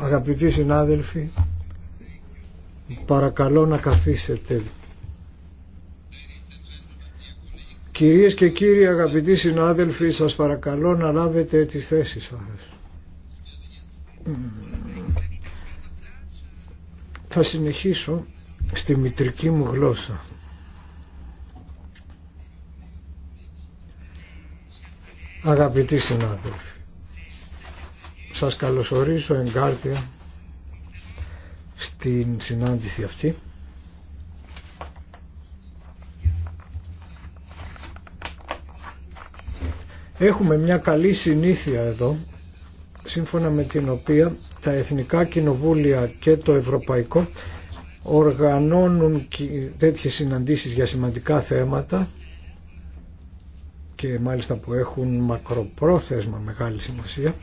Αγαπητοί συνάδελφοι, παρακαλώ να καθίσετε. Κυρίες και κύριοι αγαπητοί συνάδελφοι, σας παρακαλώ να λάβετε τις θέσεις σας. Θα συνεχίσω στη μητρική μου γλώσσα. Αγαπητοί συνάδελφοι, σας καλωσορίσω εγκάρτια στην συνάντηση αυτή. Έχουμε μια καλή συνήθεια εδώ, σύμφωνα με την οποία τα Εθνικά Κοινοβούλια και το Ευρωπαϊκό οργανώνουν τέτοιες συναντήσεις για σημαντικά θέματα και μάλιστα που έχουν μακροπρόθεσμα μεγάλη σημασία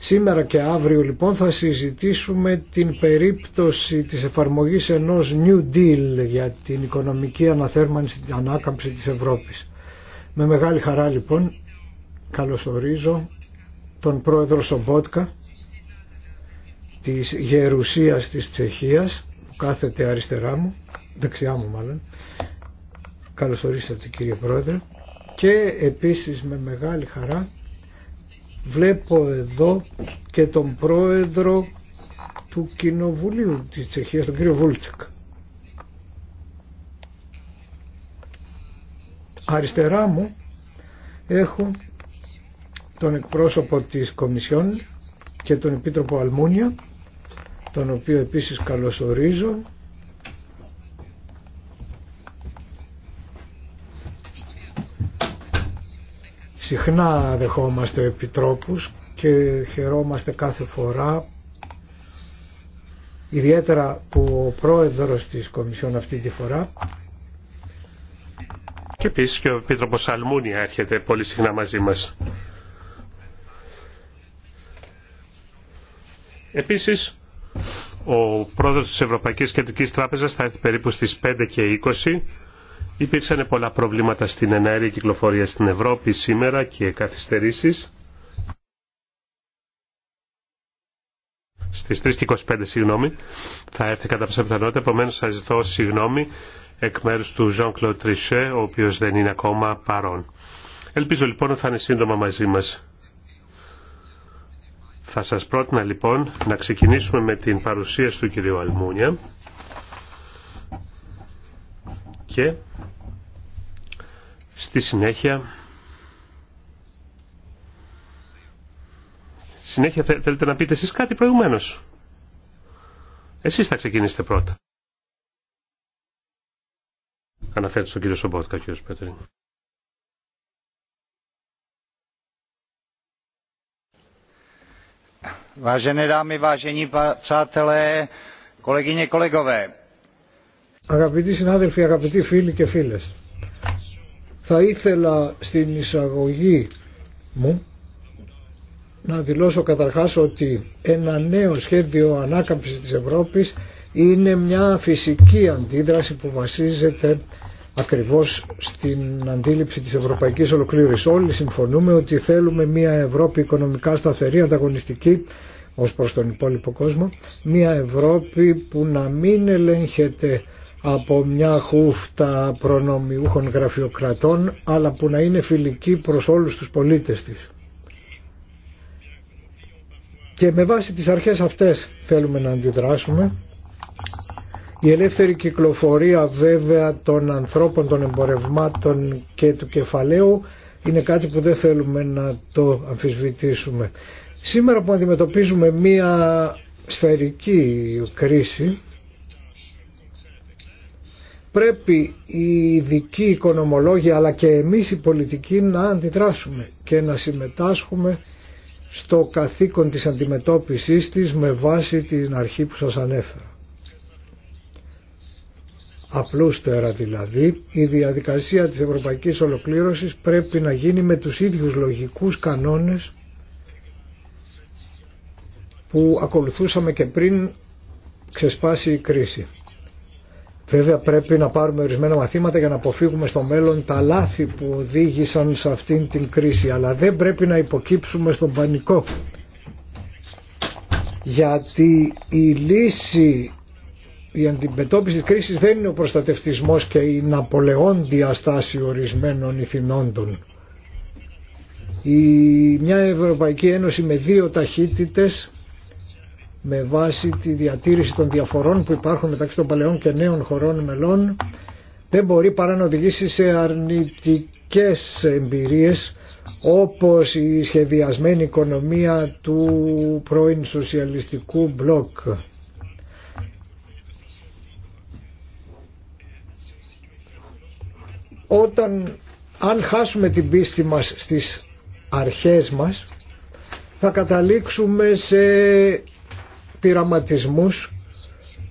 Σήμερα και αύριο λοιπόν θα συζητήσουμε την περίπτωση της εφαρμογής ενός New Deal για την οικονομική αναθέρμανση την ανάκαμψη της Ευρώπης. Με μεγάλη χαρά λοιπόν καλωσορίζω τον πρόεδρο Σομπότκα της Γερουσίας της Τσεχίας που κάθεται αριστερά μου, δεξιά μου μάλλον. Καλωσορίσατε κύριε πρόεδρε και επίσης με μεγάλη χαρά Βλέπω εδώ και τον πρόεδρο του Κοινοβουλίου της Τσεχίας, τον κύριο Βούλτσεκ. Αριστερά μου έχω τον εκπρόσωπο της Κομισιόν και τον Επίτροπο Αλμούνια, τον οποίο επίσης καλωσορίζω Συχνά δεχόμαστε επιτρόπους και χαιρόμαστε κάθε φορά ιδιαίτερα που ο πρόεδρος της Κομισιόν αυτή τη φορά και επίση και ο Επίτροπος Αλμούνια έρχεται πολύ συχνά μαζί μας. Επίσης, ο πρόεδρος της Ευρωπαϊκής Κεντρικής Τράπεζα θα έρθει περίπου στις 5 και 20 Υπήρξαν πολλά προβλήματα στην ενέργεια κυκλοφορία στην Ευρώπη σήμερα και καθυστερήσεις. Στις 3.25 συγγνώμη θα έρθει κατά πάσα πιθανότητα, επομένως θα ζητώ συγγνώμη εκ μέρους του Jean-Claude Trichet, ο οποίος δεν είναι ακόμα παρόν. Ελπίζω λοιπόν ότι θα είναι σύντομα μαζί μας. Θα σας πρότεινα λοιπόν να ξεκινήσουμε με την παρουσίαση του κυρίου Αλμούνια και στη συνέχεια συνέχεια θέλετε να πείτε εσείς κάτι προηγουμένως. Εσείς θα ξεκινήσετε πρώτα. Αναφέρετε στον κύριο Σομπότκα, κύριο Πέτρη. Vážené dámy, vážení přátelé, kolegyně, kolegové, Αγαπητοί συνάδελφοι, αγαπητοί φίλοι και φίλες, θα ήθελα στην εισαγωγή μου να δηλώσω καταρχάς ότι ένα νέο σχέδιο ανάκαμψης της Ευρώπης είναι μια φυσική αντίδραση που βασίζεται ακριβώς στην αντίληψη της ευρωπαϊκής ολοκλήρωσης. Όλοι συμφωνούμε ότι θέλουμε μια Ευρώπη οικονομικά σταθερή, ανταγωνιστική ως προς τον υπόλοιπο κόσμο, μια Ευρώπη που να μην ελέγχεται από μια χούφτα προνομιούχων γραφειοκρατών αλλά που να είναι φιλική προς όλους τους πολίτες της. Και με βάση τις αρχές αυτές θέλουμε να αντιδράσουμε. Η ελεύθερη κυκλοφορία βέβαια των ανθρώπων, των εμπορευμάτων και του κεφαλαίου είναι κάτι που δεν θέλουμε να το αμφισβητήσουμε. Σήμερα που αντιμετωπίζουμε μία σφαιρική κρίση πρέπει οι ειδικοί οικονομολόγοι αλλά και εμείς οι πολιτικοί να αντιδράσουμε και να συμμετάσχουμε στο καθήκον της αντιμετώπισης της με βάση την αρχή που σας ανέφερα. Απλούστερα δηλαδή, η διαδικασία της ευρωπαϊκής ολοκλήρωσης πρέπει να γίνει με τους ίδιους λογικούς κανόνες που ακολουθούσαμε και πριν ξεσπάσει η κρίση. Βέβαια πρέπει να πάρουμε ορισμένα μαθήματα για να αποφύγουμε στο μέλλον τα λάθη που οδήγησαν σε αυτήν την κρίση. Αλλά δεν πρέπει να υποκύψουμε στον πανικό. Γιατί η λύση, η αντιμετώπιση της κρίσης δεν είναι ο προστατευτισμός και η ναπολεόντια στάση ορισμένων ηθινόντων. Η, μια Ευρωπαϊκή Ένωση με δύο ταχύτητες με βάση τη διατήρηση των διαφορών που υπάρχουν μεταξύ των παλαιών και νέων χωρών μελών δεν μπορεί παρά να οδηγήσει σε αρνητικές εμπειρίες όπως η σχεδιασμένη οικονομία του πρώην σοσιαλιστικού μπλοκ. Όταν, αν χάσουμε την πίστη μας στις αρχές μας, θα καταλήξουμε σε πειραματισμούς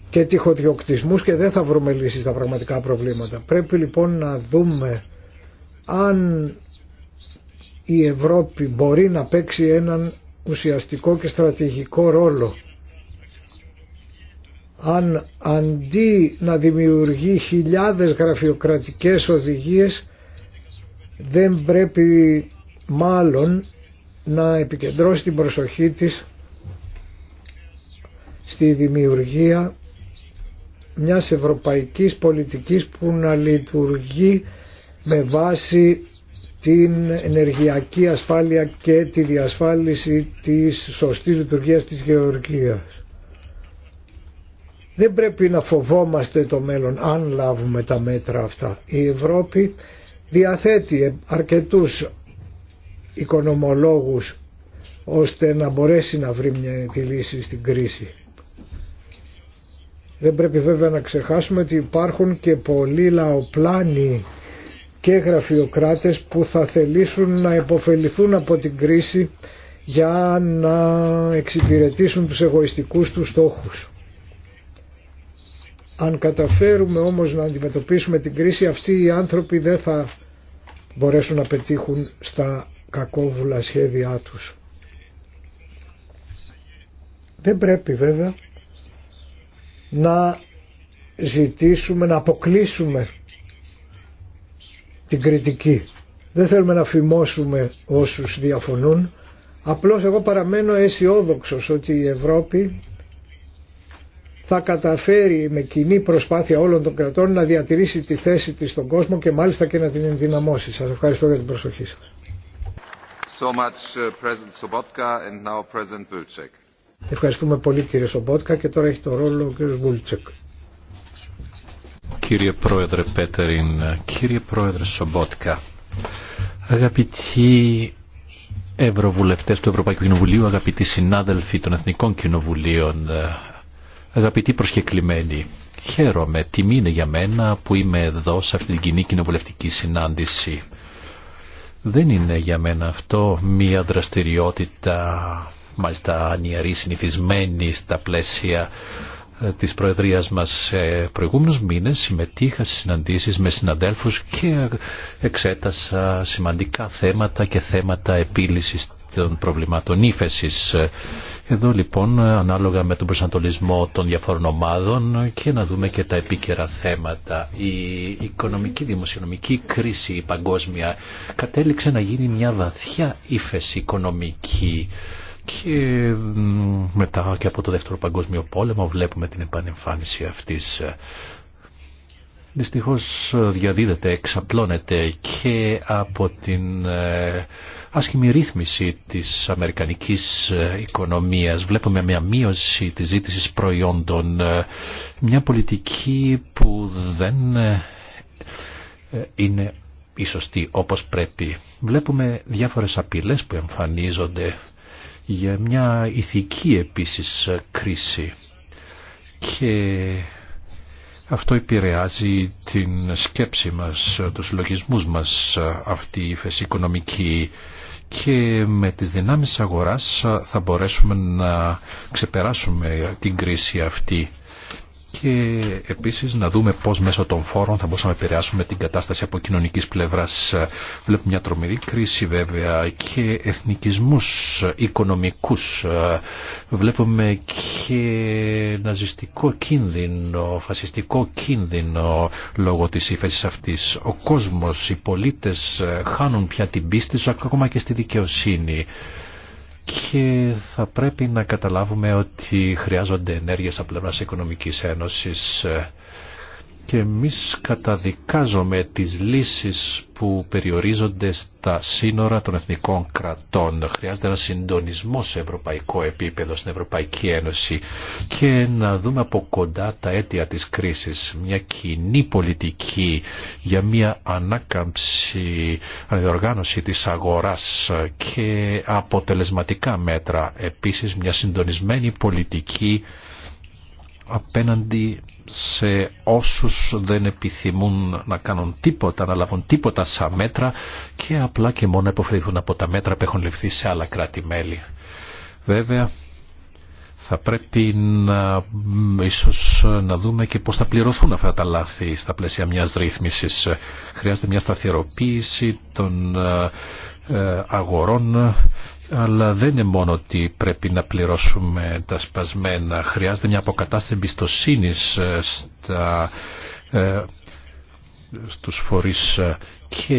και τυχοδιοκτισμούς και δεν θα βρούμε λύσεις στα πραγματικά προβλήματα. Πρέπει λοιπόν να δούμε αν η Ευρώπη μπορεί να παίξει έναν ουσιαστικό και στρατηγικό ρόλο. Αν αντί να δημιουργεί χιλιάδες γραφειοκρατικές οδηγίες δεν πρέπει μάλλον να επικεντρώσει την προσοχή της στη δημιουργία μιας ευρωπαϊκής πολιτικής που να λειτουργεί με βάση την ενεργειακή ασφάλεια και τη διασφάλιση της σωστής λειτουργίας της γεωργίας. Δεν πρέπει να φοβόμαστε το μέλλον αν λάβουμε τα μέτρα αυτά. Η Ευρώπη διαθέτει αρκετούς οικονομολόγους ώστε να μπορέσει να βρει μια τη λύση στην κρίση. Δεν πρέπει βέβαια να ξεχάσουμε ότι υπάρχουν και πολλοί λαοπλάνοι και γραφειοκράτες που θα θελήσουν να υποφεληθούν από την κρίση για να εξυπηρετήσουν τους εγωιστικούς τους στόχους. Αν καταφέρουμε όμως να αντιμετωπίσουμε την κρίση αυτοί οι άνθρωποι δεν θα μπορέσουν να πετύχουν στα κακόβουλα σχέδιά τους. Δεν πρέπει βέβαια να ζητήσουμε, να αποκλείσουμε την κριτική. Δεν θέλουμε να φημώσουμε όσους διαφωνούν. Απλώς εγώ παραμένω αισιόδοξο ότι η Ευρώπη θα καταφέρει με κοινή προσπάθεια όλων των κρατών να διατηρήσει τη θέση της στον κόσμο και μάλιστα και να την ενδυναμώσει. Σας ευχαριστώ για την προσοχή σας. So much, uh, President Ευχαριστούμε πολύ κύριε Σομπότκα και τώρα έχει το ρόλο ο κύριος Βούλτσεκ. Κύριε Πρόεδρε Πέτεριν, κύριε Πρόεδρε Σομπότκα, αγαπητοί Ευρωβουλευτές του Ευρωπαϊκού Κοινοβουλίου, αγαπητοί συνάδελφοι των Εθνικών Κοινοβουλίων, αγαπητοί προσκεκλημένοι, χαίρομαι, τιμή είναι για μένα που είμαι εδώ σε αυτή την κοινή κοινοβουλευτική συνάντηση. Δεν είναι για μένα αυτό μία δραστηριότητα μάλιστα ανιεροί συνηθισμένη στα πλαίσια ε, της Προεδρίας μας σε προηγούμενους μήνες συμμετείχα σε συναντήσεις με συναδέλφους και εξέτασα σημαντικά θέματα και θέματα επίλυσης των προβλημάτων ύφεση. Εδώ λοιπόν ανάλογα με τον προσανατολισμό των διαφόρων ομάδων και να δούμε και τα επίκαιρα θέματα. Η οικονομική δημοσιονομική κρίση η παγκόσμια κατέληξε να γίνει μια βαθιά ύφεση οικονομική και μετά και από το Δεύτερο Παγκόσμιο Πόλεμο βλέπουμε την επανεμφάνιση αυτής. Δυστυχώς διαδίδεται, εξαπλώνεται και από την ε, άσχημη ρύθμιση της αμερικανικής ε, οικονομίας. Βλέπουμε μια μείωση της ζήτησης προϊόντων, ε, μια πολιτική που δεν είναι η σωστή όπως πρέπει. Βλέπουμε διάφορες απειλές που εμφανίζονται για μια ηθική επίσης κρίση και αυτό επηρεάζει την σκέψη μας, τους λογισμούς μας αυτή η φέση οικονομική και με τις δυνάμεις αγοράς θα μπορέσουμε να ξεπεράσουμε την κρίση αυτή και επίσης να δούμε πώς μέσω των φόρων θα μπορούσαμε να επηρεάσουμε την κατάσταση από κοινωνικής πλευράς. Βλέπουμε μια τρομερή κρίση βέβαια και εθνικισμούς οικονομικούς. Βλέπουμε και ναζιστικό κίνδυνο, φασιστικό κίνδυνο λόγω της ύφεσης αυτής. Ο κόσμος, οι πολίτες χάνουν πια την πίστη ακόμα και στη δικαιοσύνη και θα πρέπει να καταλάβουμε ότι χρειάζονται ενέργειες από πλευράς Οικονομικής Ένωσης ε, και εμείς καταδικάζουμε τις λύσεις που περιορίζονται στα σύνορα των εθνικών κρατών. Χρειάζεται ένα συντονισμό σε ευρωπαϊκό επίπεδο, στην Ευρωπαϊκή Ένωση και να δούμε από κοντά τα αίτια της κρίσης. Μια κοινή πολιτική για μια ανάκαμψη, αναδιοργάνωση της αγοράς και αποτελεσματικά μέτρα. Επίσης μια συντονισμένη πολιτική απέναντι σε όσους δεν επιθυμούν να κάνουν τίποτα, να λάβουν τίποτα σαν μέτρα και απλά και μόνο υποφεληθούν από τα μέτρα που έχουν ληφθεί σε άλλα κράτη-μέλη. Βέβαια, θα πρέπει να ίσως να δούμε και πώς θα πληρωθούν αυτά τα λάθη στα πλαίσια μιας ρύθμισης. Χρειάζεται μια σταθεροποίηση των ε, ε, αγορών αλλά δεν είναι μόνο ότι πρέπει να πληρώσουμε τα σπασμένα. Χρειάζεται μια αποκατάσταση εμπιστοσύνη ε, στα ε, στους φορείς ε, και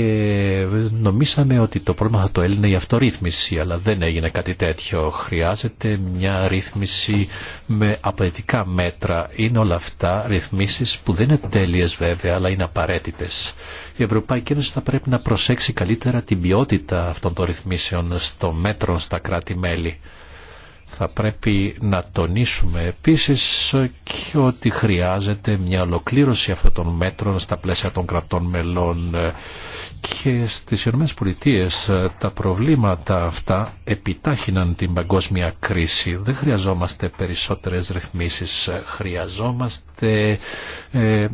νομίσαμε ότι το πρόβλημα θα το έλυνε η αυτορύθμιση αλλά δεν έγινε κάτι τέτοιο. Χρειάζεται μια ρύθμιση με απαιτητικά μέτρα. Είναι όλα αυτά ρυθμίσεις που δεν είναι τέλειες βέβαια αλλά είναι απαραίτητες η Ευρωπαϊκή Ένωση θα πρέπει να προσέξει καλύτερα την ποιότητα αυτών των ρυθμίσεων στο μέτρο στα κράτη-μέλη. Θα πρέπει να τονίσουμε επίσης και ότι χρειάζεται μια ολοκλήρωση αυτών των μέτρων στα πλαίσια των κρατών μελών και στις ΗΠΑ ε, τα προβλήματα αυτά επιτάχυναν την παγκόσμια κρίση. Δεν χρειαζόμαστε περισσότερες ρυθμίσεις, χρειαζόμαστε ε,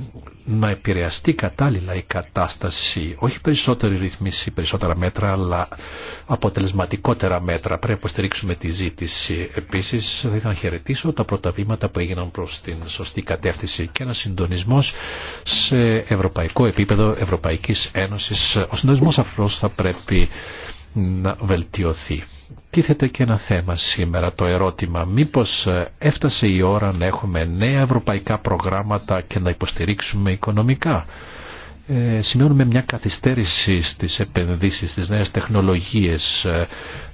να επηρεαστεί κατάλληλα η κατάσταση, όχι περισσότερη ρυθμίση, περισσότερα μέτρα, αλλά αποτελεσματικότερα μέτρα. Πρέπει να υποστηρίξουμε τη ζήτηση. Επίσης, θα ήθελα να χαιρετήσω τα πρώτα βήματα που έγιναν προς την σωστή κατεύθυνση και ένα συντονισμό σε ευρωπαϊκό επίπεδο Ευρωπαϊκής Ένωσης. Ο συντονισμός αυτό θα πρέπει να βελτιωθεί τίθεται και ένα θέμα σήμερα το ερώτημα μήπως έφτασε η ώρα να έχουμε νέα ευρωπαϊκά προγράμματα και να υποστηρίξουμε οικονομικά. Ε, σημειώνουμε μια καθυστέρηση στις επενδύσεις, στις νέες τεχνολογίες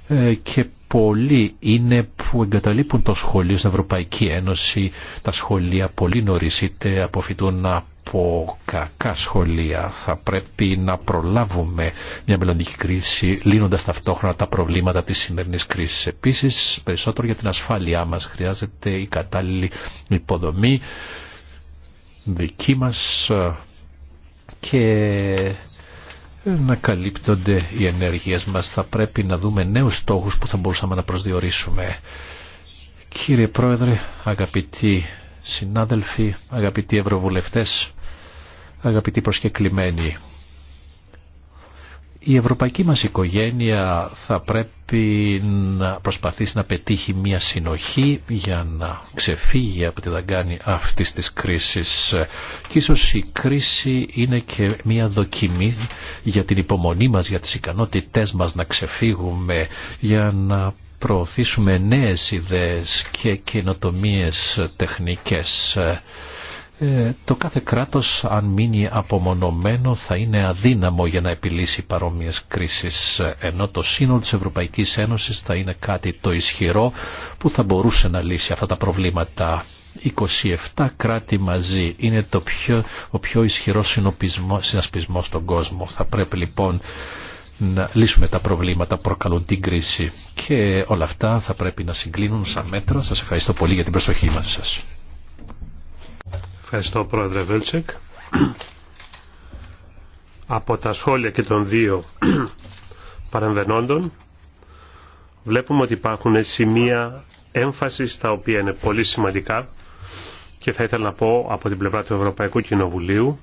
ε, και πολλοί είναι που εγκαταλείπουν το σχολείο στην Ευρωπαϊκή Ένωση, τα σχολεία πολύ νωρίς είτε αποφυτούν να από κακά σχολεία. Θα πρέπει να προλάβουμε μια μελλοντική κρίση, λύνοντας ταυτόχρονα τα προβλήματα της σημερινής κρίσης. Επίσης, περισσότερο για την ασφάλειά μας χρειάζεται η κατάλληλη υποδομή δική μας ε, και να καλύπτονται οι ενέργειες μας. Θα πρέπει να δούμε νέους στόχους που θα μπορούσαμε να προσδιορίσουμε. Κύριε Πρόεδρε, αγαπητοί συνάδελφοι, αγαπητοί ευρωβουλευτές, αγαπητοί προσκεκλημένοι. Η ευρωπαϊκή μας οικογένεια θα πρέπει να προσπαθήσει να πετύχει μια συνοχή για να ξεφύγει από τη δαγκάνη αυτής της κρίσης. Και ίσως η κρίση είναι και μια δοκιμή για την υπομονή μας, για τις ικανότητές μας να ξεφύγουμε, για να προωθήσουμε νέες ιδέες και καινοτομίες τεχνικές. Ε, το κάθε κράτος αν μείνει απομονωμένο θα είναι αδύναμο για να επιλύσει παρόμοιες κρίσεις ενώ το σύνολο της Ευρωπαϊκής Ένωσης θα είναι κάτι το ισχυρό που θα μπορούσε να λύσει αυτά τα προβλήματα. 27 κράτη μαζί είναι το πιο, ο πιο ισχυρός συνασπισμός στον κόσμο. Θα πρέπει λοιπόν να λύσουμε τα προβλήματα που προκαλούν την κρίση. Και όλα αυτά θα πρέπει να συγκλίνουν σαν μέτρα. Σας ευχαριστώ πολύ για την προσοχή μας σας. Ευχαριστώ Πρόεδρε Βέλτσεκ. Από τα σχόλια και των δύο παρεμβενόντων βλέπουμε ότι υπάρχουν σημεία έμφαση τα οποία είναι πολύ σημαντικά και θα ήθελα να πω από την πλευρά του Ευρωπαϊκού Κοινοβουλίου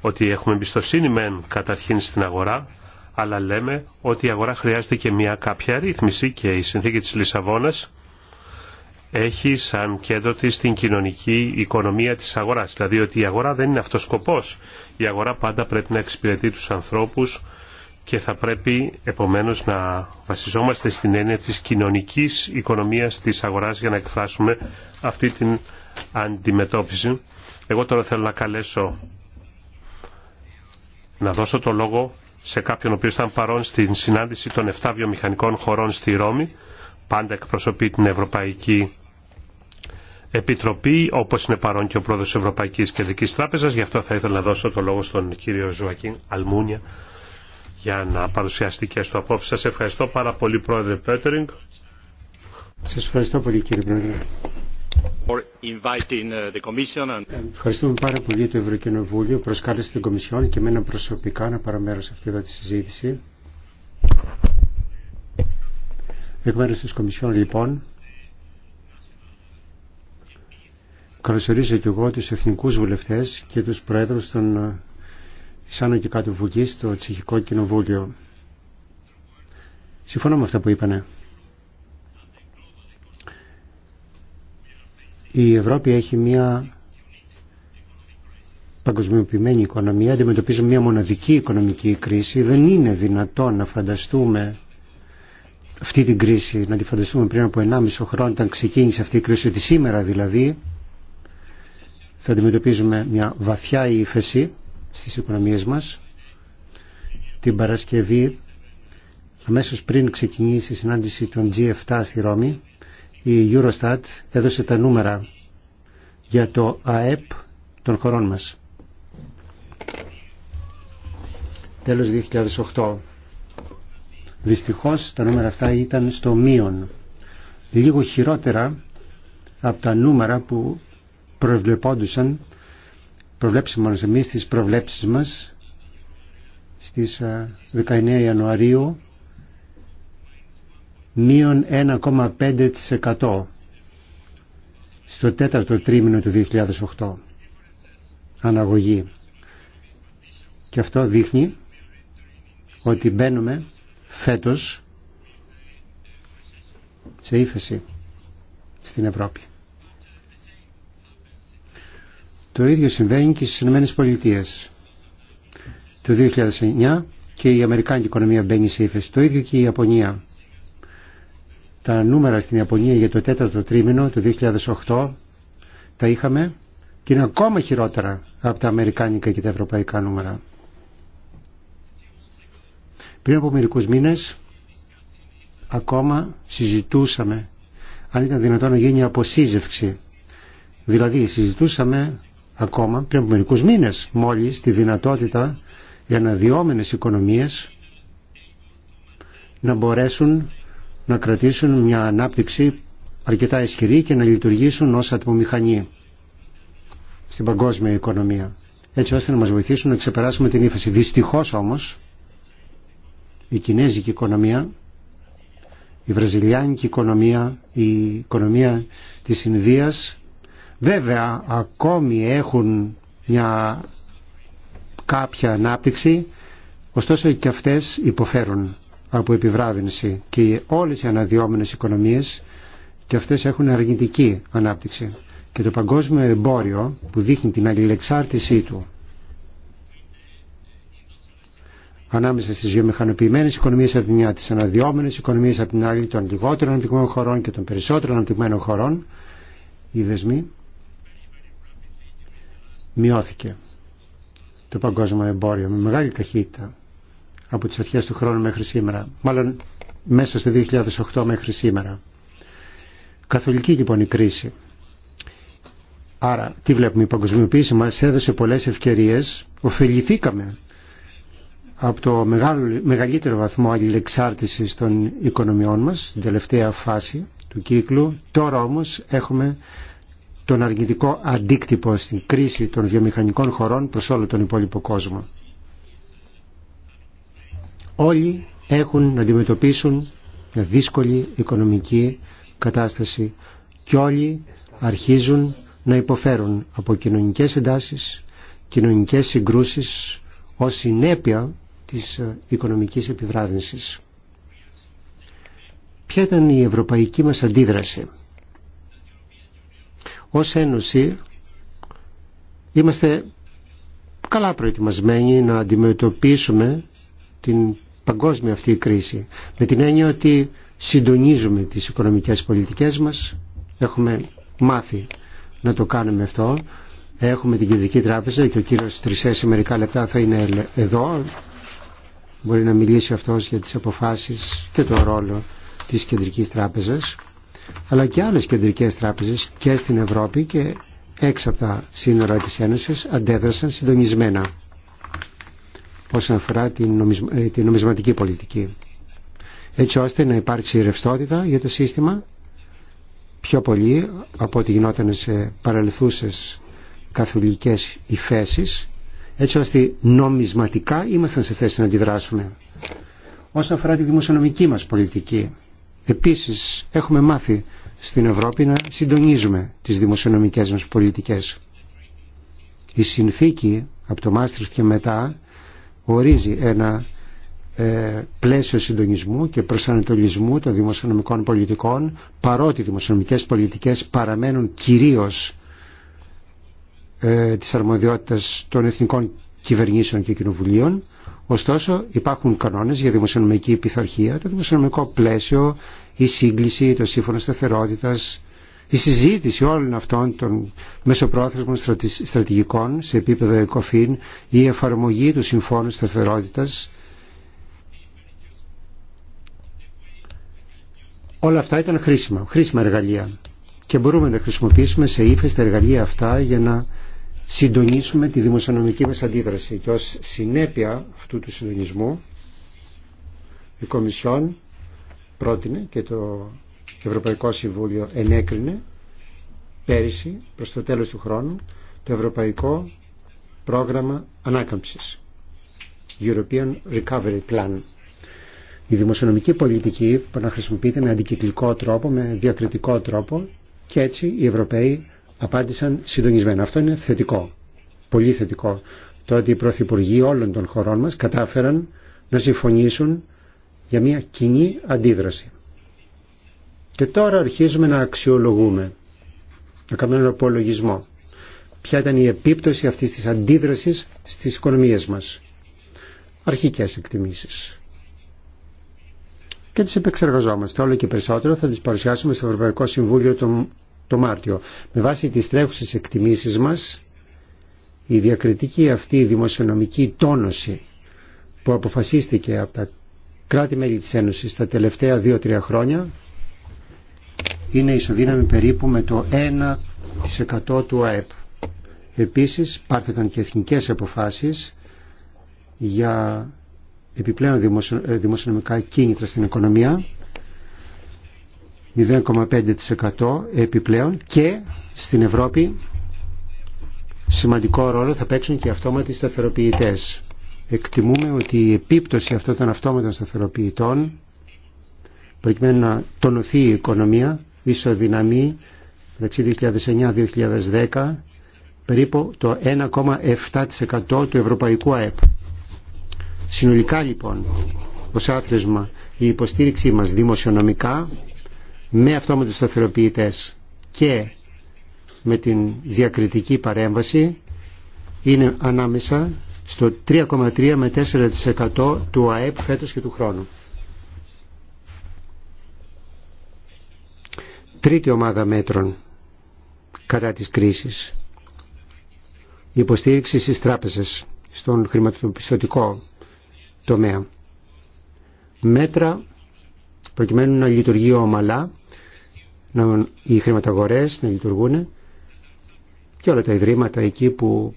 ότι έχουμε εμπιστοσύνη μεν καταρχήν στην αγορά αλλά λέμε ότι η αγορά χρειάζεται και μια κάποια ρύθμιση και η συνθήκη της Λισαβόνας έχει σαν κέντρο της την κοινωνική οικονομία της αγοράς. Δηλαδή ότι η αγορά δεν είναι αυτός σκοπός. Η αγορά πάντα πρέπει να εξυπηρετεί τους ανθρώπους και θα πρέπει επομένως να βασιζόμαστε στην έννοια της κοινωνικής οικονομίας της αγοράς για να εκφράσουμε αυτή την αντιμετώπιση. Εγώ τώρα θέλω να καλέσω να δώσω το λόγο σε κάποιον ο οποίος ήταν παρόν στην συνάντηση των 7 βιομηχανικών χωρών στη Ρώμη, πάντα εκπροσωπεί την Ευρωπαϊκή Επιτροπή, όπως είναι παρόν και ο πρόεδρος της Ευρωπαϊκής Κεντρικής Τράπεζας. Γι' αυτό θα ήθελα να δώσω το λόγο στον κύριο Ζουακίν Αλμούνια για να παρουσιαστεί και στο απόψη. Σας ευχαριστώ πάρα πολύ πρόεδρε Πέτερινγκ. Σας ευχαριστώ πολύ κύριε πρόεδρε. Uh, Ευχαριστούμε πάρα πολύ το Ευρωκοινοβούλιο. Προσκάλεσε την Κομισιόν και εμένα προσωπικά να πάρω σε αυτή εδώ τη συζήτηση. Εκ μέρου τη Κομισιόν, λοιπόν, καλωσορίζω και εγώ του εθνικού βουλευτέ και του προέδρου των ε, Άνω και Κάτω βουλής στο Τσεχικό Κοινοβούλιο. Συμφωνώ με αυτά που είπανε. Η Ευρώπη έχει μια παγκοσμιοποιημένη οικονομία, αντιμετωπίζουμε μια μοναδική οικονομική κρίση. Δεν είναι δυνατόν να φανταστούμε αυτή την κρίση, να τη φανταστούμε πριν από 1,5 χρόνο όταν ξεκίνησε αυτή η κρίση, ότι σήμερα δηλαδή θα αντιμετωπίζουμε μια βαθιά ύφεση στις οικονομίες μας. Την Παρασκευή, αμέσως πριν ξεκινήσει η συνάντηση των G7 στη Ρώμη, η Eurostat έδωσε τα νούμερα για το ΑΕΠ των χωρών μας. Τέλος 2008. Δυστυχώς τα νούμερα αυτά ήταν στο μείον. Λίγο χειρότερα από τα νούμερα που προβλεπόντουσαν προβλέψαμε εμείς τις προβλέψεις μας στις 19 Ιανουαρίου μείον 1,5% στο τέταρτο τρίμηνο του 2008. Αναγωγή. Και αυτό δείχνει ότι μπαίνουμε φέτος σε ύφεση στην Ευρώπη. Το ίδιο συμβαίνει και στις Ηνωμένες Πολιτείες. Το 2009 και η Αμερικάνικη οικονομία μπαίνει σε ύφεση. Το ίδιο και η Ιαπωνία. Τα νούμερα στην Ιαπωνία για το τέταρτο τρίμηνο του 2008 τα είχαμε και είναι ακόμα χειρότερα από τα αμερικάνικα και τα ευρωπαϊκά νούμερα. Πριν από μερικούς μήνες ακόμα συζητούσαμε αν ήταν δυνατόν να γίνει αποσύζευξη. Δηλαδή συζητούσαμε ακόμα πριν από μερικούς μήνες μόλις τη δυνατότητα για αναδυόμενες οικονομίες να μπορέσουν να κρατήσουν μια ανάπτυξη αρκετά ισχυρή και να λειτουργήσουν ως ατμομηχανή στην παγκόσμια οικονομία έτσι ώστε να μας βοηθήσουν να ξεπεράσουμε την ύφεση. Δυστυχώς όμως η κινέζικη οικονομία, η βραζιλιάνικη οικονομία, η οικονομία της Ινδίας βέβαια ακόμη έχουν μια κάποια ανάπτυξη ωστόσο και αυτές υποφέρουν από επιβράδυνση και όλες οι αναδυόμενες οικονομίες και αυτές έχουν αρνητική ανάπτυξη. Και το παγκόσμιο εμπόριο που δείχνει την αλληλεξάρτησή του ανάμεσα στις βιομηχανοποιημένες οικονομίες από τη μια, τις αναδυόμενες οικονομίες από την άλλη, των λιγότερων αναπτυγμένων χωρών και των περισσότερων αναπτυγμένων χωρών, οι δεσμοί μειώθηκε το παγκόσμιο εμπόριο με μεγάλη ταχύτητα από τις αρχές του χρόνου μέχρι σήμερα. Μάλλον μέσα στο 2008 μέχρι σήμερα. Καθολική λοιπόν η κρίση. Άρα, τι βλέπουμε, η παγκοσμιοποίηση μας έδωσε πολλές ευκαιρίες, ωφεληθήκαμε από το μεγάλο, μεγαλύτερο βαθμό αλληλεξάρτησης των οικονομιών μας, την τελευταία φάση του κύκλου. Τώρα όμως έχουμε τον αρνητικό αντίκτυπο στην κρίση των βιομηχανικών χωρών προς όλο τον υπόλοιπο κόσμο. Όλοι έχουν να αντιμετωπίσουν μια δύσκολη οικονομική κατάσταση και όλοι αρχίζουν να υποφέρουν από κοινωνικές εντάσεις, κοινωνικές συγκρούσεις ως συνέπεια της ε, οικονομικής επιβράδυνσης. Ποια ήταν η ευρωπαϊκή μας αντίδραση. Ως Ένωση είμαστε καλά προετοιμασμένοι να αντιμετωπίσουμε την παγκόσμια αυτή κρίση. Με την έννοια ότι συντονίζουμε τις οικονομικές πολιτικές μας, έχουμε μάθει να το κάνουμε αυτό. Έχουμε την Κεντρική Τράπεζα και ο κύριος Τρισέ σε μερικά λεπτά θα είναι εδώ. Μπορεί να μιλήσει αυτός για τις αποφάσεις και το ρόλο της Κεντρικής Τράπεζας. Αλλά και άλλες κεντρικές τράπεζες και στην Ευρώπη και έξω από τα σύνορα της Ένωσης αντέδρασαν συντονισμένα όσον αφορά ε, την, νομισματική πολιτική. Έτσι ώστε να υπάρξει ρευστότητα για το σύστημα πιο πολύ από ό,τι γινόταν σε παρελθούσες καθολικές υφέσεις έτσι ώστε νομισματικά ήμασταν σε θέση να αντιδράσουμε. Όσον αφορά τη δημοσιονομική μας πολιτική, επίσης έχουμε μάθει στην Ευρώπη να συντονίζουμε τις δημοσιονομικές μας πολιτικές. Η συνθήκη από το Μάστριχτ και μετά ορίζει ένα ε, πλαίσιο συντονισμού και προσανατολισμού των δημοσιονομικών πολιτικών παρότι οι δημοσιονομικές πολιτικές παραμένουν κυρίως ε, της αρμοδιότητας των εθνικών κυβερνήσεων και κοινοβουλίων ωστόσο υπάρχουν κανόνες για δημοσιονομική πειθαρχία το δημοσιονομικό πλαίσιο η σύγκληση, το σύμφωνο σταθερότητας η συζήτηση όλων αυτών των μεσοπρόθεσμων στρατηγικών σε επίπεδο ΕΚΟΦΗΝ, η εφαρμογή του Συμφώνου Σταθερότητας, όλα αυτά ήταν χρήσιμα, χρήσιμα εργαλεία και μπορούμε να τα χρησιμοποιήσουμε σε ύφεστα εργαλεία αυτά για να συντονίσουμε τη δημοσιονομική μας αντίδραση και ως συνέπεια αυτού του συντονισμού η Κομισιόν πρότεινε και το το Ευρωπαϊκό Συμβούλιο ενέκρινε πέρυσι προς το τέλος του χρόνου το Ευρωπαϊκό Πρόγραμμα Ανάκαμψης European Recovery Plan. Η δημοσιονομική πολιτική που να χρησιμοποιείται με αντικυκλικό τρόπο, με διακριτικό τρόπο και έτσι οι Ευρωπαίοι απάντησαν συντονισμένα. Αυτό είναι θετικό, πολύ θετικό. Το ότι οι πρωθυπουργοί όλων των χωρών μας κατάφεραν να συμφωνήσουν για μια κοινή αντίδραση. Και τώρα αρχίζουμε να αξιολογούμε, να κάνουμε έναν απολογισμό. Ποια ήταν η επίπτωση αυτής της αντίδρασης στις οικονομίες μας. Αρχικές εκτιμήσεις. Και τις επεξεργαζόμαστε όλο και περισσότερο. Θα τις παρουσιάσουμε στο Ευρωπαϊκό Συμβούλιο το, το Μάρτιο. Με βάση τις τρέχουσες εκτιμήσεις μας, η διακριτική αυτή η δημοσιονομική τόνωση που αποφασίστηκε από τα κράτη-μέλη της Ένωσης τα τελευταία δύο-τρία χρόνια είναι ισοδύναμη περίπου με το 1% του ΑΕΠ. Επίσης πάρθηκαν και εθνικές αποφάσεις για επιπλέον ε, δημοσιονομικά κίνητρα στην οικονομία 0,5% επιπλέον και στην Ευρώπη σημαντικό ρόλο θα παίξουν και οι αυτόματοι σταθεροποιητές. Εκτιμούμε ότι η επίπτωση αυτών των αυτόματων σταθεροποιητών προκειμένου να τονωθεί η οικονομία ισοδυναμη μεταξυ μεταξύ 2009-2010 περίπου το 1,7% του ευρωπαϊκού ΑΕΠ. Συνολικά λοιπόν, ως άθροισμα, η υποστήριξή μας δημοσιονομικά με αυτόματους σταθεροποιητές και με την διακριτική παρέμβαση είναι ανάμεσα στο 3,3 με 4% του ΑΕΠ φέτος και του χρόνου. Τρίτη ομάδα μέτρων κατά της κρίσης. Η υποστήριξη στις τράπεζες, στον χρηματοπιστωτικό τομέα. Μέτρα προκειμένου να λειτουργεί ομαλά, να, οι χρηματαγορές να λειτουργούν και όλα τα ιδρύματα εκεί που,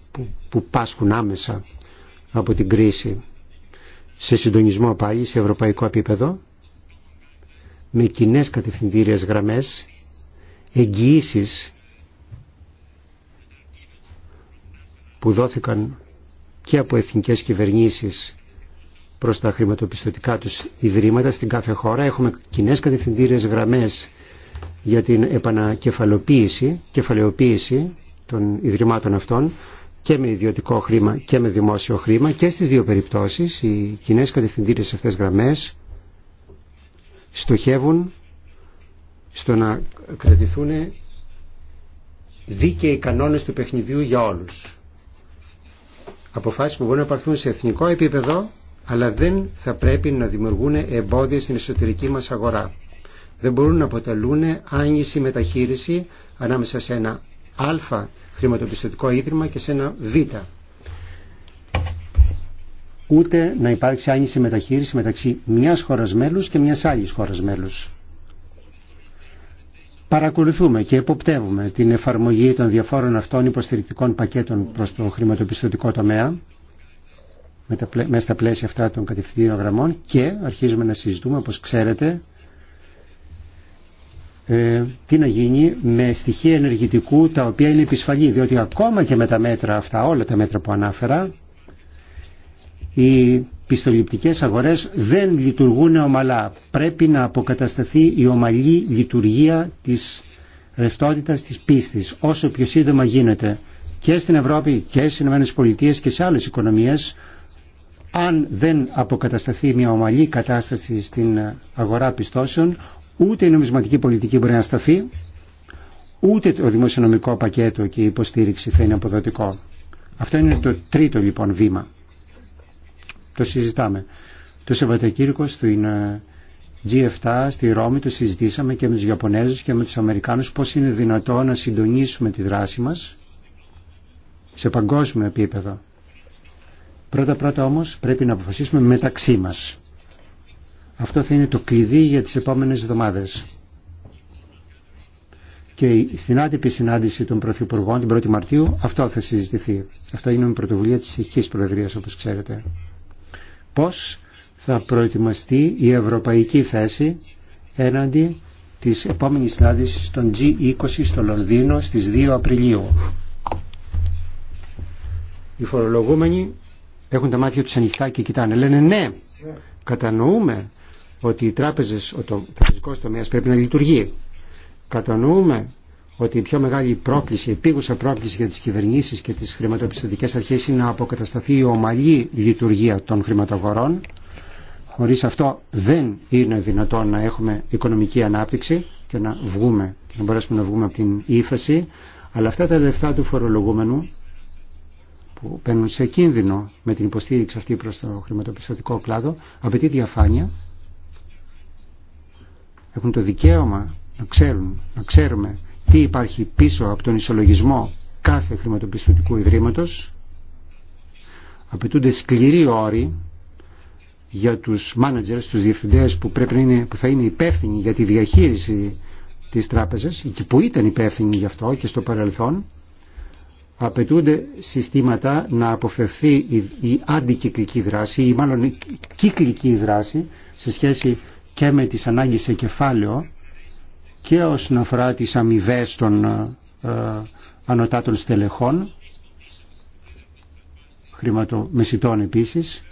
που, πάσχουν άμεσα από την κρίση σε συντονισμό πάλι σε ευρωπαϊκό επίπεδο με κοινέ κατευθυντήριες γραμμές εγγυήσεις που δόθηκαν και από εθνικές κυβερνήσεις προς τα χρηματοπιστωτικά τους ιδρύματα στην κάθε χώρα. Έχουμε κοινέ κατευθυντήριες γραμμές για την επανακεφαλοποίηση, κεφαλαιοποίηση των ιδρυμάτων αυτών και με ιδιωτικό χρήμα και με δημόσιο χρήμα και στις δύο περιπτώσεις οι κοινέ κατευθυντήριες αυτές γραμμές στοχεύουν στο να κρατηθούν δίκαιοι κανόνες του παιχνιδιού για όλους. Αποφάσεις που μπορούν να παρθούν σε εθνικό επίπεδο, αλλά δεν θα πρέπει να δημιουργούν εμπόδια στην εσωτερική μας αγορά. Δεν μπορούν να αποτελούν άνηση μεταχείριση ανάμεσα σε ένα α χρηματοπιστωτικό ίδρυμα και σε ένα β. Ούτε να υπάρξει άνηση μεταχείριση μεταξύ μιας χώρας μέλους και μιας άλλης χώρας μέλους. Παρακολουθούμε και εποπτεύουμε την εφαρμογή των διαφόρων αυτών υποστηρικτικών πακέτων προς το χρηματοπιστωτικό τομέα μέσα στα πλαίσια αυτά των κατευθυντήριων γραμμών και αρχίζουμε να συζητούμε, όπως ξέρετε, ε, τι να γίνει με στοιχεία ενεργητικού τα οποία είναι επισφαλή διότι ακόμα και με τα μέτρα αυτά όλα τα μέτρα που ανάφερα η πιστοληπτικές αγορές δεν λειτουργούν ομαλά. Πρέπει να αποκατασταθεί η ομαλή λειτουργία της ρευστότητα της πίστης όσο πιο σύντομα γίνεται και στην Ευρώπη και στις Πολιτείες και σε άλλες οικονομίες αν δεν αποκατασταθεί μια ομαλή κατάσταση στην αγορά πιστώσεων ούτε η νομισματική πολιτική μπορεί να σταθεί ούτε το δημοσιονομικό πακέτο και η υποστήριξη θα είναι αποδοτικό. Αυτό είναι το τρίτο λοιπόν βήμα το συζητάμε. Το Σεββατοκύρικο στην ε, G7 στη Ρώμη το συζητήσαμε και με τους Ιαπωνέζους και με τους Αμερικάνους πώς είναι δυνατό να συντονίσουμε τη δράση μας σε παγκόσμιο επίπεδο. Πρώτα-πρώτα όμως πρέπει να αποφασίσουμε μεταξύ μας. Αυτό θα είναι το κλειδί για τις επόμενες εβδομάδες. Και στην άτυπη συνάντηση των Πρωθυπουργών την 1η Μαρτίου αυτό θα συζητηθεί. Αυτό είναι με πρωτοβουλία της Ιχικής Προεδρίας όπως ξέρετε πώς θα προετοιμαστεί η ευρωπαϊκή θέση έναντι της επόμενης συνάντησης των G20 στο Λονδίνο στις 2 Απριλίου. Οι φορολογούμενοι έχουν τα μάτια τους ανοιχτά και κοιτάνε. Λένε ναι, κατανοούμε ότι οι τράπεζες, ο τραπεζικός τομέας πρέπει να λειτουργεί. Κατανοούμε ότι η πιο μεγάλη πρόκληση, η επίγουσα πρόκληση για τις κυβερνήσεις και τις χρηματοπιστωτικές αρχές είναι να αποκατασταθεί η ομαλή λειτουργία των χρηματογορών. Χωρίς αυτό δεν είναι δυνατόν να έχουμε οικονομική ανάπτυξη και να βγούμε και να μπορέσουμε να βγούμε από την ύφαση. Αλλά αυτά τα λεφτά του φορολογούμενου που παίρνουν σε κίνδυνο με την υποστήριξη αυτή προς το χρηματοπιστωτικό κλάδο απαιτεί διαφάνεια. Έχουν το δικαίωμα να ξέρουν, να ξέρουμε τι υπάρχει πίσω από τον ισολογισμό κάθε χρηματοπιστωτικού ιδρύματος. Απαιτούνται σκληροί όροι για τους μάνατζερς, τους διευθυντές που, πρέπει να που θα είναι υπεύθυνοι για τη διαχείριση της τράπεζας και που ήταν υπεύθυνοι γι' αυτό και στο παρελθόν. Απαιτούνται συστήματα να αποφευθεί η αντικυκλική δράση ή μάλλον η κυκλική δράση σε σχέση και με τις ανάγκες σε κεφάλαιο και όσον αφορά τις αμοιβέ των ε, ανωτάτων στελεχών, χρηματομεσητών επίσης,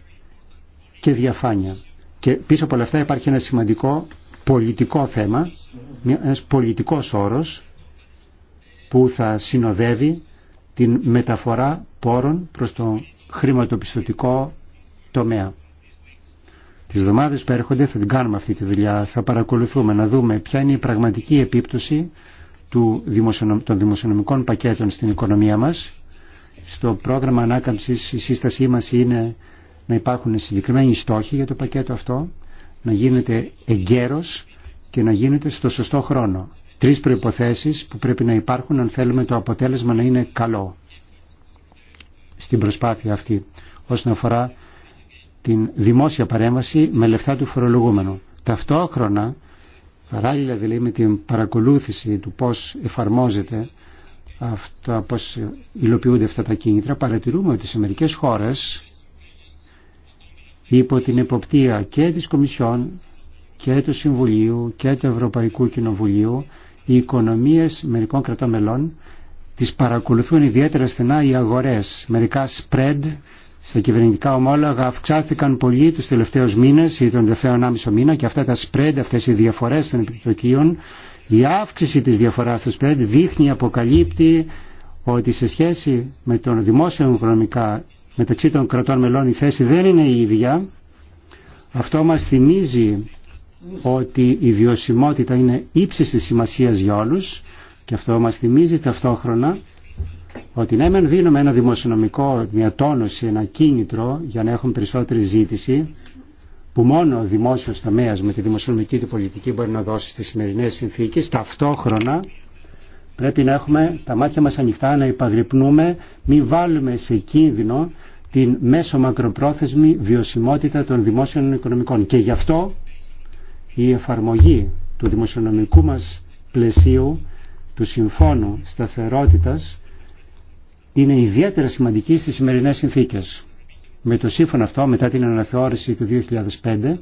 και διαφάνεια. Και πίσω από όλα αυτά υπάρχει ένα σημαντικό πολιτικό θέμα, ένας πολιτικός όρος που θα συνοδεύει την μεταφορά πόρων προς το χρηματοπιστωτικό τομέα τις εβδομάδες που έρχονται θα την κάνουμε αυτή τη δουλειά, θα παρακολουθούμε να δούμε ποια είναι η πραγματική επίπτωση του των δημοσιονομικών πακέτων στην οικονομία μας. Στο πρόγραμμα ανάκαμψης η σύστασή μας είναι να υπάρχουν συγκεκριμένοι στόχοι για το πακέτο αυτό, να γίνεται εγκαίρος και να γίνεται στο σωστό χρόνο. Τρεις προϋποθέσεις που πρέπει να υπάρχουν αν θέλουμε το αποτέλεσμα να είναι καλό στην προσπάθεια αυτή όσον αφορά την δημόσια παρέμβαση με λεφτά του φορολογούμενου. Ταυτόχρονα, παράλληλα δηλαδή με την παρακολούθηση του πώς εφαρμόζεται αυτό, πώς υλοποιούνται αυτά τα κίνητρα, παρατηρούμε ότι σε μερικές χώρες υπό την εποπτεία και της Κομισιόν και του Συμβουλίου και του Ευρωπαϊκού Κοινοβουλίου οι οικονομίες μερικών κρατών μελών τις παρακολουθούν ιδιαίτερα στενά οι αγορές. Μερικά spread στα κυβερνητικά ομόλογα αυξάθηκαν πολύ τους τελευταίους μήνες ή τον τελευταίο 1,5 μήνα και αυτά τα spread, αυτές οι διαφορές των επιτοκίων, η αύξηση της διαφοράς του spread δείχνει, αποκαλύπτει ότι σε σχέση με τον δημόσιο οικονομικά μεταξύ των κρατών μελών η θέση δεν είναι η ίδια. Αυτό μας θυμίζει ότι η βιωσιμότητα είναι ύψης της σημασίας για όλους και αυτό μας θυμίζει ταυτόχρονα ότι ναι μεν δίνουμε ένα δημοσιονομικό, μια τόνωση, ένα κίνητρο για να έχουν περισσότερη ζήτηση που μόνο ο δημόσιο τομέα με τη δημοσιονομική του πολιτική μπορεί να δώσει στι σημερινέ συνθήκε, ταυτόχρονα πρέπει να έχουμε τα μάτια μα ανοιχτά, να υπαγρυπνούμε, μην βάλουμε σε κίνδυνο την μέσο μακροπρόθεσμη βιωσιμότητα των δημόσιων οικονομικών. Και γι' αυτό η εφαρμογή του δημοσιονομικού μας πλαισίου, του Συμφώνου Σταθερότητας, είναι ιδιαίτερα σημαντική στις σημερινές συνθήκες. Με το σύμφωνο αυτό, μετά την αναθεώρηση του 2005,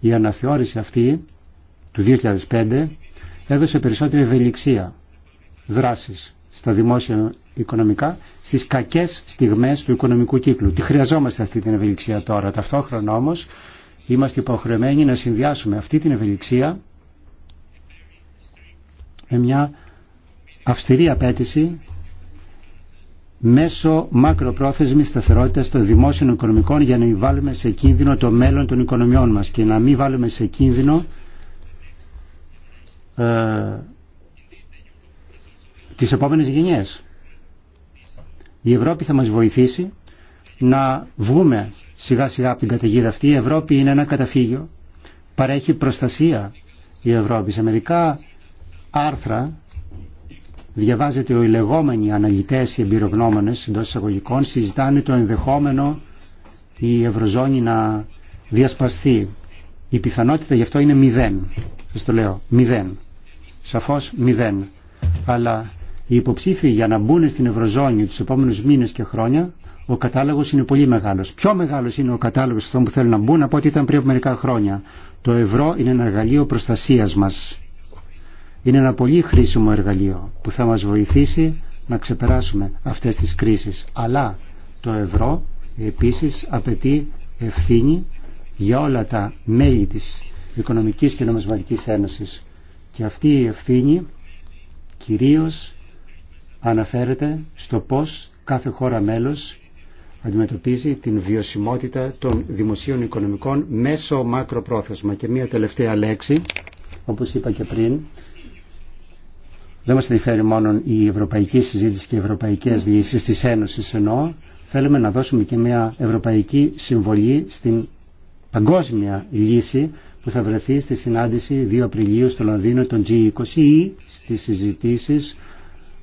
η αναθεώρηση αυτή του 2005 έδωσε περισσότερη ευελιξία δράσης στα δημόσια οικονομικά στις κακές στιγμές του οικονομικού κύκλου. Τη χρειαζόμαστε αυτή την ευελιξία τώρα. Ταυτόχρονα όμως είμαστε υποχρεωμένοι να συνδυάσουμε αυτή την ευελιξία με μια αυστηρή απέτηση μέσω μακροπρόθεσμης σταθερότητας των δημόσιων οικονομικών για να μην βάλουμε σε κίνδυνο το μέλλον των οικονομιών μας και να μην βάλουμε σε κίνδυνο ε, τις επόμενες γενιές. Η Ευρώπη θα μας βοηθήσει να βγούμε σιγά σιγά από την καταιγίδα αυτή. Η Ευρώπη είναι ένα καταφύγιο. Παρέχει προστασία η Ευρώπη. Σε μερικά άρθρα Διαβάζεται οι λεγόμενοι αναλυτές, οι εμπειρογνώμονες εντός εισαγωγικών συζητάνε το ενδεχόμενο η Ευρωζώνη να διασπαστεί. Η πιθανότητα γι' αυτό είναι μηδέν. Σας το λέω, μηδέν. Σαφώς μηδέν. Αλλά οι υποψήφοι για να μπουν στην Ευρωζώνη τους επόμενους μήνες και χρόνια, ο κατάλογος είναι πολύ μεγάλος. Πιο μεγάλος είναι ο κατάλογος αυτών που θέλουν να μπουν από ό,τι ήταν πριν από μερικά χρόνια. Το ευρώ είναι ένα εργαλείο προστασίας μας είναι ένα πολύ χρήσιμο εργαλείο που θα μας βοηθήσει να ξεπεράσουμε αυτές τις κρίσεις. Αλλά το ευρώ επίσης απαιτεί ευθύνη για όλα τα μέλη της Οικονομικής και Νομισματικής Ένωσης. Και αυτή η ευθύνη κυρίως αναφέρεται στο πώς κάθε χώρα μέλος αντιμετωπίζει την βιωσιμότητα των δημοσίων οικονομικών μέσω μακροπρόθεσμα. Και μία τελευταία λέξη, όπως είπα και πριν, δεν μας ενδιαφέρει μόνο η ευρωπαϊκή συζήτηση και οι ευρωπαϊκές λύσεις της Ένωσης ενώ Θέλουμε να δώσουμε και μια ευρωπαϊκή συμβολή στην παγκόσμια λύση που θα βρεθεί στη συνάντηση 2 Απριλίου στο Λονδίνο των G20 ή στις συζητήσεις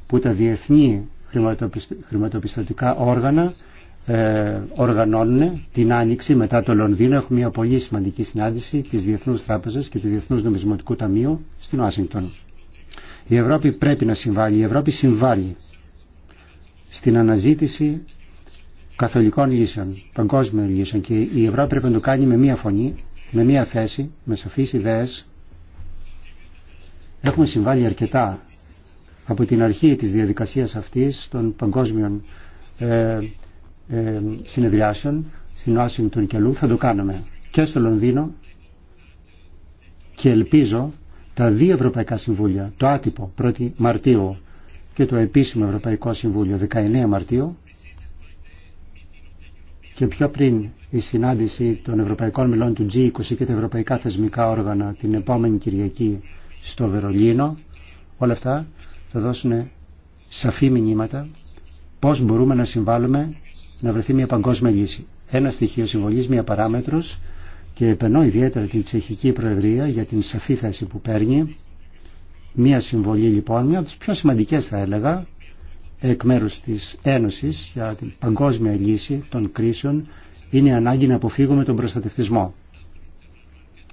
που τα διεθνή χρηματοπιστωτικά όργανα ε, οργανώνουν την Άνοιξη μετά το Λονδίνο. Έχουμε μια πολύ σημαντική συνάντηση της Διεθνούς Τράπεζας και του Διεθνούς Νομισματικού Ταμείου στην Ουάσιγκτον. Η Ευρώπη πρέπει να συμβάλλει. Η Ευρώπη συμβάλλει στην αναζήτηση καθολικών λύσεων, παγκόσμιων λύσεων και η Ευρώπη πρέπει να το κάνει με μία φωνή, με μία θέση, με σαφείς ιδέες. Έχουμε συμβάλει αρκετά από την αρχή της διαδικασίας αυτής των παγκόσμιων ε, ε, συνεδριάσεων στην Ουάσινγκτον και αλλού θα το κάνουμε και στο Λονδίνο και ελπίζω τα δύο Ευρωπαϊκά Συμβούλια, το άτυπο 1η Μαρτίου και το επίσημο Ευρωπαϊκό Συμβούλιο 19 Μαρτίου και πιο πριν η συνάντηση των Ευρωπαϊκών Μιλών του G20 και τα Ευρωπαϊκά Θεσμικά Όργανα την επόμενη Κυριακή στο Βερολίνο, όλα αυτά θα δώσουν σαφή μηνύματα πώς μπορούμε να συμβάλλουμε να βρεθεί μια παγκόσμια λύση. Ένα στοιχείο συμβολής, μια παράμετρος και επενώ ιδιαίτερα την Τσεχική Προεδρία για την σαφή θέση που παίρνει. Μία συμβολή λοιπόν, μία από τις πιο σημαντικές θα έλεγα, εκ μέρους της Ένωσης για την παγκόσμια λύση των κρίσεων είναι η ανάγκη να αποφύγουμε τον προστατευτισμό.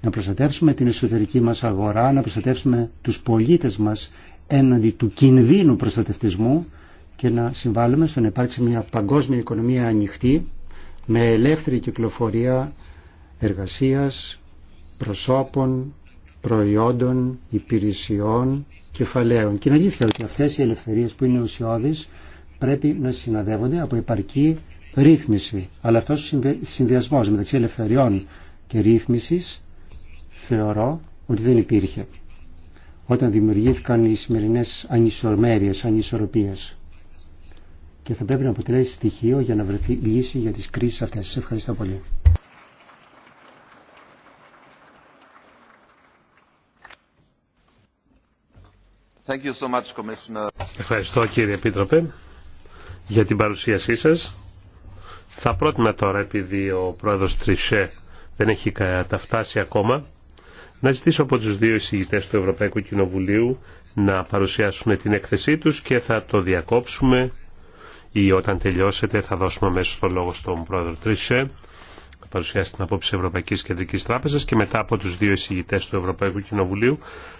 Να προστατεύσουμε την εσωτερική μας αγορά, να προστατεύσουμε τους πολίτες μας έναντι του κινδύνου προστατευτισμού και να συμβάλλουμε στο να υπάρξει μια παγκόσμια οικονομία ανοιχτή με ελεύθερη κυκλοφορία εργασίας, προσώπων, προϊόντων, υπηρεσιών, κεφαλαίων. Και είναι αλήθεια ότι αυτές οι ελευθερίες που είναι ουσιώδεις πρέπει να συναδεύονται από υπαρκή ρύθμιση. Αλλά αυτός ο συνδυασμός μεταξύ ελευθεριών και ρύθμισης θεωρώ ότι δεν υπήρχε όταν δημιουργήθηκαν οι σημερινές ανισορμέρειες, ανισορροπίες. Και θα πρέπει να αποτελέσει στοιχείο για να βρεθεί λύση για τις κρίσεις αυτές. Σας ευχαριστώ πολύ. Ευχαριστώ κύριε Επίτροπε για την παρουσίασή σας. Θα πρότεινα τώρα, επειδή ο πρόεδρος Τρισέ δεν έχει καταφτάσει ακόμα, να ζητήσω από τους δύο εισηγητές του Ευρωπαϊκού Κοινοβουλίου να παρουσιάσουν την έκθεσή τους και θα το διακόψουμε ή όταν τελειώσετε θα δώσουμε αμέσως το λόγο στον πρόεδρο Τρισέ παρουσιάσει την απόψη της Ευρωπαϊκής Κεντρικής Τράπεζας και μετά από τους δύο εισηγητές του Ευρωπαϊκού Κοινοβουλίου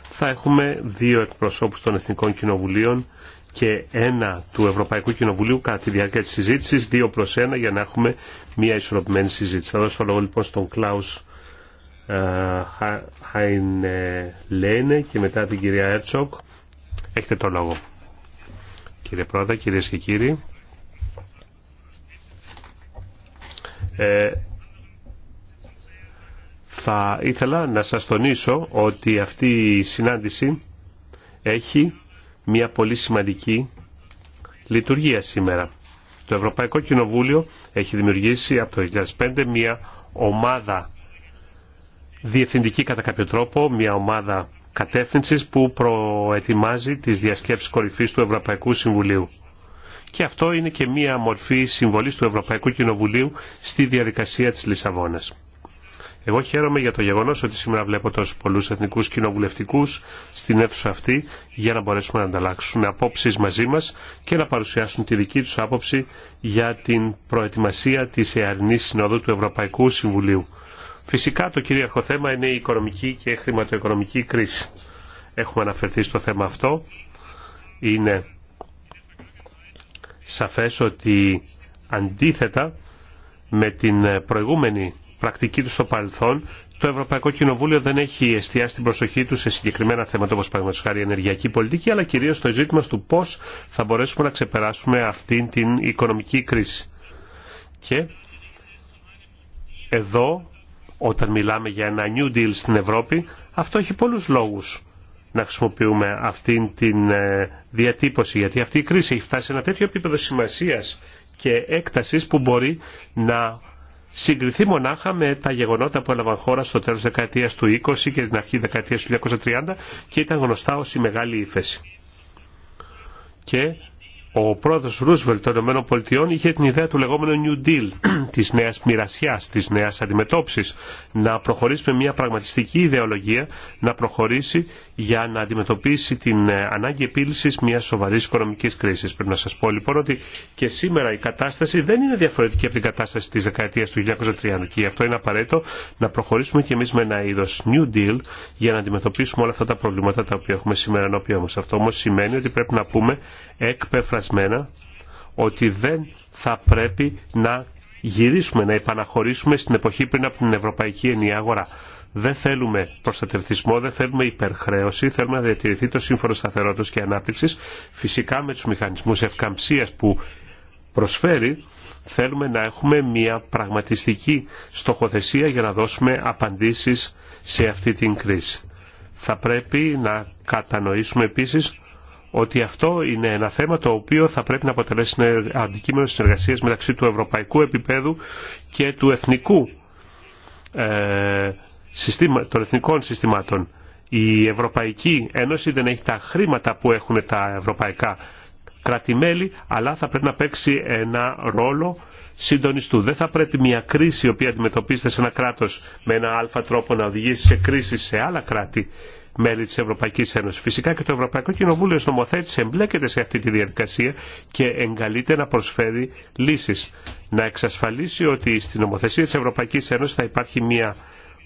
θα έχουμε δύο εκπροσώπους των Εθνικών Κοινοβουλίων και ένα του Ευρωπαϊκού Κοινοβουλίου κατά τη διάρκεια της συζήτησης, δύο προς ένα για να έχουμε μια ισορροπημένη συζήτηση. Θα δώσω λόγο λοιπόν στον Κλάους ε, Λένε και μετά την κυρία Έρτσοκ. Έχετε το λόγο. Κύριε Πρόεδρε, κυρίες και κύριοι. Ε, θα ήθελα να σας τονίσω ότι αυτή η συνάντηση έχει μια πολύ σημαντική λειτουργία σήμερα. Το Ευρωπαϊκό Κοινοβούλιο έχει δημιουργήσει από το 2005 μια ομάδα διευθυντική κατά κάποιο τρόπο, μια ομάδα κατεύθυνσης που προετοιμάζει τις διασκέψεις κορυφής του Ευρωπαϊκού Συμβουλίου. Και αυτό είναι και μια μορφή συμβολής του Ευρωπαϊκού Κοινοβουλίου στη διαδικασία της Λισαβόνας. Εγώ χαίρομαι για το γεγονό ότι σήμερα βλέπω τόσου πολλού εθνικού κοινοβουλευτικού στην αίθουσα αυτή για να μπορέσουμε να ανταλλάξουν απόψει μαζί μα και να παρουσιάσουν τη δική του άποψη για την προετοιμασία τη Εαρνή Συνόδου του Ευρωπαϊκού Συμβουλίου. Φυσικά το κυρίαρχο θέμα είναι η οικονομική και χρηματοοικονομική κρίση. Έχουμε αναφερθεί στο θέμα αυτό. Είναι σαφές ότι αντίθετα με την προηγούμενη πρακτική του στο παρελθόν, το Ευρωπαϊκό Κοινοβούλιο δεν έχει εστιάσει την προσοχή του σε συγκεκριμένα θέματα όπω παραδείγματο χάρη ενεργειακή πολιτική, αλλά κυρίω στο ζήτημα του πώ θα μπορέσουμε να ξεπεράσουμε αυτή την οικονομική κρίση. Και εδώ, όταν μιλάμε για ένα New Deal στην Ευρώπη, αυτό έχει πολλού λόγου να χρησιμοποιούμε αυτή την ε, διατύπωση, γιατί αυτή η κρίση έχει φτάσει σε ένα τέτοιο επίπεδο σημασία και έκτασης που μπορεί να συγκριθεί μονάχα με τα γεγονότα που έλαβαν χώρα στο τέλος της δεκαετίας του 20 και την αρχή δεκαετίας του 1930 και ήταν γνωστά ως η Μεγάλη ύφεση. Και ο πρόεδρος Ρούσβελ των ΗΠΑ είχε την ιδέα του λεγόμενου New Deal, της νέας μοιρασιά, της νέας αντιμετώπισης, να προχωρήσει με μια πραγματιστική ιδεολογία, να προχωρήσει για να αντιμετωπίσει την ε, ανάγκη επίλυση μια σοβαρή οικονομική κρίση. Πρέπει να σα πω λοιπόν ότι και σήμερα η κατάσταση δεν είναι διαφορετική από την κατάσταση τη δεκαετία του 1930 και γι' αυτό είναι απαραίτητο να προχωρήσουμε κι εμεί με ένα είδο New Deal για να αντιμετωπίσουμε όλα αυτά τα προβλήματα τα οποία έχουμε σήμερα ενώπιό μα. Αυτό όμω σημαίνει ότι πρέπει να πούμε εκπεφρασμένα ότι δεν θα πρέπει να γυρίσουμε, να επαναχωρήσουμε στην εποχή πριν από την Ευρωπαϊκή Ενιαία Αγορά. Δεν θέλουμε προστατευτισμό, δεν θέλουμε υπερχρέωση, θέλουμε να διατηρηθεί το σύμφωνο σταθερότητα και ανάπτυξη. Φυσικά με του μηχανισμού ευκαμψία που προσφέρει, θέλουμε να έχουμε μια πραγματιστική στοχοθεσία για να δώσουμε απαντήσεις σε αυτή την κρίση. Θα πρέπει να κατανοήσουμε επίσης ότι αυτό είναι ένα θέμα το οποίο θα πρέπει να αποτελέσει αντικείμενο συνεργασίας μεταξύ του ευρωπαϊκού επίπεδου και του εθνικού ε, των εθνικών συστημάτων. Η Ευρωπαϊκή Ένωση δεν έχει τα χρήματα που έχουν τα ευρωπαϊκά κράτη-μέλη, αλλά θα πρέπει να παίξει ένα ρόλο συντονιστού. Δεν θα πρέπει μια κρίση η οποία αντιμετωπίζεται σε ένα κράτος με ένα αλφα τρόπο να οδηγήσει σε κρίση σε άλλα κράτη μέλη της Ευρωπαϊκής Ένωσης. Φυσικά και το Ευρωπαϊκό Κοινοβούλιο ως εμπλέκεται σε αυτή τη διαδικασία και εγκαλείται να προσφέρει λύσεις. Να εξασφαλίσει ότι στην νομοθεσία της Ευρωπαϊκής Ένωσης θα υπάρχει μια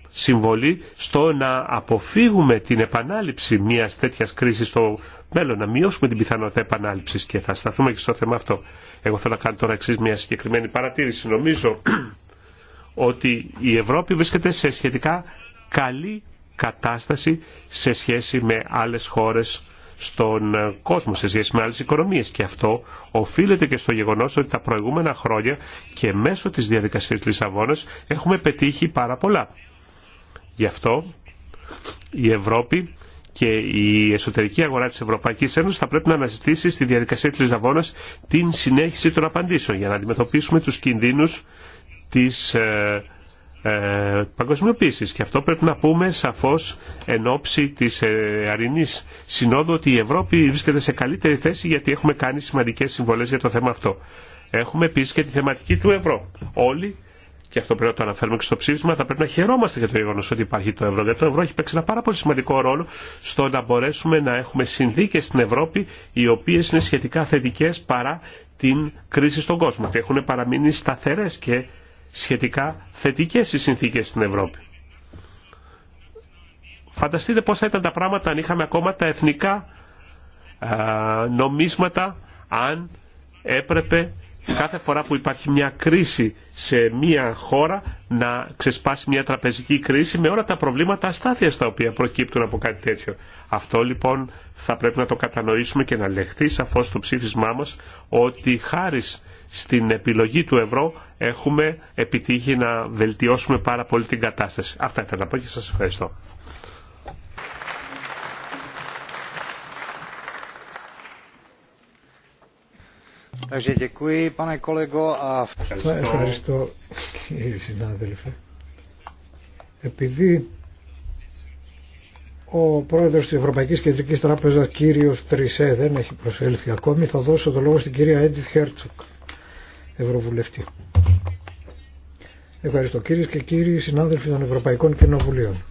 συμβολή στο να αποφύγουμε την επανάληψη μιας τέτοιας κρίσης στο μέλλον, να μειώσουμε την πιθανότητα επανάληψης και θα σταθούμε και στο θέμα αυτό. Εγώ θέλω να κάνω τώρα εξής μια συγκεκριμένη παρατήρηση. Νομίζω ότι η Ευρώπη βρίσκεται σε σχετικά καλή κατάσταση σε σχέση με άλλες χώρες στον κόσμο σε σχέση με άλλες οικονομίες και αυτό οφείλεται και στο γεγονός ότι τα προηγούμενα χρόνια και μέσω της διαδικασίας της Λισαβόνας έχουμε πετύχει πάρα πολλά. Γι' αυτό η Ευρώπη και η εσωτερική αγορά της Ευρωπαϊκής Ένωσης θα πρέπει να αναζητήσει στη διαδικασία της Λισαβόνας την συνέχιση των απαντήσεων για να αντιμετωπίσουμε τους κινδύνους της ε, ε παγκοσμιοποίησης. Και αυτό πρέπει να πούμε σαφώς εν ώψη της ε, συνόδου ότι η Ευρώπη βρίσκεται σε καλύτερη θέση γιατί έχουμε κάνει σημαντικές συμβολές για το θέμα αυτό. Έχουμε επίσης και τη θεματική του ευρώ. Όλοι και αυτό πρέπει να το αναφέρουμε και στο ψήφισμα, θα πρέπει να χαιρόμαστε για το γεγονό ότι υπάρχει το ευρώ. Γιατί το ευρώ έχει παίξει ένα πάρα πολύ σημαντικό ρόλο στο να μπορέσουμε να έχουμε συνθήκε στην Ευρώπη οι οποίε είναι σχετικά θετικέ παρά την κρίση στον κόσμο. Και έχουν παραμείνει σταθερέ και σχετικά θετικέ οι συνθήκε στην Ευρώπη. Φανταστείτε πώ θα ήταν τα πράγματα αν είχαμε ακόμα τα εθνικά νομίσματα αν έπρεπε κάθε φορά που υπάρχει μια κρίση σε μια χώρα να ξεσπάσει μια τραπεζική κρίση με όλα τα προβλήματα αστάθειας τα οποία προκύπτουν από κάτι τέτοιο. Αυτό λοιπόν θα πρέπει να το κατανοήσουμε και να λεχθεί σαφώς το ψήφισμά μας ότι χάρη στην επιλογή του ευρώ έχουμε επιτύχει να βελτιώσουμε πάρα πολύ την κατάσταση. Αυτά ήθελα να πω και σας ευχαριστώ. Ευχαριστώ. κύριε συνάδελφε. Επειδή ο πρόεδρος της Ευρωπαϊκής Κεντρικής Τράπεζας κύριος Τρισέ δεν έχει προσέλθει ακόμη θα δώσω το λόγο στην κυρία Έντιθ Χέρτσοκ Ευρωβουλευτή. Ευχαριστώ κύριε και κύριοι συνάδελφοι των Ευρωπαϊκών Κοινοβουλίων.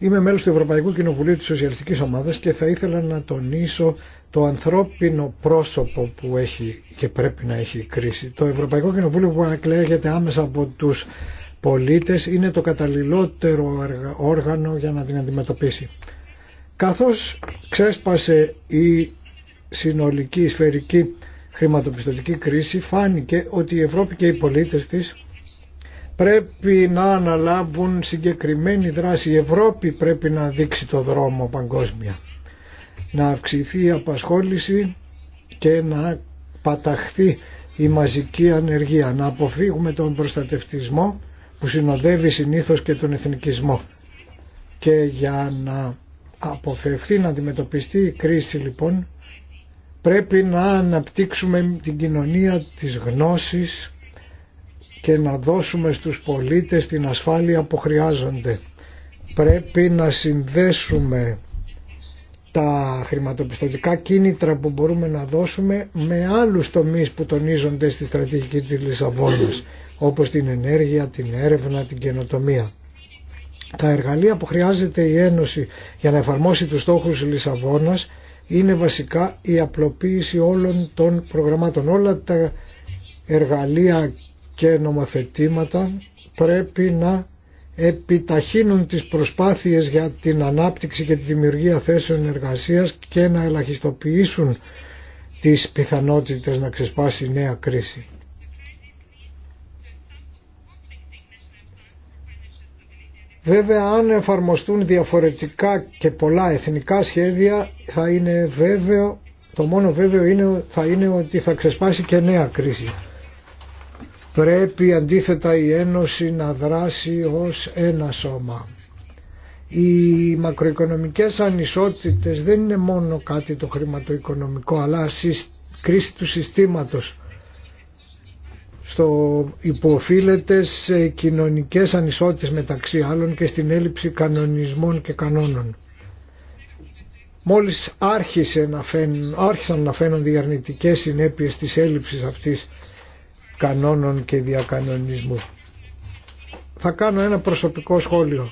Είμαι μέλος του Ευρωπαϊκού Κοινοβουλίου της Σοσιαλιστικής Ομάδας και θα ήθελα να τονίσω το ανθρώπινο πρόσωπο που έχει και πρέπει να έχει κρίση. Το Ευρωπαϊκό Κοινοβούλιο που ανακλέγεται άμεσα από τους πολίτες είναι το καταλληλότερο όργανο για να την αντιμετωπίσει. Καθώς ξέσπασε η συνολική σφαιρική χρηματοπιστωτική κρίση φάνηκε ότι η Ευρώπη και οι πολίτες της πρέπει να αναλάβουν συγκεκριμένη δράση. Η Ευρώπη πρέπει να δείξει το δρόμο παγκόσμια. Να αυξηθεί η απασχόληση και να παταχθεί η μαζική ανεργία. Να αποφύγουμε τον προστατευτισμό που συνοδεύει συνήθως και τον εθνικισμό. Και για να αποφευθεί να αντιμετωπιστεί η κρίση λοιπόν πρέπει να αναπτύξουμε την κοινωνία της γνώσης και να δώσουμε στους πολίτες την ασφάλεια που χρειάζονται. Πρέπει να συνδέσουμε τα χρηματοπιστωτικά κίνητρα που μπορούμε να δώσουμε με άλλους τομείς που τονίζονται στη στρατηγική της Λισαβόνας, όπως την ενέργεια, την έρευνα, την καινοτομία. Τα εργαλεία που χρειάζεται η Ένωση για να εφαρμόσει τους στόχους της Λισαβόνας είναι βασικά η απλοποίηση όλων των προγραμμάτων. Όλα τα εργαλεία και νομοθετήματα πρέπει να επιταχύνουν τις προσπάθειες για την ανάπτυξη και τη δημιουργία θέσεων εργασίας και να ελαχιστοποιήσουν τις πιθανότητες να ξεσπάσει νέα κρίση. Βέβαια αν εφαρμοστούν διαφορετικά και πολλά εθνικά σχέδια θα είναι βέβαιο, το μόνο βέβαιο είναι, θα είναι ότι θα ξεσπάσει και νέα κρίση πρέπει αντίθετα η Ένωση να δράσει ως ένα σώμα. Οι μακροοικονομικές ανισότητες δεν είναι μόνο κάτι το χρηματοοικονομικό αλλά κρίση του συστήματος στο υποφίλεται σε κοινωνικές ανισότητες μεταξύ άλλων και στην έλλειψη κανονισμών και κανόνων. Μόλις άρχισε να φαίνουν, άρχισαν να φαίνονται οι αρνητικές συνέπειες της έλλειψης αυτής κανόνων και διακανονισμού. Θα κάνω ένα προσωπικό σχόλιο.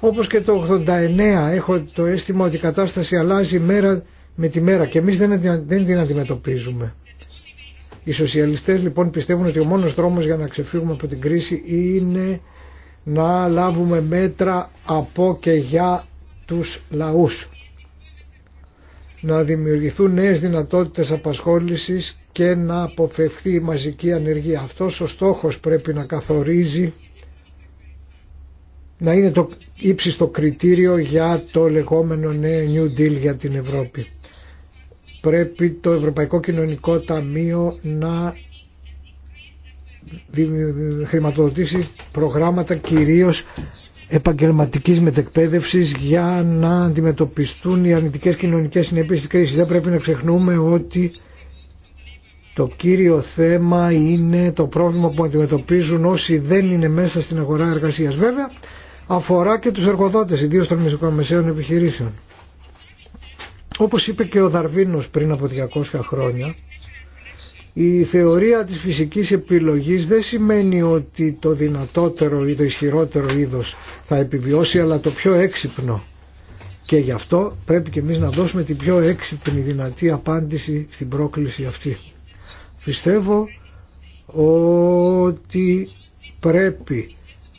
Όπως και το 89 έχω το αίσθημα ότι η κατάσταση αλλάζει μέρα με τη μέρα και εμείς δεν, δεν την αντιμετωπίζουμε. Οι σοσιαλιστές λοιπόν πιστεύουν ότι ο μόνος δρόμος για να ξεφύγουμε από την κρίση είναι να λάβουμε μέτρα από και για τους λαούς. Να δημιουργηθούν νέες δυνατότητες απασχόλησης και να αποφευθεί η μαζική ανεργία. Αυτός ο στόχος πρέπει να καθορίζει να είναι το ύψιστο κριτήριο για το λεγόμενο νέο New Deal για την Ευρώπη. Πρέπει το Ευρωπαϊκό Κοινωνικό Ταμείο να χρηματοδοτήσει προγράμματα κυρίως επαγγελματικής μετεκπαίδευσης για να αντιμετωπιστούν οι αρνητικές κοινωνικές συνέπειες της κρίσης. Δεν πρέπει να ξεχνούμε ότι το κύριο θέμα είναι το πρόβλημα που αντιμετωπίζουν όσοι δεν είναι μέσα στην αγορά εργασίας. Βέβαια, αφορά και τους εργοδότες, ιδίως των μεσαίων επιχειρήσεων. Όπως είπε και ο Δαρβίνος πριν από 200 χρόνια, η θεωρία της φυσικής επιλογής δεν σημαίνει ότι το δυνατότερο ή το ισχυρότερο είδος θα επιβιώσει, αλλά το πιο έξυπνο. Και γι' αυτό πρέπει και εμείς να δώσουμε την πιο έξυπνη δυνατή απάντηση στην πρόκληση αυτή. Πιστεύω ότι πρέπει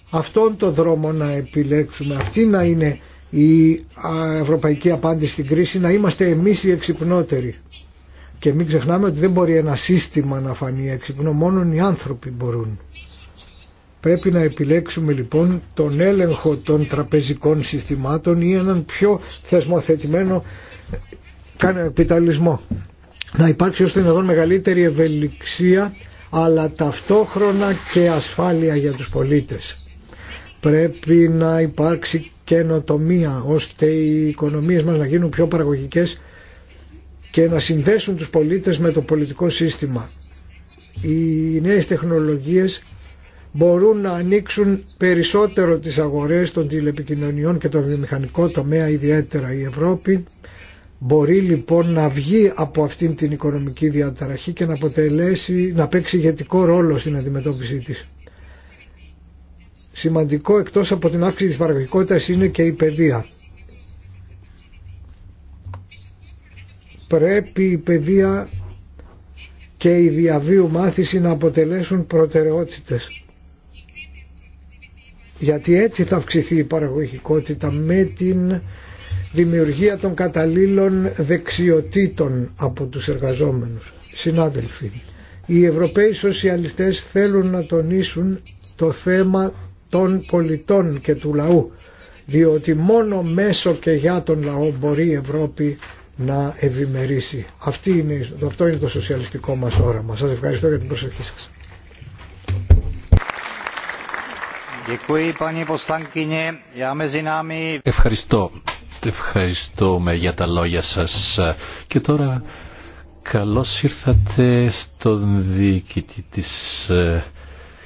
αυτόν τον δρόμο να επιλέξουμε, αυτή να είναι η ευρωπαϊκή απάντηση στην κρίση, να είμαστε εμείς οι εξυπνότεροι. Και μην ξεχνάμε ότι δεν μπορεί ένα σύστημα να φανεί εξυπνό, μόνο οι άνθρωποι μπορούν. Πρέπει να επιλέξουμε λοιπόν τον έλεγχο των τραπεζικών συστημάτων ή έναν πιο θεσμοθετημένο καπιταλισμό να υπάρξει ως δυνατόν μεγαλύτερη ευελιξία αλλά ταυτόχρονα και ασφάλεια για τους πολίτες. Πρέπει να υπάρξει καινοτομία ώστε οι οικονομίες μας να γίνουν πιο παραγωγικές και να συνδέσουν τους πολίτες με το πολιτικό σύστημα. Οι νέες τεχνολογίες μπορούν να ανοίξουν περισσότερο τις αγορές των τηλεπικοινωνιών και το βιομηχανικό τομέα ιδιαίτερα η Ευρώπη Μπορεί λοιπόν να βγει από αυτήν την οικονομική διαταραχή και να αποτελέσει, να παίξει ηγετικό ρόλο στην αντιμετώπιση της. Σημαντικό εκτός από την αύξηση της παραγωγικότητας είναι και η παιδεία. Πρέπει η παιδεία και η διαβίου μάθηση να αποτελέσουν προτεραιότητες. Γιατί έτσι θα αυξηθεί η παραγωγικότητα με την δημιουργία των καταλήλων δεξιοτήτων από τους εργαζόμενους. Συνάδελφοι, οι Ευρωπαίοι Σοσιαλιστές θέλουν να τονίσουν το θέμα των πολιτών και του λαού, διότι μόνο μέσω και για τον λαό μπορεί η Ευρώπη να ευημερήσει. Αυτή είναι, αυτό είναι το σοσιαλιστικό μας όραμα. Σας ευχαριστώ για την προσοχή σας. Ευχαριστώ. Ευχαριστούμε για τα λόγια σας. Και τώρα καλώς ήρθατε στον διοικητή της ε,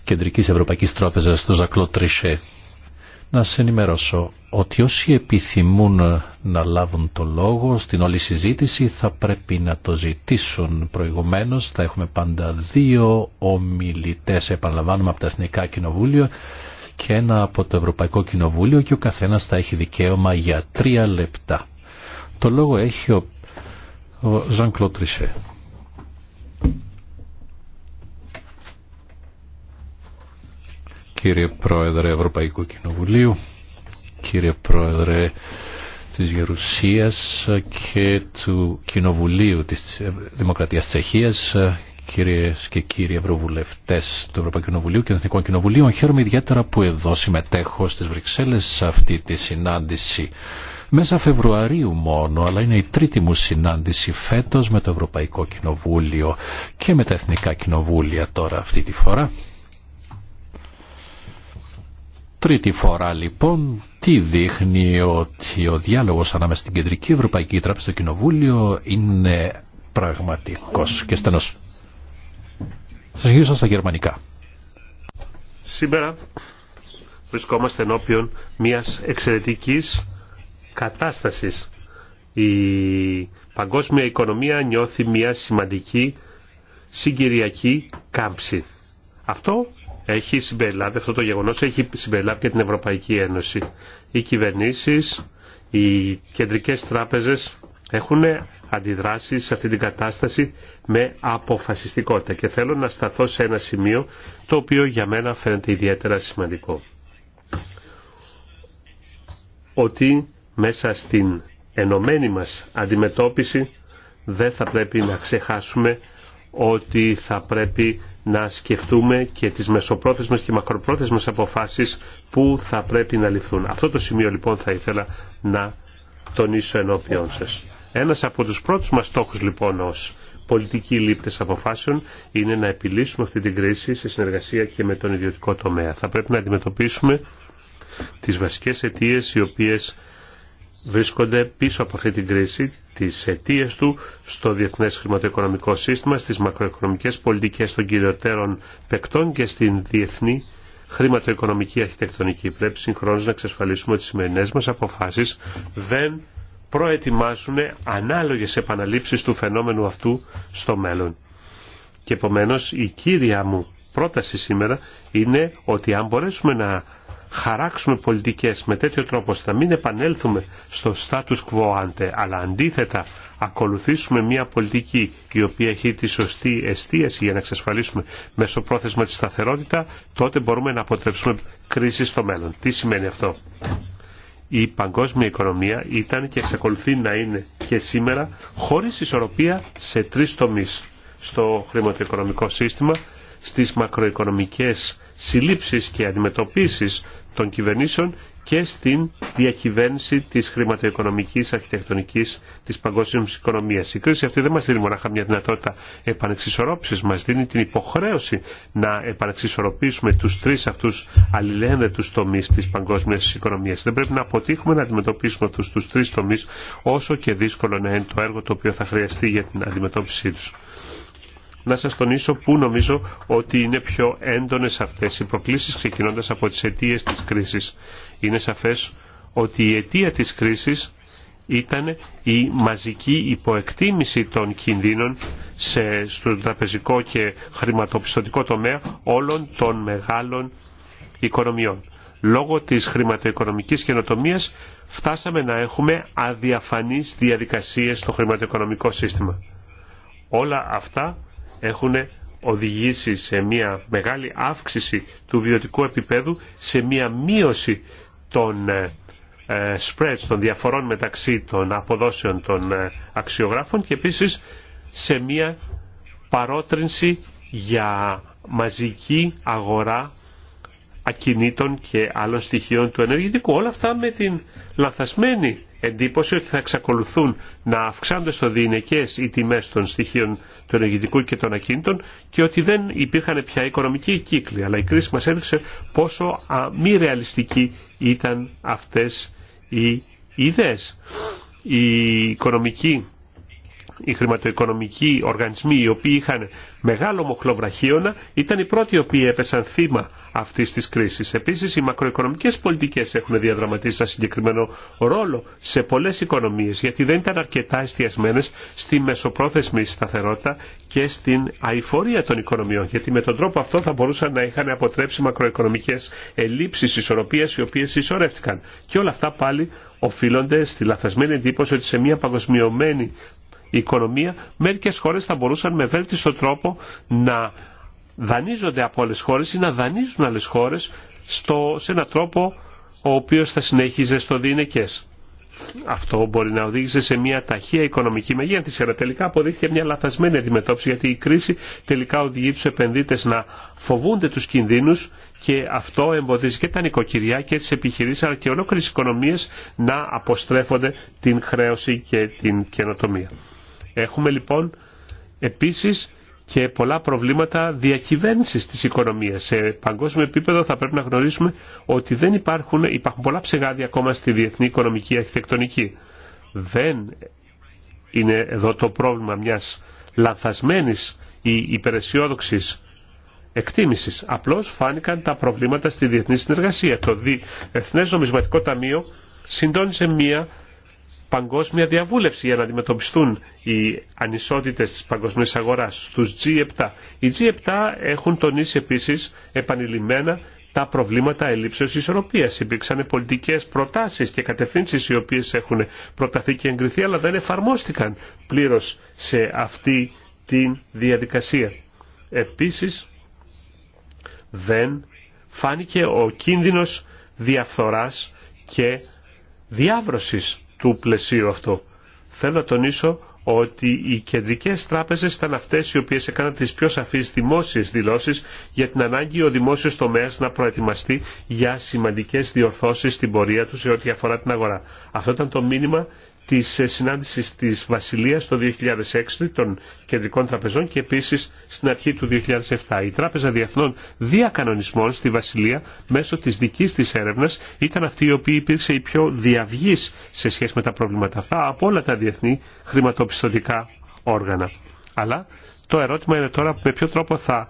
Κεντρικής Ευρωπαϊκής Τράπεζας, τον Ζακλό Να σε ενημερώσω ότι όσοι επιθυμούν να λάβουν το λόγο στην όλη συζήτηση θα πρέπει να το ζητήσουν προηγουμένως. Θα έχουμε πάντα δύο ομιλητές, επαναλαμβάνουμε από τα Εθνικά Κοινοβούλια και ένα από το Ευρωπαϊκό Κοινοβούλιο και ο καθένας θα έχει δικαίωμα για τρία λεπτά. Το λόγο έχει ο, Ζαν Κλωτρισέ. Κύριε Πρόεδρε Ευρωπαϊκού Κοινοβουλίου, κύριε Πρόεδρε της Γερουσίας και του Κοινοβουλίου της Δημοκρατίας Τσεχίας, κυρίες και κύριοι ευρωβουλευτές του Ευρωπαϊκού Κοινοβουλίου και Εθνικών Κοινοβουλίων. Χαίρομαι ιδιαίτερα που εδώ συμμετέχω στις Βρυξέλλες σε αυτή τη συνάντηση. Μέσα Φεβρουαρίου μόνο, αλλά είναι η τρίτη μου συνάντηση φέτος με το Ευρωπαϊκό Κοινοβούλιο και με τα Εθνικά Κοινοβούλια τώρα αυτή τη φορά. Τρίτη φορά λοιπόν, τι δείχνει ότι ο διάλογος ανάμεσα στην Κεντρική Ευρωπαϊκή Τράπεζα και το Κοινοβούλιο είναι πραγματικός και στενός. Σας γυρίσω στα γερμανικά. Σήμερα βρισκόμαστε ενώπιον μιας εξαιρετικής κατάστασης. Η παγκόσμια οικονομία νιώθει μια σημαντική συγκυριακή κάμψη. Αυτό έχει συμπεριλάβει, αυτό το γεγονός έχει συμπεριλάβει και την Ευρωπαϊκή Ένωση. Οι κυβερνήσεις, οι κεντρικές τράπεζες έχουν αντιδράσει σε αυτή την κατάσταση με αποφασιστικότητα και θέλω να σταθώ σε ένα σημείο το οποίο για μένα φαίνεται ιδιαίτερα σημαντικό. Ότι μέσα στην ενωμένη μας αντιμετώπιση δεν θα πρέπει να ξεχάσουμε ότι θα πρέπει να σκεφτούμε και τις μεσοπρόθεσμες και μακροπρόθεσμες αποφάσεις που θα πρέπει να ληφθούν. Αυτό το σημείο λοιπόν θα ήθελα να τον ίσο ενώπιον σας. Ένας από τους πρώτους μας στόχους λοιπόν ως πολιτικοί λήπτες αποφάσεων είναι να επιλύσουμε αυτή την κρίση σε συνεργασία και με τον ιδιωτικό τομέα. Θα πρέπει να αντιμετωπίσουμε τις βασικές αιτίε οι οποίες βρίσκονται πίσω από αυτή την κρίση, τις αιτίε του στο διεθνές χρηματοοικονομικό σύστημα, στις μακροοικονομικές πολιτικές των κυριωτέρων παικτών και στην διεθνή χρηματοοικονομική αρχιτεκτονική. Πρέπει συγχρόνως να εξασφαλίσουμε ότι οι σημερινές μας αποφάσεις δεν προετοιμάσουν ανάλογε επαναλήψεις του φαινόμενου αυτού στο μέλλον. Και επομένω η κύρια μου πρόταση σήμερα είναι ότι αν μπορέσουμε να χαράξουμε πολιτικές με τέτοιο τρόπο ώστε να μην επανέλθουμε στο status quo ante, αλλά αντίθετα ακολουθήσουμε μια πολιτική η οποία έχει τη σωστή εστίαση για να εξασφαλίσουμε μέσω πρόθεσμα τη σταθερότητα, τότε μπορούμε να αποτρέψουμε κρίση στο μέλλον. Τι σημαίνει αυτό. Η παγκόσμια οικονομία ήταν και εξακολουθεί να είναι και σήμερα χωρίς ισορροπία σε τρεις τομείς. Στο χρηματοοικονομικό σύστημα, στις μακροοικονομικές συλλήψεις και αντιμετωπίσεις των κυβερνήσεων και στην διακυβέρνηση τη χρηματοοικονομικής αρχιτεκτονική τη παγκόσμια οικονομία. Η κρίση αυτή δεν μα δίνει μονάχα μια δυνατότητα επανεξισορρόπηση, μα δίνει την υποχρέωση να επανεξισορροπήσουμε του τρει αυτού αλληλένδετους τομεί τη παγκόσμια οικονομία. Δεν πρέπει να αποτύχουμε να αντιμετωπίσουμε αυτού τους τρεις τομείς όσο και δύσκολο να είναι το έργο το οποίο θα χρειαστεί για την αντιμετώπιση του να σας τονίσω που νομίζω ότι είναι πιο έντονες αυτές οι προκλήσεις ξεκινώντας από τις αιτίε της κρίσης. Είναι σαφές ότι η αιτία της κρίσης ήταν η μαζική υποεκτίμηση των κινδύνων σε, στον τραπεζικό και χρηματοπιστωτικό τομέα όλων των μεγάλων οικονομιών. Λόγω της χρηματοοικονομικής καινοτομία φτάσαμε να έχουμε αδιαφανείς διαδικασίες στο χρηματοοικονομικό σύστημα. Όλα αυτά έχουν οδηγήσει σε μια μεγάλη αύξηση του βιωτικού επίπεδου, σε μια μείωση των ε, ε, spreads, των διαφορών μεταξύ των αποδόσεων των ε, αξιογράφων και επίσης σε μια παρότρινση για μαζική αγορά ακινήτων και άλλων στοιχείων του ενεργητικού. Όλα αυτά με την λαθασμένη εντύπωση ότι θα εξακολουθούν να αυξάνονται στο διηνεκέ οι τιμέ των στοιχείων των ενεργητικού και των ακίνητων και ότι δεν υπήρχαν πια οικονομικοί κύκλοι. Αλλά η κρίση μας έδειξε πόσο μη ρεαλιστικοί ήταν αυτές οι ιδέες. Η οικονομική οι χρηματοοικονομικοί οργανισμοί οι οποίοι είχαν μεγάλο μοχλοβραχίωνα ήταν οι πρώτοι οι οποίοι έπεσαν θύμα αυτής της κρίσης. Επίσης οι μακροοικονομικές πολιτικές έχουν διαδραματίσει ένα συγκεκριμένο ρόλο σε πολλές οικονομίες γιατί δεν ήταν αρκετά εστιασμένες στη μεσοπρόθεσμη σταθερότητα και στην αηφορία των οικονομιών γιατί με τον τρόπο αυτό θα μπορούσαν να είχαν αποτρέψει μακροοικονομικές ελλείψεις ισορροπίας οι οποίες ισορρεύτηκαν. Και όλα αυτά πάλι οφείλονται στη λαθασμένη εντύπωση ότι σε μια παγκοσμιωμένη οικονομία, μερικές χώρες θα μπορούσαν με βέλτιστο τρόπο να δανείζονται από άλλες χώρες ή να δανείζουν άλλες χώρες σε έναν τρόπο ο οποίος θα συνέχιζε στο διενεκές. Αυτό μπορεί να οδήγησε σε μια ταχεία οικονομική μεγέθυνση, αλλά τελικά αποδείχθηκε μια λαθασμένη αντιμετώπιση, γιατί η κρίση τελικά οδηγεί του επενδύτε να φοβούνται του κινδύνου και αυτό εμποδίζει και τα νοικοκυριά και τι επιχειρήσει, αλλά και ολόκληρε οικονομίε να αποστρέφονται την χρέωση και την καινοτομία. Έχουμε λοιπόν επίσης και πολλά προβλήματα διακυβέρνησης της οικονομίας. Σε παγκόσμιο επίπεδο θα πρέπει να γνωρίσουμε ότι δεν υπάρχουν, υπάρχουν πολλά ψεγάδια ακόμα στη διεθνή οικονομική αρχιτεκτονική. Δεν είναι εδώ το πρόβλημα μιας λανθασμένης ή υπεραισιόδοξης εκτίμησης. Απλώς φάνηκαν τα προβλήματα στη διεθνή συνεργασία. Το Διεθνές Νομισματικό Ταμείο συντώνησε μία παγκόσμια διαβούλευση για να αντιμετωπιστούν οι ανισότητες της παγκοσμίας αγοράς στους G7. Οι G7 έχουν τονίσει επίσης επανειλημμένα τα προβλήματα ελλείψεως ισορροπίας. Υπήρξαν πολιτικές προτάσεις και κατευθύνσεις οι οποίες έχουν προταθεί και εγκριθεί αλλά δεν εφαρμόστηκαν πλήρως σε αυτή τη διαδικασία. Επίσης δεν φάνηκε ο κίνδυνος διαφθοράς και διάβρωσης του πλαισίου αυτό. Θέλω να τονίσω ότι οι κεντρικές τράπεζες ήταν αυτές οι οποίες έκαναν τις πιο σαφείς δημόσιες δηλώσεις για την ανάγκη ο δημόσιος τομέας να προετοιμαστεί για σημαντικές διορθώσεις στην πορεία του σε ό,τι αφορά την αγορά. Αυτό ήταν το μήνυμα της ε, συνάντησης της Βασιλείας το 2006 των κεντρικών τραπεζών και επίσης στην αρχή του 2007. Η Τράπεζα Διεθνών Διακανονισμών στη Βασιλεία μέσω της δικής της έρευνας ήταν αυτή η οποία υπήρξε η πιο διαυγής σε σχέση με τα προβλήματα αυτά από όλα τα διεθνή χρηματοπιστωτικά όργανα. Αλλά το ερώτημα είναι τώρα με ποιο τρόπο θα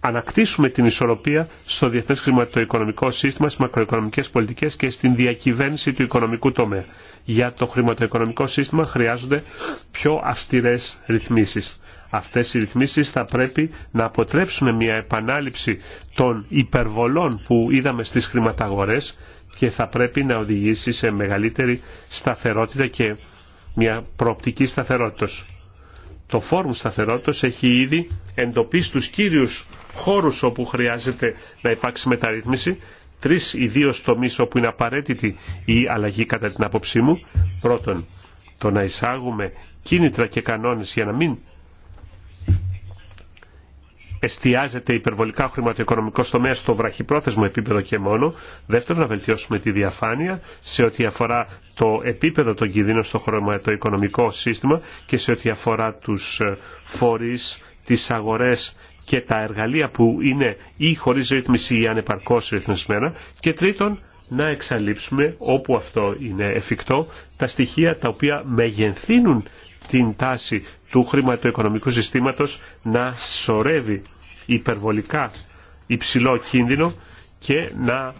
ανακτήσουμε την ισορροπία στο διεθνέ χρηματοοικονομικό σύστημα, στι μακροοικονομικές πολιτικέ και στην διακυβέρνηση του οικονομικού τομέα. Για το χρηματοοικονομικό σύστημα χρειάζονται πιο αυστηρέ ρυθμίσεις. Αυτές οι ρυθμίσει θα πρέπει να αποτρέψουν μια επανάληψη των υπερβολών που είδαμε στι χρηματαγορές και θα πρέπει να οδηγήσει σε μεγαλύτερη σταθερότητα και μια προοπτική σταθερότητα. Το Φόρουμ σταθερότητα έχει ήδη εντοπίσει του κύριου χώρους όπου χρειάζεται να υπάρξει μεταρρύθμιση, τρεις δυο τομείς όπου είναι απαραίτητη η αλλαγή κατά την άποψή μου. Πρώτον, το να εισάγουμε κίνητρα και κανόνες για να μην εστιάζεται υπερβολικά ο χρηματοοικονομικό τομέα στο βραχυπρόθεσμο επίπεδο και μόνο. Δεύτερον, να βελτιώσουμε τη διαφάνεια σε ό,τι αφορά το επίπεδο των κινδύνων στο χρηματοοικονομικό σύστημα και σε ό,τι αφορά του ε, φορεί, τι αγορέ και τα εργαλεία που είναι ή χωρίς ρύθμιση ή ανεπαρκώς ρυθμισμένα και τρίτον να εξαλείψουμε όπου αυτό είναι εφικτό τα στοιχεία τα οποία μεγενθύνουν την τάση του χρηματοοικονομικού συστήματος να σωρεύει υπερβολικά υψηλό κίνδυνο και να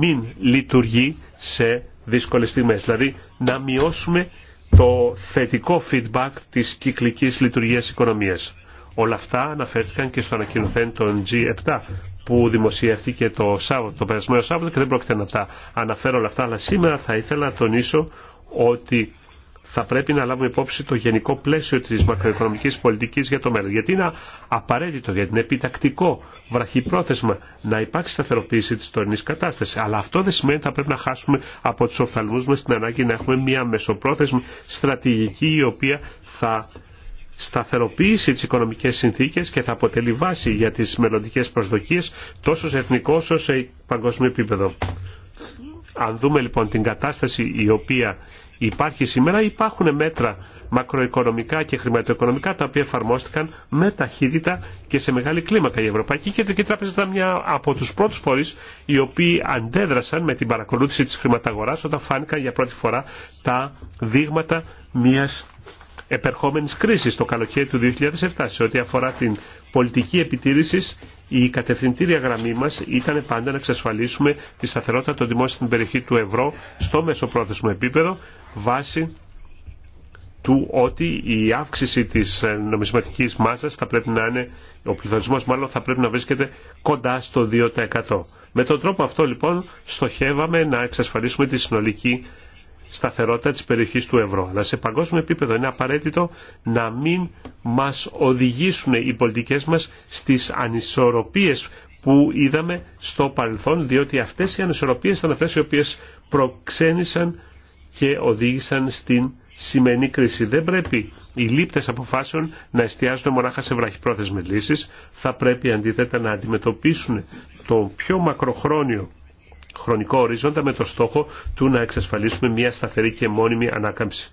μην λειτουργεί σε δύσκολες στιγμές. Δηλαδή να μειώσουμε το θετικό feedback της κυκλικής λειτουργίας οικονομίας. Όλα αυτά αναφέρθηκαν και στο ανακοινωθέν των G7 που δημοσιεύτηκε το, Σάββατο, το περασμένο Σάββατο και δεν πρόκειται να τα αναφέρω όλα αυτά, αλλά σήμερα θα ήθελα να τονίσω ότι θα πρέπει να λάβουμε υπόψη το γενικό πλαίσιο της μακροοικονομικής πολιτικής για το μέλλον. Γιατί είναι απαραίτητο, γιατί είναι επιτακτικό, βραχυπρόθεσμα να υπάρξει σταθεροποίηση της τωρινής κατάστασης. Αλλά αυτό δεν σημαίνει ότι θα πρέπει να χάσουμε από τους οφθαλμούς μας την ανάγκη να έχουμε μια μεσοπρόθεσμη στρατηγική η οποία θα σταθεροποίηση τις οικονομικές συνθήκες και θα αποτελεί βάση για τις μελλοντικές προσδοκίες τόσο σε εθνικό όσο σε παγκόσμιο επίπεδο. Αν δούμε λοιπόν την κατάσταση η οποία υπάρχει σήμερα, υπάρχουν μέτρα μακροοικονομικά και χρηματοοικονομικά τα οποία εφαρμόστηκαν με ταχύτητα και σε μεγάλη κλίμακα. Η Ευρωπαϊκή και Κεντρική Τράπεζα ήταν μια από τους πρώτους φορείς οι οποίοι αντέδρασαν με την παρακολούθηση της χρηματαγοράς όταν φάνηκαν για πρώτη φορά τα δείγματα μιας επερχόμενης κρίσης το καλοκαίρι του 2007 σε ό,τι αφορά την πολιτική επιτήρησης η κατευθυντήρια γραμμή μας ήταν πάντα να εξασφαλίσουμε τη σταθερότητα των δημόσιων στην περιοχή του ευρώ στο μεσοπρόθεσμο επίπεδο βάσει του ότι η αύξηση της ε, νομισματικής μάζας θα πρέπει να είναι, ο πληθωρισμός μάλλον θα πρέπει να βρίσκεται κοντά στο 2%. Με τον τρόπο αυτό λοιπόν στοχεύαμε να εξασφαλίσουμε τη συνολική σταθερότητα της περιοχής του ευρώ. Αλλά σε παγκόσμιο επίπεδο είναι απαραίτητο να μην μας οδηγήσουν οι πολιτικές μας στις ανισορροπίες που είδαμε στο παρελθόν, διότι αυτές οι ανισορροπίες ήταν αυτές οι οποίες προξένησαν και οδήγησαν στην σημερινή κρίση. Δεν πρέπει οι λήπτες αποφάσεων να εστιάζονται μονάχα σε βραχυπρόθεσμες λύσεις, θα πρέπει αντίθετα να αντιμετωπίσουν το πιο μακροχρόνιο χρονικό ορίζοντα με το στόχο του να εξασφαλίσουμε μια σταθερή και μόνιμη ανάκαμψη.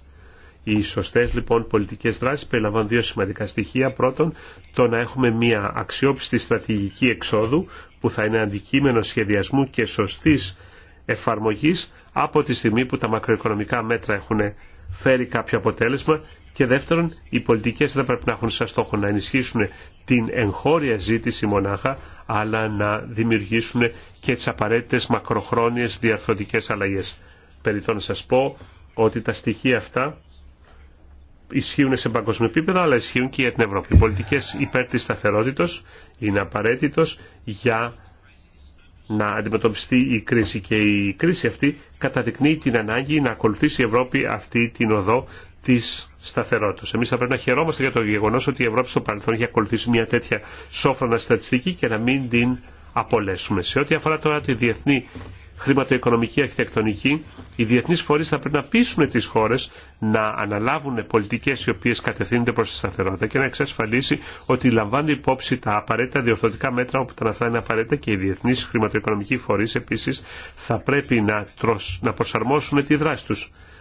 Οι σωστέ λοιπόν πολιτικέ δράσει περιλαμβάνουν δύο σημαντικά στοιχεία. Πρώτον, το να έχουμε μια αξιόπιστη στρατηγική εξόδου που θα είναι αντικείμενο σχεδιασμού και σωστή εφαρμογή από τη στιγμή που τα μακροοικονομικά μέτρα έχουν φέρει κάποιο αποτέλεσμα και δεύτερον, οι πολιτικές δεν πρέπει να έχουν σαν στόχο να ενισχύσουν την εγχώρια ζήτηση μονάχα, αλλά να δημιουργήσουν και τις απαραίτητες μακροχρόνιες διαρθρωτικές αλλαγές. Περιτώ να σας πω ότι τα στοιχεία αυτά ισχύουν σε παγκόσμιο επίπεδο, αλλά ισχύουν και για την Ευρώπη. Οι πολιτικές υπέρ της σταθερότητος είναι απαραίτητος για να αντιμετωπιστεί η κρίση και η κρίση αυτή καταδεικνύει την ανάγκη να ακολουθήσει η Ευρώπη αυτή την οδό της σταθερότητα. Εμεί θα πρέπει να χαιρόμαστε για το γεγονό ότι η Ευρώπη στο παρελθόν έχει ακολουθήσει μια τέτοια σόφρονα στατιστική και να μην την απολέσουμε. Σε ό,τι αφορά τώρα τη διεθνή χρηματοοικονομική αρχιτεκτονική, οι διεθνεί φορεί θα πρέπει να πείσουν τι χώρε να αναλάβουν πολιτικέ οι οποίε κατευθύνονται προ τη σταθερότητα και να εξασφαλίσει ότι λαμβάνουν υπόψη τα απαραίτητα διορθωτικά μέτρα όπου τα αυτά είναι απαραίτητα και οι διεθνεί χρηματοοικονομικοί φορεί επίση θα πρέπει να, να προσαρμόσουν τη δράση του.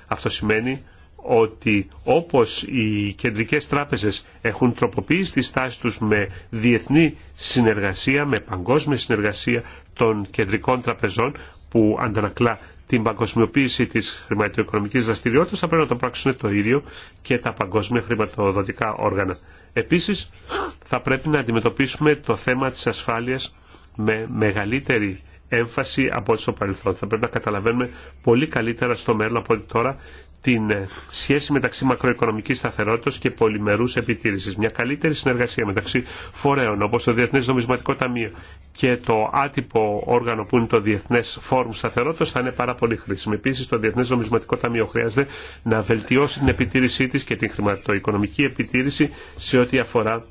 Αυτό σημαίνει ότι όπως οι κεντρικές τράπεζες έχουν τροποποιήσει τη στάση τους με διεθνή συνεργασία, με παγκόσμια συνεργασία των κεντρικών τραπεζών που αντανακλά την παγκοσμιοποίηση της χρηματοοικονομικής δραστηριότητας θα πρέπει να το πράξουν το ίδιο και τα παγκόσμια χρηματοδοτικά όργανα. Επίσης θα πρέπει να αντιμετωπίσουμε το θέμα της ασφάλειας με μεγαλύτερη έμφαση από ό,τι στο παρελθόν. Θα πρέπει να καταλαβαίνουμε πολύ καλύτερα στο μέλλον από ό,τι τώρα την ε, σχέση μεταξύ μακροοικονομικής σταθερότητας και πολυμερούς επιτήρησης. Μια καλύτερη συνεργασία μεταξύ φορέων όπως το Διεθνές Νομισματικό Ταμείο και το άτυπο όργανο που είναι το Διεθνές Φόρουμ Σταθερότητας θα είναι πάρα πολύ χρήσιμο. Επίσης το Διεθνές Νομισματικό Ταμείο χρειάζεται να βελτιώσει την επιτήρησή της και την χρηματοοικονομική επιτήρηση σε ό,τι αφορά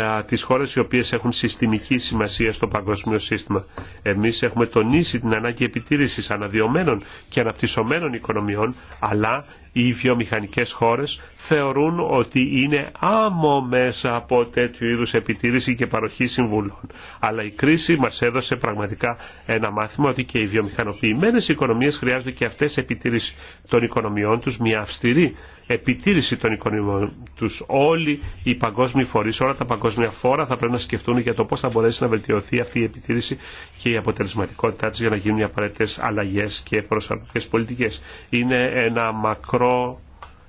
τα, τις χώρες οι οποίες έχουν συστημική σημασία στο παγκόσμιο σύστημα. Εμείς έχουμε τονίσει την ανάγκη επιτήρησης αναδειωμένων και αναπτυσσομένων οικονομιών, αλλά οι βιομηχανικές χώρες θεωρούν ότι είναι άμμο μέσα από τέτοιου είδους επιτήρηση και παροχή συμβουλών. Αλλά η κρίση μας έδωσε πραγματικά ένα μάθημα ότι και οι βιομηχανοποιημένες οικονομίες χρειάζονται και αυτές επιτήρηση των οικονομιών τους, μια αυστηρή επιτήρηση των οικονομιών τους. Όλοι οι παγκόσμιοι φορείς, όλα τα παγκόσμια φόρα θα πρέπει να σκεφτούν για το πώς θα μπορέσει να βελτιωθεί αυτή η επιτήρηση και η αποτελεσματικότητά της για να γίνουν οι απαραίτητες αλλαγές και προσαρμογές πολιτικές. Είναι ένα μακρό μακρό,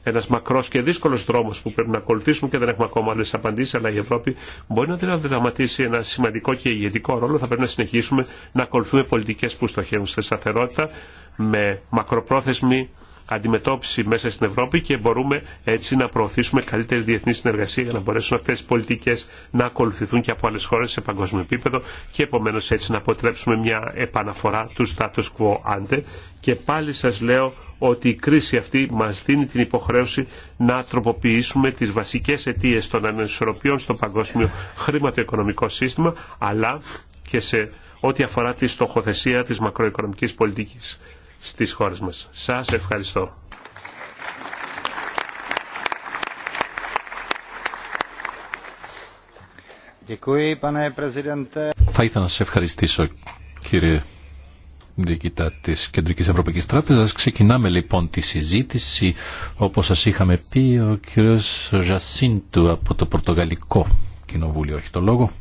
ένας μακρός και δύσκολο δρόμος που πρέπει να ακολουθήσουμε και δεν έχουμε ακόμα άλλε απαντήσει αλλά η Ευρώπη μπορεί να δραματίσει ένα σημαντικό και ηγετικό ρόλο. Θα πρέπει να συνεχίσουμε να ακολουθούμε πολιτικές που στοχεύουν στη σταθερότητα με μακροπρόθεσμη αντιμετώπιση μέσα στην Ευρώπη και μπορούμε έτσι να προωθήσουμε καλύτερη διεθνή συνεργασία για να μπορέσουν αυτέ τι πολιτικέ να ακολουθηθούν και από άλλε χώρε σε παγκόσμιο επίπεδο και επομένω έτσι να αποτρέψουμε μια επαναφορά του status quo ante και πάλι σα λέω ότι η κρίση αυτή μα δίνει την υποχρέωση να τροποποιήσουμε τι βασικέ αιτίε των ανισορροπιών στο παγκόσμιο χρηματοοικονομικό σύστημα αλλά και σε ό,τι αφορά τη στοχοθεσία της μακροοικονομικής πολιτικής στις χώρες μας. Σας ευχαριστώ. Θα ήθελα να σας ευχαριστήσω κύριε διοικητά της Κεντρικής Ευρωπαϊκής Τράπεζας. Ξεκινάμε λοιπόν τη συζήτηση όπως σας είχαμε πει ο κύριος Ζασίντου από το Πορτογαλικό Κοινοβούλιο έχει το λόγο.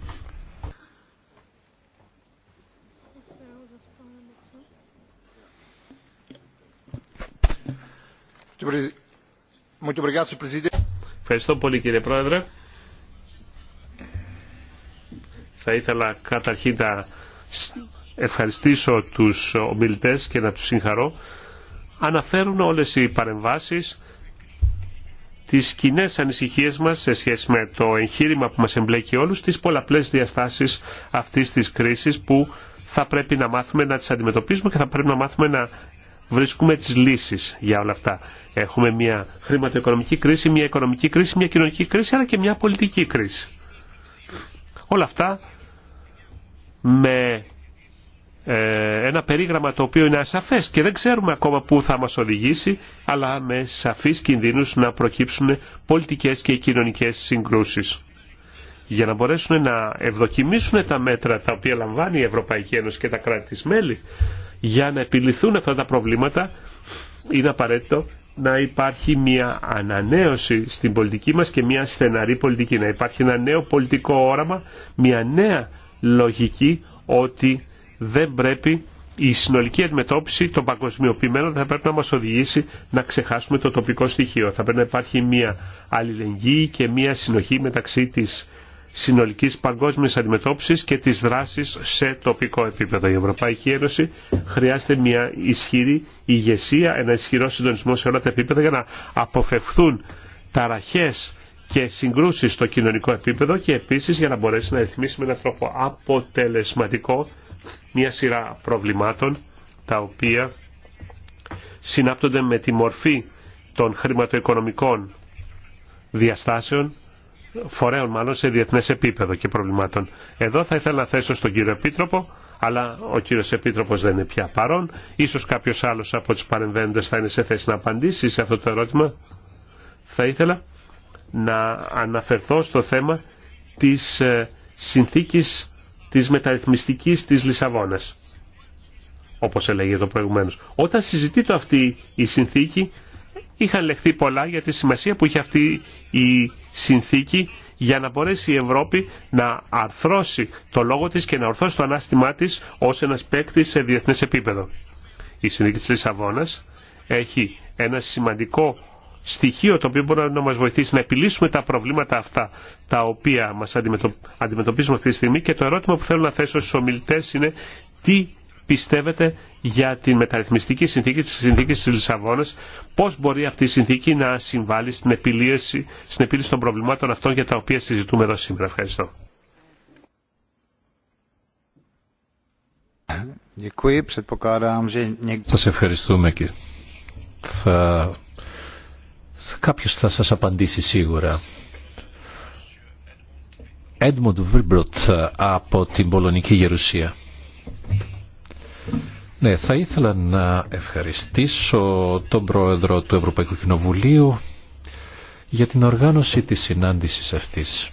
Ευχαριστώ πολύ κύριε Πρόεδρε. Θα ήθελα καταρχήν να ευχαριστήσω τους ομιλητές και να τους συγχαρώ. Αναφέρουν όλες οι παρεμβάσεις τις κοινέ ανησυχίες μας σε σχέση με το εγχείρημα που μας εμπλέκει όλους, τις πολλαπλές διαστάσεις αυτής της κρίσης που θα πρέπει να μάθουμε να τις αντιμετωπίζουμε και θα πρέπει να μάθουμε να βρίσκουμε τις λύσεις για όλα αυτά. Έχουμε μια χρηματοοικονομική κρίση, μια οικονομική κρίση, μια κοινωνική κρίση, αλλά και μια πολιτική κρίση. Όλα αυτά με ε, ένα περίγραμμα το οποίο είναι ασαφές και δεν ξέρουμε ακόμα πού θα μας οδηγήσει, αλλά με σαφείς κινδύνους να προκύψουν πολιτικές και κοινωνικές συγκρούσεις. Για να μπορέσουν να ευδοκιμήσουν τα μέτρα τα οποία λαμβάνει η Ευρωπαϊκή Ένωση και τα κράτη της μέλη, για να επιληθούν αυτά τα προβλήματα είναι απαραίτητο να υπάρχει μια ανανέωση στην πολιτική μας και μια στεναρή πολιτική. Να υπάρχει ένα νέο πολιτικό όραμα, μια νέα λογική ότι δεν πρέπει η συνολική αντιμετώπιση των παγκοσμιοποιημένων θα πρέπει να μας οδηγήσει να ξεχάσουμε το τοπικό στοιχείο. Θα πρέπει να υπάρχει μια αλληλεγγύη και μια συνοχή μεταξύ της συνολικής παγκόσμιας αντιμετώπισης και της δράσης σε τοπικό επίπεδο. Η Ευρωπαϊκή Ένωση χρειάζεται μια ισχυρή ηγεσία, ένα ισχυρό συντονισμό σε όλα τα επίπεδα για να αποφευχθούν ταραχές και συγκρούσεις στο κοινωνικό επίπεδο και επίσης για να μπορέσει να ρυθμίσει με έναν τρόπο αποτελεσματικό μια σειρά προβλημάτων τα οποία συνάπτονται με τη μορφή των χρηματοοικονομικών διαστάσεων φορέων μάλλον σε διεθνές επίπεδο και προβλημάτων. Εδώ θα ήθελα να θέσω στον κύριο Επίτροπο, αλλά ο κύριος Επίτροπος δεν είναι πια παρόν. Ίσως κάποιος άλλος από τους παρεμβαίνοντες θα είναι σε θέση να απαντήσει σε αυτό το ερώτημα. Θα ήθελα να αναφερθώ στο θέμα της ε, συνθήκης της μεταρρυθμιστικής της Λισαβόνας όπως έλεγε το προηγουμένως. Όταν συζητείται αυτή η συνθήκη είχαν λεχθεί πολλά για τη σημασία που είχε αυτή η συνθήκη για να μπορέσει η Ευρώπη να αρθρώσει το λόγο της και να ορθώσει το ανάστημά της ως ένας παίκτη σε διεθνές επίπεδο. Η συνθήκη της Λισαβόνας έχει ένα σημαντικό στοιχείο το οποίο μπορεί να μας βοηθήσει να επιλύσουμε τα προβλήματα αυτά τα οποία μας αντιμετωπίζουμε αυτή τη στιγμή και το ερώτημα που θέλω να θέσω στους ομιλητές είναι τι πιστεύετε για την μεταρρυθμιστική συνθήκη της συνθήκης της Λισαβόνας, πώς μπορεί αυτή η συνθήκη να συμβάλλει στην επιλύση, των προβλημάτων αυτών για τα οποία συζητούμε εδώ σήμερα. Ευχαριστώ. Σας ευχαριστούμε και θα... κάποιος θα σας απαντήσει σίγουρα. Έντμοντ Βίμπροτ ε, από την Πολωνική Γερουσία. Ναι, θα ήθελα να ευχαριστήσω τον Πρόεδρο του Ευρωπαϊκού Κοινοβουλίου για την οργάνωση της συνάντησης αυτής.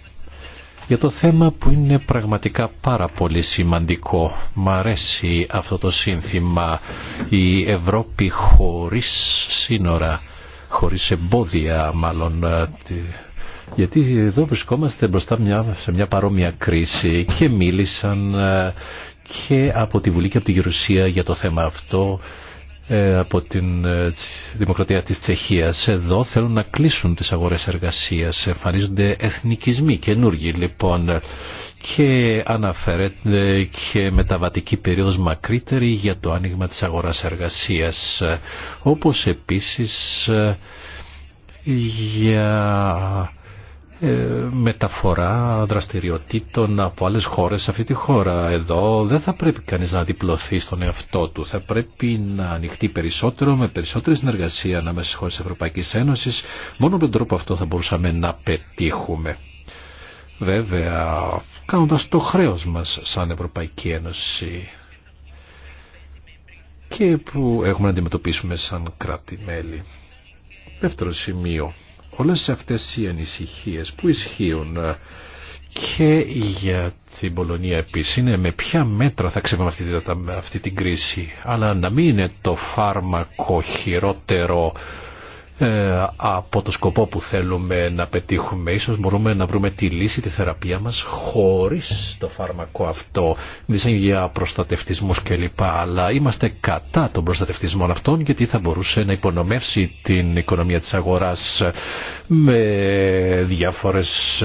Για το θέμα που είναι πραγματικά πάρα πολύ σημαντικό. Μ' αρέσει αυτό το σύνθημα η Ευρώπη χωρίς σύνορα, χωρίς εμπόδια μάλλον γιατί εδώ βρισκόμαστε μπροστά μια, σε μια παρόμοια κρίση και μίλησαν ε, και από τη Βουλή και από τη Γερουσία για το θέμα αυτό ε, από την ε, Δημοκρατία της Τσεχίας. Εδώ θέλουν να κλείσουν τις αγορές εργασίας. Εμφανίζονται εθνικισμοί καινούργοι λοιπόν και αναφέρεται και μεταβατική περίοδος μακρύτερη για το άνοιγμα της αγοράς εργασίας. Όπως επίσης ε, για ε, μεταφορά δραστηριοτήτων από άλλες χώρες σε αυτή τη χώρα. Εδώ δεν θα πρέπει κανείς να διπλωθεί στον εαυτό του. Θα πρέπει να ανοιχτεί περισσότερο με περισσότερη συνεργασία ανάμεσα στις χώρες της Ευρωπαϊκής Ένωσης. Μόνο με τον τρόπο αυτό θα μπορούσαμε να πετύχουμε. Βέβαια, κάνοντας το χρέος μας σαν Ευρωπαϊκή Ένωση και που έχουμε να αντιμετωπίσουμε σαν κράτη-μέλη. Δεύτερο σημείο όλες αυτές οι ανησυχίες που ισχύουν ε, και για την Πολωνία επίσης είναι με ποια μέτρα θα ξεπεράσουμε αυτή, αυτή την κρίση αλλά να μην είναι το φάρμακο χειρότερο ε, από το σκοπό που θέλουμε να πετύχουμε. Ίσως μπορούμε να βρούμε τη λύση, τη θεραπεία μας χωρίς το φάρμακο αυτό. Δεν για προστατευτισμούς κλπ. Αλλά είμαστε κατά των προστατευτισμών αυτών γιατί θα μπορούσε να υπονομεύσει την οικονομία της αγοράς με διάφορες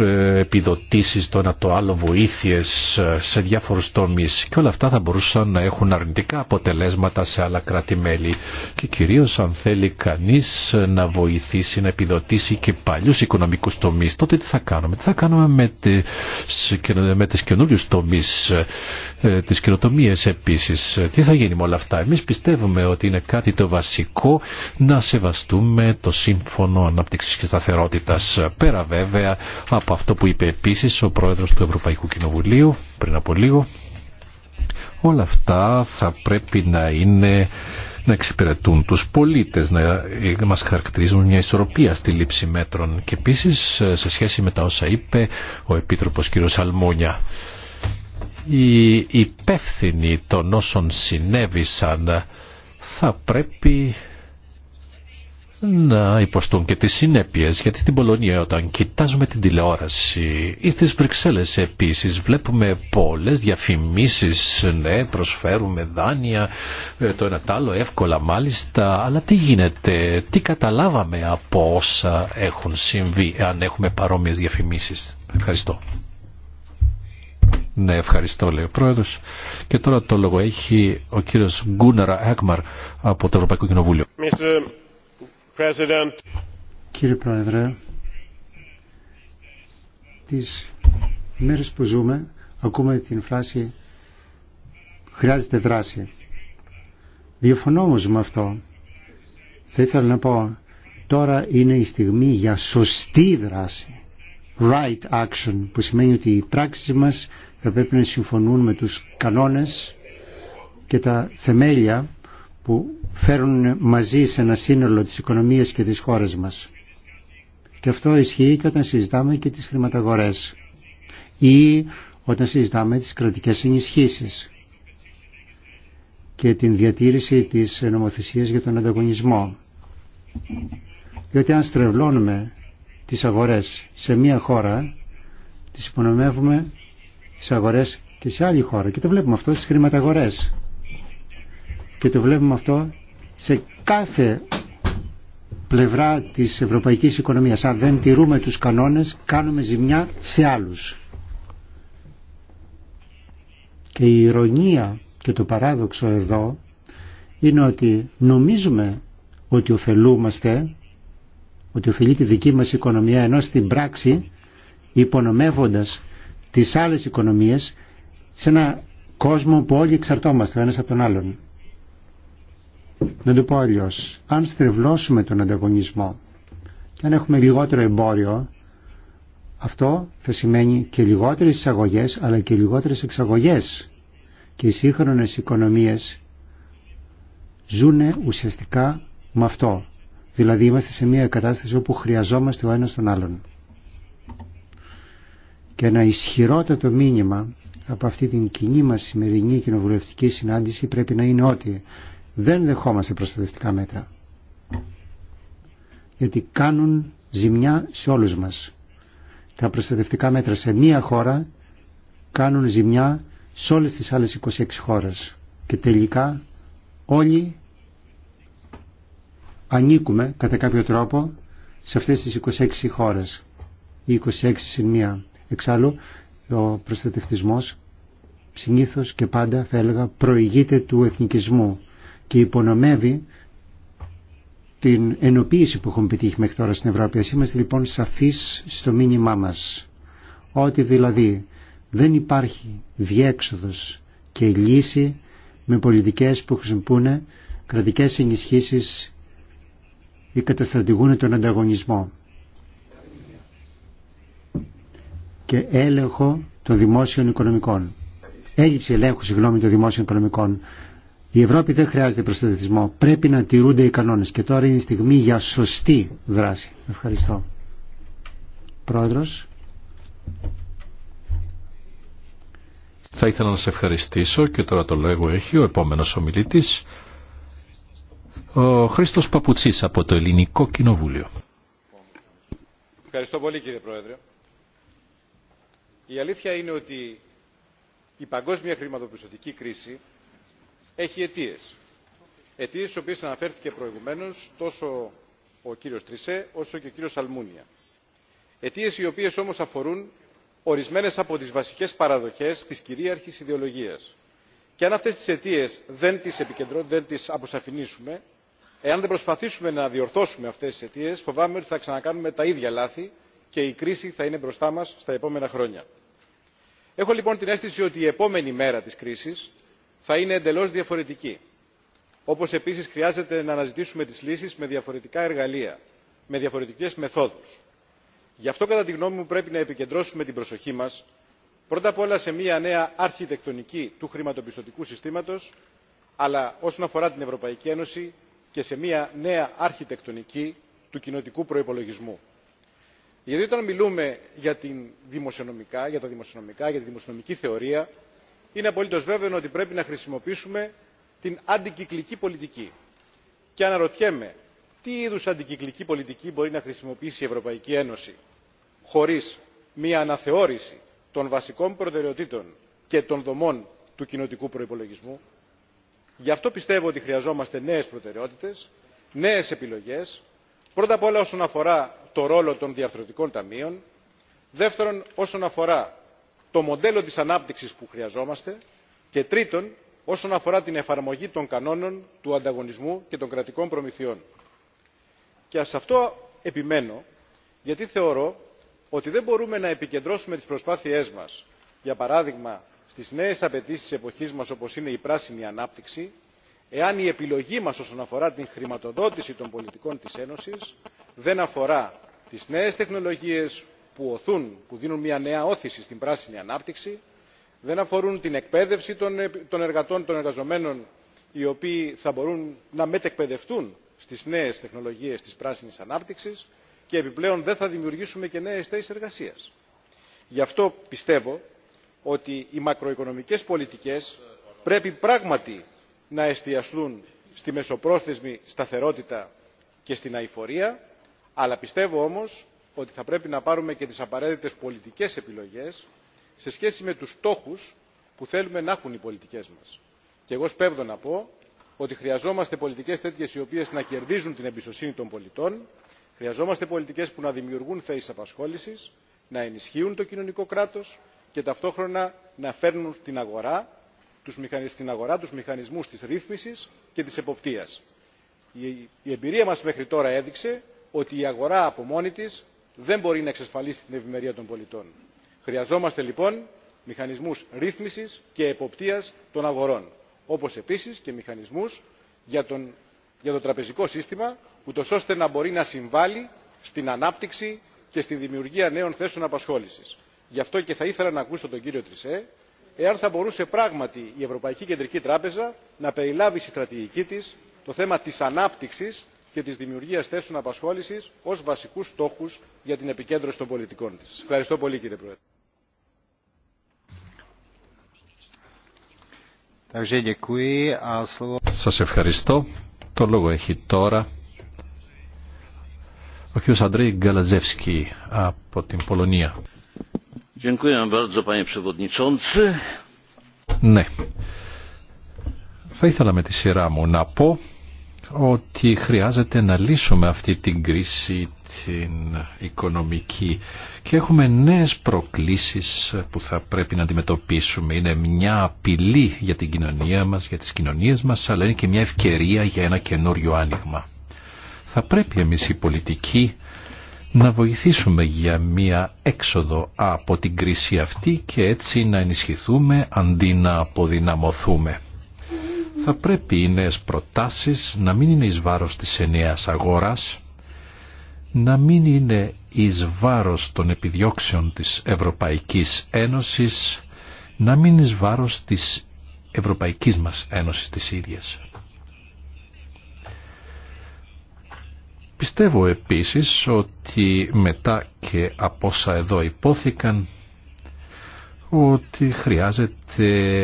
ε, επιδοτήσεις το ένα το άλλο, βοήθειες ε, σε διάφορους τομείς και όλα αυτά θα μπορούσαν να έχουν αρνητικά αποτελέσματα σε άλλα κράτη-μέλη και κυρίως αν θέλει κανείς να βοηθήσει, να επιδοτήσει και παλιούς οικονομικούς τομείς τότε τι θα κάνουμε, τι θα κάνουμε με τις, με τις καινούριους τομείς ε, τις καινοτομίες επίσης τι θα γίνει με όλα αυτά εμείς πιστεύουμε ότι είναι κάτι το βασικό να σεβαστούμε το σύμφωνο ανάπτυξης και σταθερότητας πέρα βέβαια από αυτό που είπε επίσης ο πρόεδρος του Ευρωπαϊκού Κοινοβουλίου πριν από λίγο. Όλα αυτά θα πρέπει να είναι να εξυπηρετούν τους πολίτες, να μας χαρακτηρίζουν μια ισορροπία στη λήψη μέτρων και επίσης σε σχέση με τα όσα είπε ο Επίτροπος κ. Σαλμόνια. Οι υπεύθυνοι των όσων συνέβησαν θα πρέπει να υποστούν και τις συνέπειες γιατί στην Πολωνία όταν κοιτάζουμε την τηλεόραση ή στις Βρυξέλλες επίσης βλέπουμε πολλές διαφημίσεις ναι προσφέρουμε δάνεια ε, το ένα τ' άλλο εύκολα μάλιστα αλλά τι γίνεται, τι καταλάβαμε από όσα έχουν συμβεί αν έχουμε παρόμοιες διαφημίσεις Ευχαριστώ ναι, ευχαριστώ, λέει ο πρόεδρο. Και τώρα το λόγο έχει ο κύριο Γκούναρα Έκμαρ από το Ευρωπαϊκό Κοινοβούλιο. Κύριε Πρόεδρε, τις μέρες που ζούμε ακούμε την φράση «χρειάζεται δράση». Διαφωνώ όμως με αυτό. Θα ήθελα να πω τώρα είναι η στιγμή για σωστή δράση. Right action που σημαίνει ότι οι πράξεις μας θα πρέπει να συμφωνούν με τους κανόνες και τα θεμέλια που φέρουν μαζί σε ένα σύνολο της οικονομίας και της χώρας μας. Και αυτό ισχύει και όταν συζητάμε και τις χρηματαγορές ή όταν συζητάμε τις κρατικές ενισχύσεις και την διατήρηση της νομοθεσίας για τον ανταγωνισμό. Διότι αν στρεβλώνουμε τις αγορές σε μία χώρα, τις υπονομεύουμε τις αγορές και σε άλλη χώρα. Και το βλέπουμε αυτό στις χρηματαγορές. Και το βλέπουμε αυτό σε κάθε πλευρά της ευρωπαϊκής οικονομίας. Αν δεν τηρούμε τους κανόνες, κάνουμε ζημιά σε άλλους. Και η ηρωνία και το παράδοξο εδώ είναι ότι νομίζουμε ότι ωφελούμαστε, ότι ωφελεί τη δική μας οικονομία, ενώ στην πράξη υπονομεύοντας τις άλλες οικονομίες σε ένα κόσμο που όλοι εξαρτώμαστε ο ένας από τον άλλον. Να το πω αλλιώ. Αν στρεβλώσουμε τον ανταγωνισμό και αν έχουμε λιγότερο εμπόριο, αυτό θα σημαίνει και λιγότερες εισαγωγές αλλά και λιγότερες εξαγωγές. Και οι σύγχρονες οικονομίες ζουν ουσιαστικά με αυτό. Δηλαδή είμαστε σε μια κατάσταση όπου χρειαζόμαστε ο ένας τον άλλον. Και ένα ισχυρότατο μήνυμα από αυτή την κοινή μας σημερινή κοινοβουλευτική συνάντηση πρέπει να είναι ότι δεν δεχόμαστε προστατευτικά μέτρα. Γιατί κάνουν ζημιά σε όλους μας. Τα προστατευτικά μέτρα σε μία χώρα κάνουν ζημιά σε όλες τις άλλες 26 χώρες. Και τελικά όλοι ανήκουμε κατά κάποιο τρόπο σε αυτές τις 26 χώρες. Οι 26 συν μία. Εξάλλου ο προστατευτισμός συνήθως και πάντα θα έλεγα προηγείται του εθνικισμού και υπονομεύει την ενοποίηση που έχουμε πετύχει μέχρι τώρα στην Ευρώπη. Ας είμαστε λοιπόν σαφείς στο μήνυμά μας. Ότι δηλαδή δεν υπάρχει διέξοδος και λύση με πολιτικές που χρησιμοποιούν κρατικές ενισχύσεις ή καταστρατηγούν τον ανταγωνισμό και έλεγχο των δημόσιων οικονομικών. Έλλειψη ελέγχου, συγγνώμη, των δημόσιων οικονομικών η Ευρώπη δεν χρειάζεται προστατευτισμό. Πρέπει να τηρούνται οι κανόνες και τώρα είναι η στιγμή για σωστή δράση. Ευχαριστώ. Πρόεδρος. Θα ήθελα να σε ευχαριστήσω και τώρα το λέγω έχει ο επόμενος ομιλητής, ο Χρήστος Παπουτσής από το Ελληνικό Κοινοβούλιο. Ευχαριστώ πολύ κύριε Πρόεδρε. Η αλήθεια είναι ότι η παγκόσμια χρηματοπιστωτική κρίση έχει αιτίες. Αιτίες στις οποίες αναφέρθηκε προηγουμένως τόσο ο κύριος Τρισέ όσο και ο κύριος Αλμούνια. Αιτίες οι οποίες όμως αφορούν ορισμένες από τις βασικές παραδοχές της κυρίαρχης ιδεολογίας. Και αν αυτές τις αιτίες δεν τις, δεν τις αποσαφηνίσουμε, εάν δεν προσπαθήσουμε να διορθώσουμε αυτές τις αιτίες, φοβάμαι ότι θα ξανακάνουμε τα ίδια λάθη και η κρίση θα είναι μπροστά μας στα επόμενα χρόνια. Έχω λοιπόν την αίσθηση ότι η επόμενη μέρα της κρίσης θα είναι εντελώς διαφορετική όπως επίσης χρειάζεται να αναζητήσουμε τις λύσεις με διαφορετικά εργαλεία με διαφορετικές μεθόδους. γι' αυτό κατά τη γνώμη μου πρέπει να επικεντρώσουμε την προσοχή μας πρώτα απ' όλα σε μια νέα αρχιτεκτονική του χρηματοπιστωτικού συστήματος αλλά όσον αφορά την ευρωπαϊκή ένωση και σε μια νέα αρχιτεκτονική του κοινοτικού προπολογισμού. γιατί όταν μιλούμε για, την δημοσιονομικά, για τα δημοσιονομικά για τη δημοσιονομική θεωρία είναι απολύτως βέβαιο ότι πρέπει να χρησιμοποιήσουμε την αντικυκλική πολιτική και αναρωτιέμαι τι είδους αντικυκλική πολιτική μπορεί να χρησιμοποιήσει η ευρωπαϊκή ένωση χωρίς μια αναθεώρηση των βασικών προτεραιοτήτων και των δομών του κοινοτικού προϋπολογισμού. γι' αυτό πιστεύω ότι χρειαζόμαστε νέες προτεραιότητες νέες επιλογές πρώτα απ' όλα όσον αφορά το ρόλο των διαρθρωτικών ταμείων δεύτερον όσον αφορά το μοντέλο της ανάπτυξης που χρειαζόμαστε και τρίτον όσον αφορά την εφαρμογή των κανόνων του ανταγωνισμού και των κρατικών προμηθειών. Και σε αυτό επιμένω γιατί θεωρώ ότι δεν μπορούμε να επικεντρώσουμε τις προσπάθειές μας για παράδειγμα στις νέες απαιτήσεις της εποχής μας όπως είναι η πράσινη ανάπτυξη εάν η επιλογή μας όσον αφορά την χρηματοδότηση των πολιτικών της ένωσης δεν αφορά τις νέες τεχνολογίες που οθούν, που δίνουν μια νέα όθηση στην πράσινη ανάπτυξη, δεν αφορούν την εκπαίδευση των εργατών, των εργαζομένων, οι οποίοι θα μπορούν να μετεκπαιδευτούν στις νέες τεχνολογίες της πράσινης ανάπτυξης και επιπλέον δεν θα δημιουργήσουμε και νέες θέσεις εργασίας. Γι' αυτό πιστεύω ότι οι μακροοικονομικές πολιτικές πρέπει πράγματι να εστιαστούν στη μεσοπρόθεσμη σταθερότητα και στην αηφορία αλλά πιστεύω όμως ότι θα πρέπει να πάρουμε και τις απαραίτητες πολιτικές επιλογές σε σχέση με τους στόχους που θέλουμε να έχουν οι πολιτικές μας. Και εγώ σπέβδω να πω ότι χρειαζόμαστε πολιτικές τέτοιες οι οποίες να κερδίζουν την εμπιστοσύνη των πολιτών, χρειαζόμαστε πολιτικές που να δημιουργούν θέσεις απασχόλησης, να ενισχύουν το κοινωνικό κράτος και ταυτόχρονα να φέρνουν στην αγορά στην αγορά τους μηχανισμούς της ρύθμισης και της εποπτείας. Η εμπειρία μας μέχρι τώρα έδειξε ότι η αγορά από μόνη της δεν μπορεί να εξασφαλίσει την ευημερία των πολιτών. χρειαζόμαστε λοιπόν μηχανισμού ρύθμιση και εποπτεία των αγορών όπω επίση και μηχανισμού για, το τραπεζικό σύστημα ούτω ώστε να μπορεί να συμβάλλει στην ανάπτυξη και στη δημιουργία νέων θέσεων απασχόληση. γι' αυτό και θα ήθελα να ακούσω τον κύριο τρισέ εάν θα μπορούσε πράγματι η ευρωπαϊκή κεντρική τράπεζα να περιλάβει στη στρατηγική τη το θέμα τη ανάπτυξη και τη δημιουργία θέσεων απασχόληση ω βασικού στόχου για την επικέντρωση των πολιτικών τη. Ευχαριστώ πολύ κύριε Πρόεδρε. Σα ευχαριστώ. Το λόγο έχει τώρα ο κ. Αντρέι Γκαλαζεύσκη από την Πολωνία. Ναι. Θα ήθελα με τη σειρά μου να πω ότι χρειάζεται να λύσουμε αυτή την κρίση την οικονομική και έχουμε νέες προκλήσεις που θα πρέπει να αντιμετωπίσουμε. Είναι μια απειλή για την κοινωνία μας, για τις κοινωνίες μας, αλλά είναι και μια ευκαιρία για ένα καινούριο άνοιγμα. Θα πρέπει εμείς οι πολιτικοί να βοηθήσουμε για μία έξοδο από την κρίση αυτή και έτσι να ενισχυθούμε αντί να αποδυναμωθούμε θα πρέπει οι νέες να μην είναι εις βάρος της ενιαίας αγοράς, να μην είναι εις βάρος των επιδιώξεων της Ευρωπαϊκής Ένωσης, να μην είναι εις βάρος της Ευρωπαϊκής μας Ένωσης της ίδιας. Πιστεύω επίσης ότι μετά και από όσα εδώ υπόθηκαν ότι χρειάζεται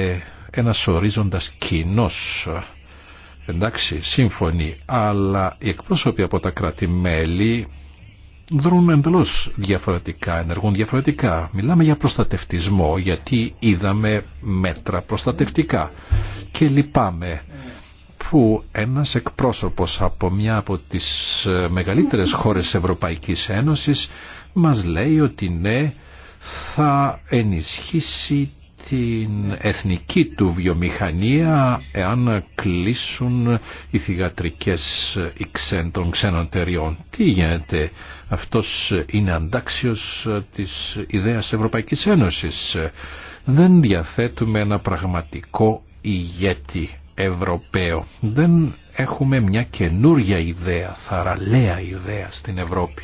ένας ορίζοντας κοινό. Εντάξει, σύμφωνοι, αλλά οι εκπρόσωποι από τα κράτη-μέλη δρούν εντελώς διαφορετικά, ενεργούν διαφορετικά. Μιλάμε για προστατευτισμό, γιατί είδαμε μέτρα προστατευτικά. Και λυπάμαι που ένας εκπρόσωπος από μια από τις ε, μεγαλύτερες χώρες Ευρωπαϊκής Ένωσης μας λέει ότι ναι, θα ενισχύσει την εθνική του βιομηχανία εάν κλείσουν οι θηγατρικές των ξένων Τι γίνεται, αυτός είναι αντάξιος της ιδέας Ευρωπαϊκής Ένωσης. Δεν διαθέτουμε ένα πραγματικό ηγέτη Ευρωπαίο. Δεν έχουμε μια καινούρια ιδέα, θαραλέα ιδέα στην Ευρώπη.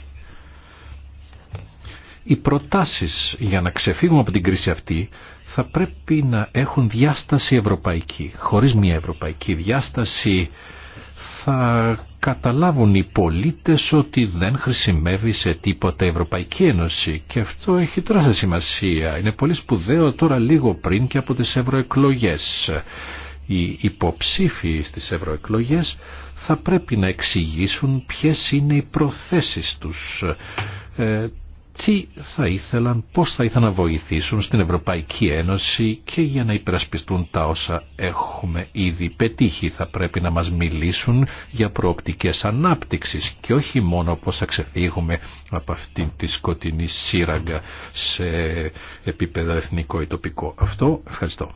Οι προτάσεις για να ξεφύγουμε από την κρίση αυτή θα πρέπει να έχουν διάσταση ευρωπαϊκή. Χωρίς μια ευρωπαϊκή διάσταση θα καταλάβουν οι πολίτες ότι δεν χρησιμεύει σε τίποτα Ευρωπαϊκή Ένωση και αυτό έχει τεράστια σημασία. Είναι πολύ σπουδαίο τώρα λίγο πριν και από τις ευρωεκλογές. Οι υποψήφοι στις ευρωεκλογέ θα πρέπει να εξηγήσουν ποιες είναι οι προθέσεις τους, ε, τι θα ήθελαν, πώς θα ήθελαν να βοηθήσουν στην Ευρωπαϊκή Ένωση και για να υπερασπιστούν τα όσα έχουμε ήδη πετύχει. Θα πρέπει να μας μιλήσουν για προοπτικές ανάπτυξης και όχι μόνο πώς θα ξεφύγουμε από αυτήν τη σκοτεινή σύραγγα σε επίπεδο εθνικό ή τοπικό. Αυτό ευχαριστώ.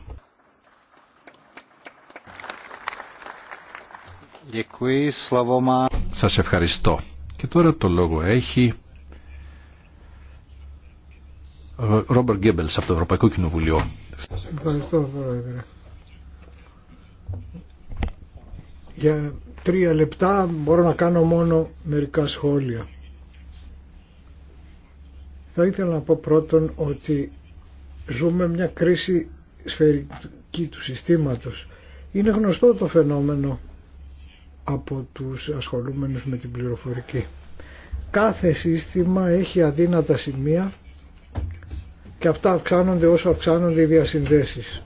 Σας ευχαριστώ. Και τώρα το λόγο έχει Ρόμπερ Γκέμπελ από το Ευρωπαϊκό Κοινοβουλίο. Ευχαριστώ, Πρόεδρε. Για τρία λεπτά μπορώ να κάνω μόνο μερικά σχόλια. Θα ήθελα να πω πρώτον ότι ζούμε μια κρίση σφαιρική του συστήματος. Είναι γνωστό το φαινόμενο από τους ασχολούμενους με την πληροφορική. Κάθε σύστημα έχει αδύνατα σημεία και αυτά αυξάνονται όσο αυξάνονται οι διασυνδέσεις.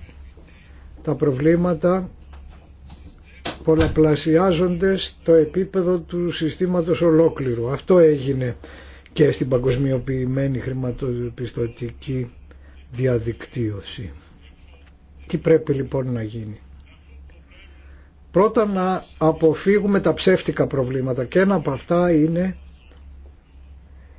Τα προβλήματα πολλαπλασιάζονται στο επίπεδο του συστήματος ολόκληρου. Αυτό έγινε και στην παγκοσμιοποιημένη χρηματοπιστωτική διαδικτύωση. Τι πρέπει λοιπόν να γίνει. Πρώτα να αποφύγουμε τα ψεύτικα προβλήματα και ένα από αυτά είναι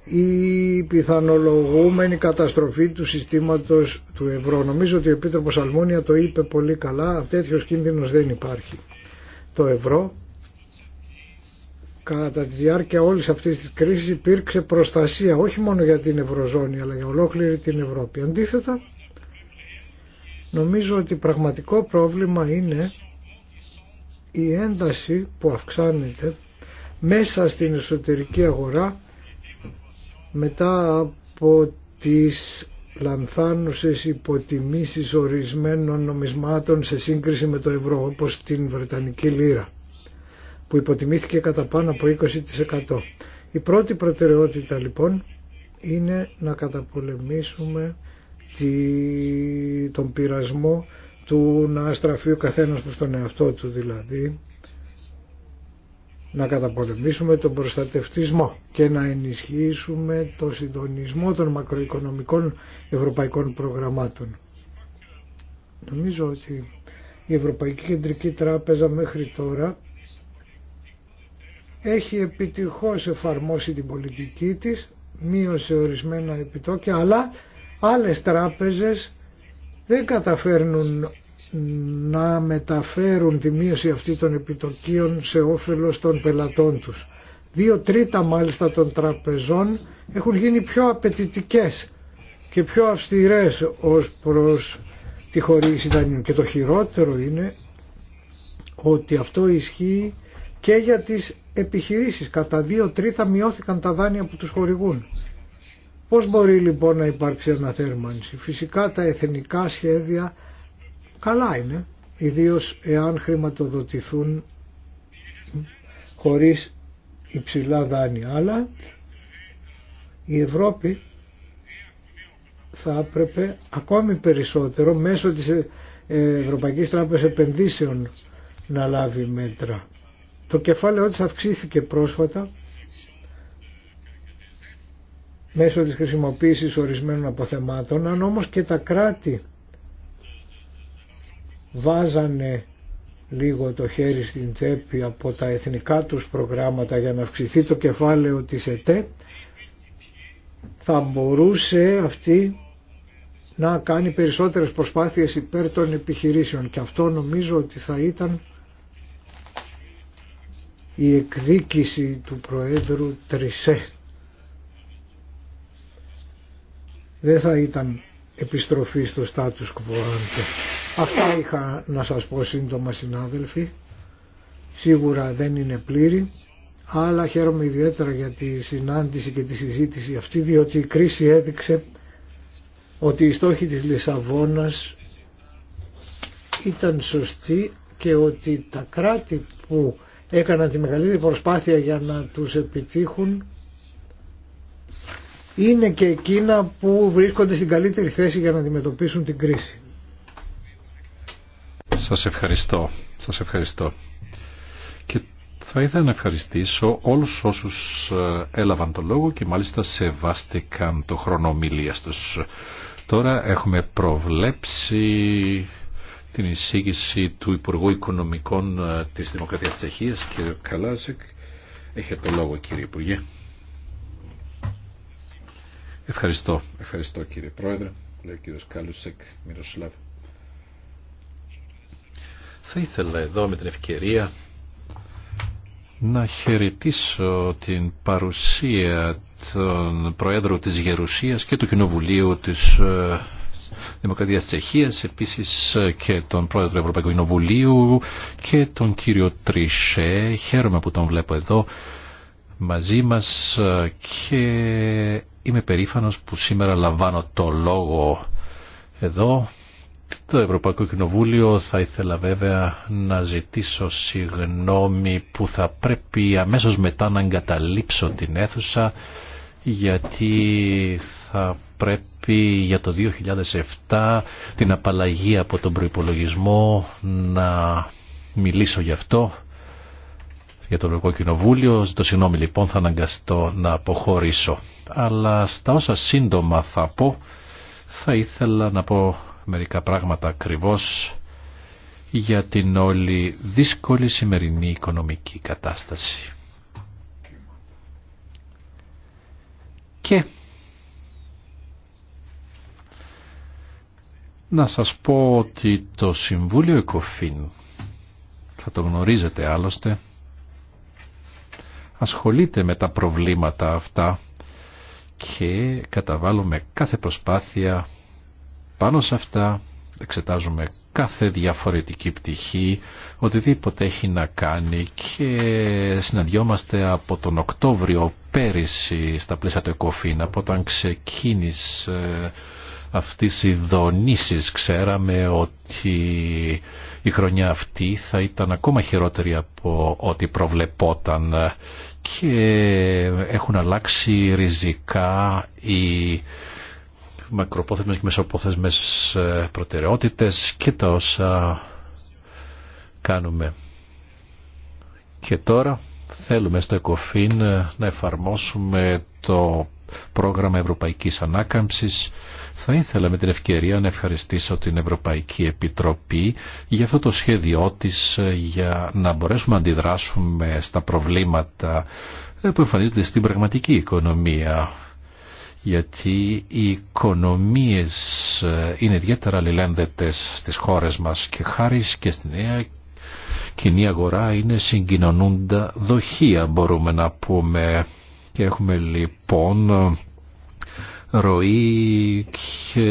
η πιθανολογούμενη καταστροφή του συστήματος του ευρώ. Νομίζω ότι ο Επίτροπος Αλμόνια το είπε πολύ καλά, τέτοιος κίνδυνος δεν υπάρχει. Το ευρώ κατά τη διάρκεια όλης αυτής της κρίσης υπήρξε προστασία όχι μόνο για την Ευρωζώνη αλλά για ολόκληρη την Ευρώπη. Αντίθετα, νομίζω ότι πραγματικό πρόβλημα είναι η ένταση που αυξάνεται μέσα στην εσωτερική αγορά μετά από τις λανθάνουσες υποτιμήσεις ορισμένων νομισμάτων σε σύγκριση με το ευρώ όπως την Βρετανική Λύρα που υποτιμήθηκε κατά πάνω από 20%. Η πρώτη προτεραιότητα λοιπόν είναι να καταπολεμήσουμε τη... τον πειρασμό του να στραφεί ο καθένας προς τον εαυτό του δηλαδή να καταπολεμήσουμε τον προστατευτισμό και να ενισχύσουμε το συντονισμό των μακροοικονομικών ευρωπαϊκών προγραμμάτων. Νομίζω ότι η Ευρωπαϊκή Κεντρική Τράπεζα μέχρι τώρα έχει επιτυχώς εφαρμόσει την πολιτική της, μείωσε ορισμένα επιτόκια, αλλά άλλες τράπεζες δεν καταφέρνουν να μεταφέρουν τη μείωση αυτή των επιτοκίων σε όφελος των πελατών τους. Δύο τρίτα μάλιστα των τραπεζών έχουν γίνει πιο απαιτητικές και πιο αυστηρές ως προς τη χορήγηση δανείων. Και το χειρότερο είναι ότι αυτό ισχύει και για τις επιχειρήσεις. Κατά δύο τρίτα μειώθηκαν τα δάνεια που τους χορηγούν. Πώς μπορεί λοιπόν να υπάρξει αναθέρμανση. Φυσικά τα εθνικά σχέδια Καλά είναι, ιδίως εάν χρηματοδοτηθούν χωρίς υψηλά δάνεια. Αλλά η Ευρώπη θα έπρεπε ακόμη περισσότερο μέσω της ε- Ευρωπαϊκής Τράπεζας Επενδύσεων να λάβει μέτρα. Το κεφάλαιο της αυξήθηκε πρόσφατα μέσω της χρησιμοποίησης ορισμένων αποθεμάτων, αν όμως και τα κράτη βάζανε λίγο το χέρι στην τσέπη από τα εθνικά τους προγράμματα για να αυξηθεί το κεφάλαιο της ΕΤΕ θα μπορούσε αυτή να κάνει περισσότερες προσπάθειες υπέρ των επιχειρήσεων και αυτό νομίζω ότι θα ήταν η εκδίκηση του Προέδρου Τρισέ. Δεν θα ήταν επιστροφή στο status quo. Αυτά είχα να σας πω σύντομα συνάδελφοι. Σίγουρα δεν είναι πλήρη, αλλά χαίρομαι ιδιαίτερα για τη συνάντηση και τη συζήτηση αυτή, διότι η κρίση έδειξε ότι οι στόχοι της Λισαβόνας ήταν σωστοί και ότι τα κράτη που έκαναν τη μεγαλύτερη προσπάθεια για να τους επιτύχουν είναι και εκείνα που βρίσκονται στην καλύτερη θέση για να αντιμετωπίσουν την κρίση. Σας ευχαριστώ. Σας ευχαριστώ. Και θα ήθελα να ευχαριστήσω όλους όσους ε, έλαβαν το λόγο και μάλιστα σεβάστηκαν το χρόνο ομιλίας Τώρα έχουμε προβλέψει την εισήγηση του Υπουργού Οικονομικών ε, της Δημοκρατίας της Τσεχίας, κ. Καλάζεκ. Έχετε το λόγο κύριε Υπουργέ. Ευχαριστώ. Ευχαριστώ κύριε Πρόεδρε. Λέει ο θα ήθελα εδώ με την ευκαιρία να χαιρετήσω την παρουσία των Προέδρου της Γερουσίας και του Κοινοβουλίου της ε, Δημοκρατίας Τσεχίας, επίσης ε, και τον Πρόεδρο Ευρωπαϊκού Κοινοβουλίου και τον κύριο Τρισέ. Χαίρομαι που τον βλέπω εδώ μαζί μας ε, και είμαι περήφανος που σήμερα λαμβάνω το λόγο εδώ το Ευρωπαϊκό Κοινοβούλιο θα ήθελα βέβαια να ζητήσω συγγνώμη που θα πρέπει αμέσως μετά να εγκαταλείψω την αίθουσα γιατί θα πρέπει για το 2007 την απαλλαγή από τον προϋπολογισμό να μιλήσω γι' αυτό για το Ευρωπαϊκό Κοινοβούλιο. Το συγγνώμη λοιπόν θα αναγκαστώ να αποχωρήσω. Αλλά στα όσα σύντομα θα πω θα ήθελα να πω μερικά πράγματα ακριβώς για την όλη δύσκολη σημερινή οικονομική κατάσταση. Και να σας πω ότι το Συμβούλιο Εκοφήν θα το γνωρίζετε άλλωστε ασχολείται με τα προβλήματα αυτά και καταβάλουμε κάθε προσπάθεια πάνω σε αυτά εξετάζουμε κάθε διαφορετική πτυχή, οτιδήποτε έχει να κάνει και συναντιόμαστε από τον Οκτώβριο πέρυσι στα πλαίσια του ΕΚΟΦΗΝ, από όταν ξεκίνησε ε, αυτής οι δονήσεις ξέραμε ότι η χρονιά αυτή θα ήταν ακόμα χειρότερη από ό,τι προβλεπόταν και έχουν αλλάξει ριζικά οι μακροπόθεσμες και μεσοπόθεσμες ε, προτεραιότητες και τα όσα κάνουμε. Και τώρα θέλουμε στο ΕΚΟΦΗΝ ε, να εφαρμόσουμε το πρόγραμμα Ευρωπαϊκής Ανάκαμψης. Θα ήθελα με την ευκαιρία να ευχαριστήσω την Ευρωπαϊκή Επιτροπή για αυτό το σχέδιό της ε, για να μπορέσουμε να αντιδράσουμε στα προβλήματα που εμφανίζονται στην πραγματική οικονομία γιατί οι οικονομίες ε, είναι ιδιαίτερα αλληλένδετες στις χώρες μας και χάρη και στη νέα κοινή αγορά είναι συγκοινωνούντα δοχεία μπορούμε να πούμε και έχουμε λοιπόν ροή και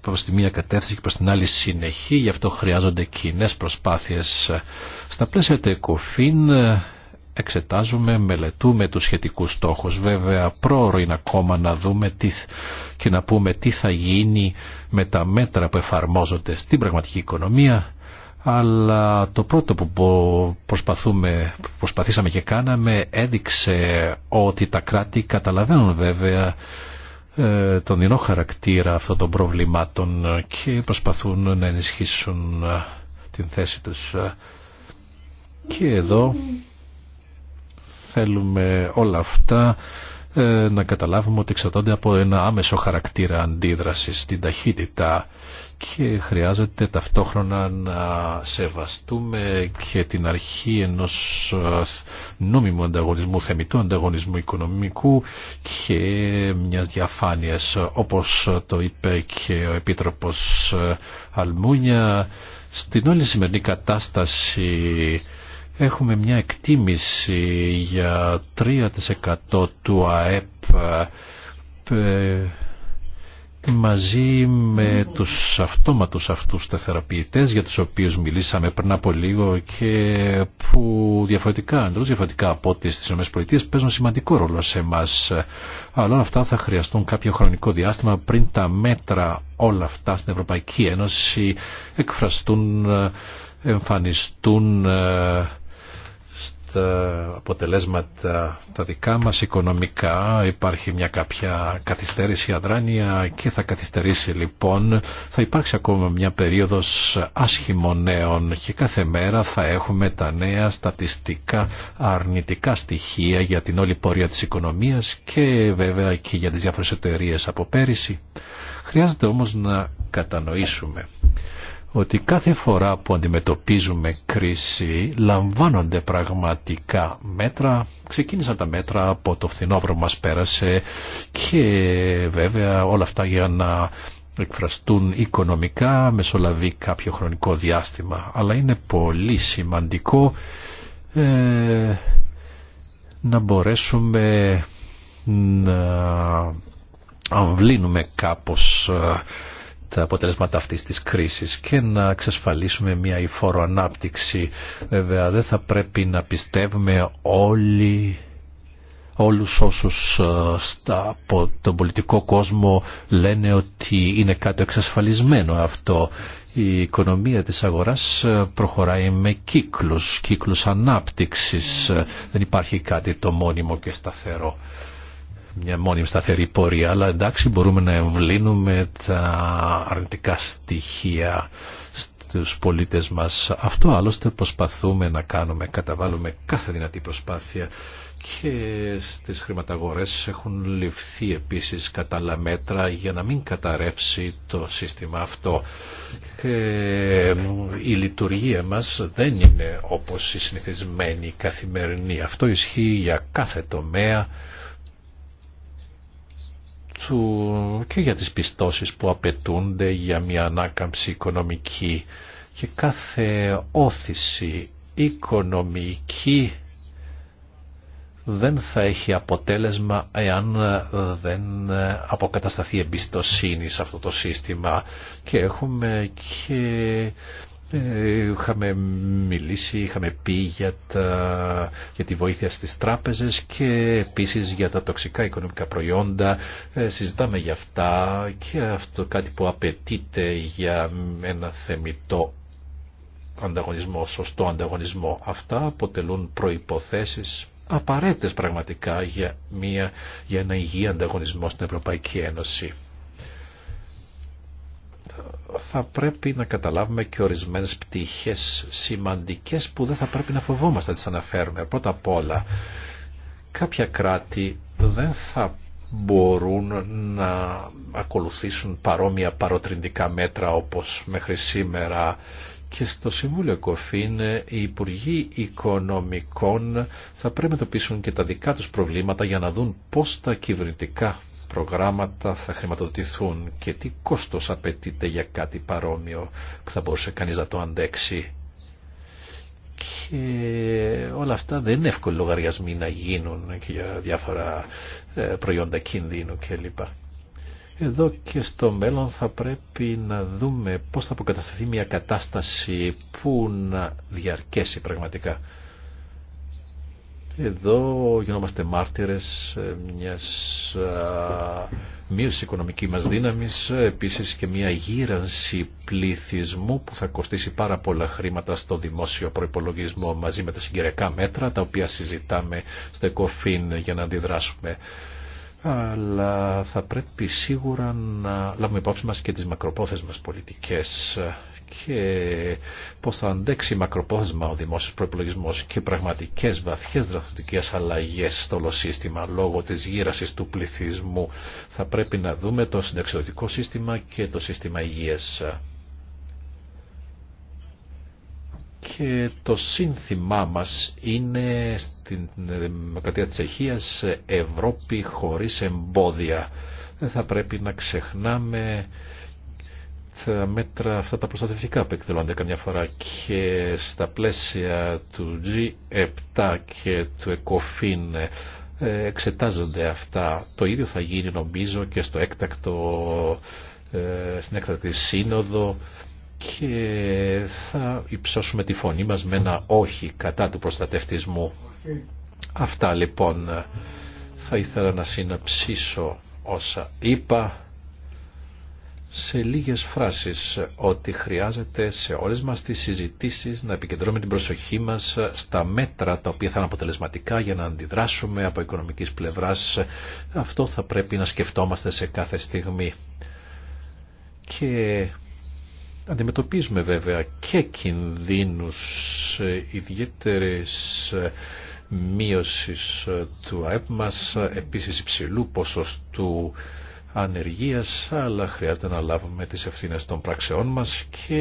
προς τη μία κατεύθυνση και προς την άλλη συνεχή γι' αυτό χρειάζονται κοινέ προσπάθειες στα πλαίσια του ΕΚΟΦΗΝ εξετάζουμε, μελετούμε τους σχετικούς στόχους. Βέβαια πρόωρο είναι ακόμα να δούμε τι, και να πούμε τι θα γίνει με τα μέτρα που εφαρμόζονται στην πραγματική οικονομία αλλά το πρώτο που προσπαθούμε, προσπαθήσαμε και κάναμε έδειξε ότι τα κράτη καταλαβαίνουν βέβαια ε, τον δεινό χαρακτήρα αυτών των προβλημάτων και προσπαθούν να ενισχύσουν ε, την θέση τους. Ε, και εδώ Θέλουμε όλα αυτά ε, να καταλάβουμε ότι εξαρτώνται από ένα άμεσο χαρακτήρα αντίδρασης στην ταχύτητα και χρειάζεται ταυτόχρονα να σεβαστούμε και την αρχή ενός ε, νόμιμου ανταγωνισμού, θεμητού ανταγωνισμού οικονομικού και μιας διαφάνειας όπως το είπε και ο Επίτροπος ε, Αλμούνια στην όλη σημερινή κατάσταση έχουμε μια εκτίμηση για 3% του ΑΕΠ ε, μαζί με τους αυτόματους αυτούς τα θεραπευτές για τους οποίους μιλήσαμε πριν από λίγο και που διαφορετικά, αντρούς, διαφορετικά από ό,τι στις ΗΠΑ παίζουν σημαντικό ρόλο σε εμάς. Αλλά όλα αυτά θα χρειαστούν κάποιο χρονικό διάστημα πριν τα μέτρα όλα αυτά στην Ευρωπαϊκή Ένωση εκφραστούν, εμφανιστούν ε, τα αποτελέσματα τα δικά μας οικονομικά. Υπάρχει μια κάποια καθυστέρηση αδράνεια και θα καθυστερήσει λοιπόν. Θα υπάρξει ακόμα μια περίοδος άσχημων νέων και κάθε μέρα θα έχουμε τα νέα στατιστικά αρνητικά στοιχεία για την όλη πορεία της οικονομίας και βέβαια και για τις διάφορες εταιρείε από πέρυσι. Χρειάζεται όμως να κατανοήσουμε ότι κάθε φορά που αντιμετωπίζουμε κρίση λαμβάνονται πραγματικά μέτρα. Ξεκίνησαν τα μέτρα από το φθινόπωρο μας πέρασε και βέβαια όλα αυτά για να εκφραστούν οικονομικά μεσολαβεί κάποιο χρονικό διάστημα. Αλλά είναι πολύ σημαντικό ε, να μπορέσουμε να αμβλύνουμε κάπως ε, τα αποτελέσματα αυτής της κρίσης και να εξασφαλίσουμε μια υφόρο ανάπτυξη. Βέβαια δεν θα πρέπει να πιστεύουμε όλοι όλους όσους ε, από τον πολιτικό κόσμο λένε ότι είναι κάτι εξασφαλισμένο αυτό. Η οικονομία της αγοράς ε, προχωράει με κύκλους, κύκλους ανάπτυξης. Ε, δεν υπάρχει κάτι το μόνιμο και σταθερό μια μόνιμη σταθερή πορεία, αλλά εντάξει μπορούμε να εμβλύνουμε τα αρνητικά στοιχεία στους πολίτες μας. Αυτό άλλωστε προσπαθούμε να κάνουμε, καταβάλουμε κάθε δυνατή προσπάθεια και στις χρηματαγορές έχουν ληφθεί επίσης κατάλληλα μέτρα για να μην καταρρεύσει το σύστημα αυτό. Και ε, η λειτουργία μας δεν είναι όπως η συνηθισμένη καθημερινή. Αυτό ισχύει για κάθε τομέα και για τις πιστώσεις που απαιτούνται για μια ανάκαμψη οικονομική και κάθε όθηση οικονομική δεν θα έχει αποτέλεσμα εάν δεν αποκατασταθεί εμπιστοσύνη σε αυτό το σύστημα και έχουμε και ε, είχαμε μιλήσει, είχαμε πει για, τα, για τη βοήθεια στις τράπεζες και επίσης για τα τοξικά οικονομικά προϊόντα. Ε, συζητάμε για αυτά και αυτό κάτι που απαιτείται για ένα θεμητό ανταγωνισμό, σωστό ανταγωνισμό. Αυτά αποτελούν προϋποθέσεις απαραίτητες πραγματικά για, μια, για ένα υγιή ανταγωνισμό στην Ευρωπαϊκή Ένωση θα πρέπει να καταλάβουμε και ορισμένες πτυχές σημαντικές που δεν θα πρέπει να φοβόμαστε να τις αναφέρουμε. Πρώτα απ' όλα, κάποια κράτη δεν θα μπορούν να ακολουθήσουν παρόμοια παροτριντικά μέτρα όπως μέχρι σήμερα και στο Συμβούλιο Κοφίν οι Υπουργοί Οικονομικών θα πρέπει να το πείσουν και τα δικά τους προβλήματα για να δουν πώς τα κυβερνητικά προγράμματα θα χρηματοδοτηθούν και τι κόστος απαιτείται για κάτι παρόμοιο που θα μπορούσε κανείς να το αντέξει. Και όλα αυτά δεν είναι εύκολο λογαριασμοί να γίνουν και για διάφορα ε, προϊόντα κίνδυνου κλπ. Εδώ και στο μέλλον θα πρέπει να δούμε πώς θα αποκατασταθεί μια κατάσταση που να διαρκέσει πραγματικά. Εδώ γινόμαστε μάρτυρες ε, μιας μίας οικονομική μας δύναμης, επίσης και μια γύρανση πληθυσμού που θα κοστίσει πάρα πολλά χρήματα στο δημόσιο προϋπολογισμό μαζί με τα συγκυριακά μέτρα τα οποία συζητάμε στο ΕΚΟΦΗΝ για να αντιδράσουμε. Αλλά θα πρέπει σίγουρα να λάβουμε υπόψη μας και τις μακροπόθεσμες πολιτικές και πώς θα αντέξει μακροπρόθεσμα ο δημόσιος προπολογισμό και πραγματικές βαθιές δραστηριοτικές αλλαγές στο όλο σύστημα λόγω της γύρασης του πληθυσμού. Θα πρέπει να δούμε το συνταξιδοτικό σύστημα και το σύστημα υγείας. και το σύνθημά μας είναι στην Δημοκρατία της Αιχίας Ευρώπη χωρίς εμπόδια. Δεν θα πρέπει να ξεχνάμε τα μέτρα αυτά τα προστατευτικά που εκδηλώνται καμιά φορά και στα πλαίσια του G7 και του ECOFIN ε, εξετάζονται αυτά. Το ίδιο θα γίνει νομίζω και στο έκτακτο, ε, στην έκτακτη σύνοδο και θα υψώσουμε τη φωνή μας με ένα όχι κατά του προστατευτισμού. Αυτά λοιπόν θα ήθελα να συναψίσω όσα είπα σε λίγες φράσεις ότι χρειάζεται σε όλες μας τις συζητήσεις να επικεντρώνουμε την προσοχή μας στα μέτρα τα οποία θα είναι αποτελεσματικά για να αντιδράσουμε από οικονομικής πλευράς. Αυτό θα πρέπει να σκεφτόμαστε σε κάθε στιγμή. Και αντιμετωπίζουμε βέβαια και κινδύνους ιδιαίτερες μείωσης του ΑΕΠ μας, επίσης υψηλού ποσοστού ανεργίας, αλλά χρειάζεται να λάβουμε τις ευθύνες των πραξεών μας και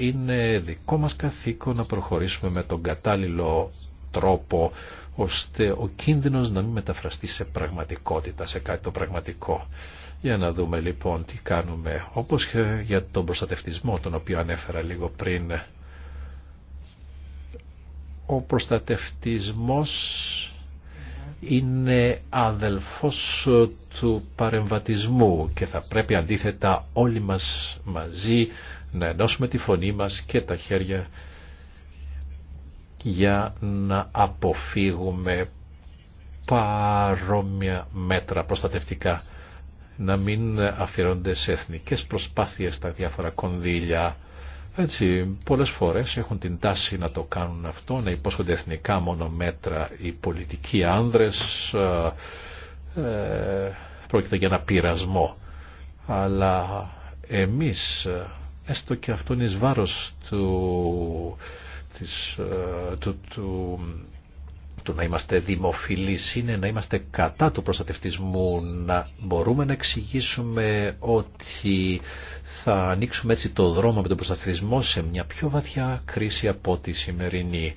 είναι δικό μας καθήκον να προχωρήσουμε με τον κατάλληλο τρόπο ώστε ο κίνδυνος να μην μεταφραστεί σε πραγματικότητα, σε κάτι το πραγματικό. Για να δούμε λοιπόν τι κάνουμε, όπως και για τον προστατευτισμό τον οποίο ανέφερα λίγο πριν. Ο προστατευτισμός είναι αδελφός του παρεμβατισμού και θα πρέπει αντίθετα όλοι μας μαζί να ενώσουμε τη φωνή μας και τα χέρια για να αποφύγουμε παρόμοια μέτρα προστατευτικά να μην αφιερώνται σε εθνικές προσπάθειες τα διάφορα κονδύλια έτσι, πολλές φορές έχουν την τάση να το κάνουν αυτό, να υπόσχονται εθνικά μόνο μέτρα οι πολιτικοί άνδρες, ε, ε πρόκειται για ένα πειρασμό. Αλλά εμείς, ε, έστω και αυτόν είναι εις βάρος του, της, ε, του, του το να είμαστε δημοφιλείς είναι να είμαστε κατά του προστατευτισμού, να μπορούμε να εξηγήσουμε ότι θα ανοίξουμε έτσι το δρόμο με τον προστατευτισμό σε μια πιο βαθιά κρίση από τη σημερινή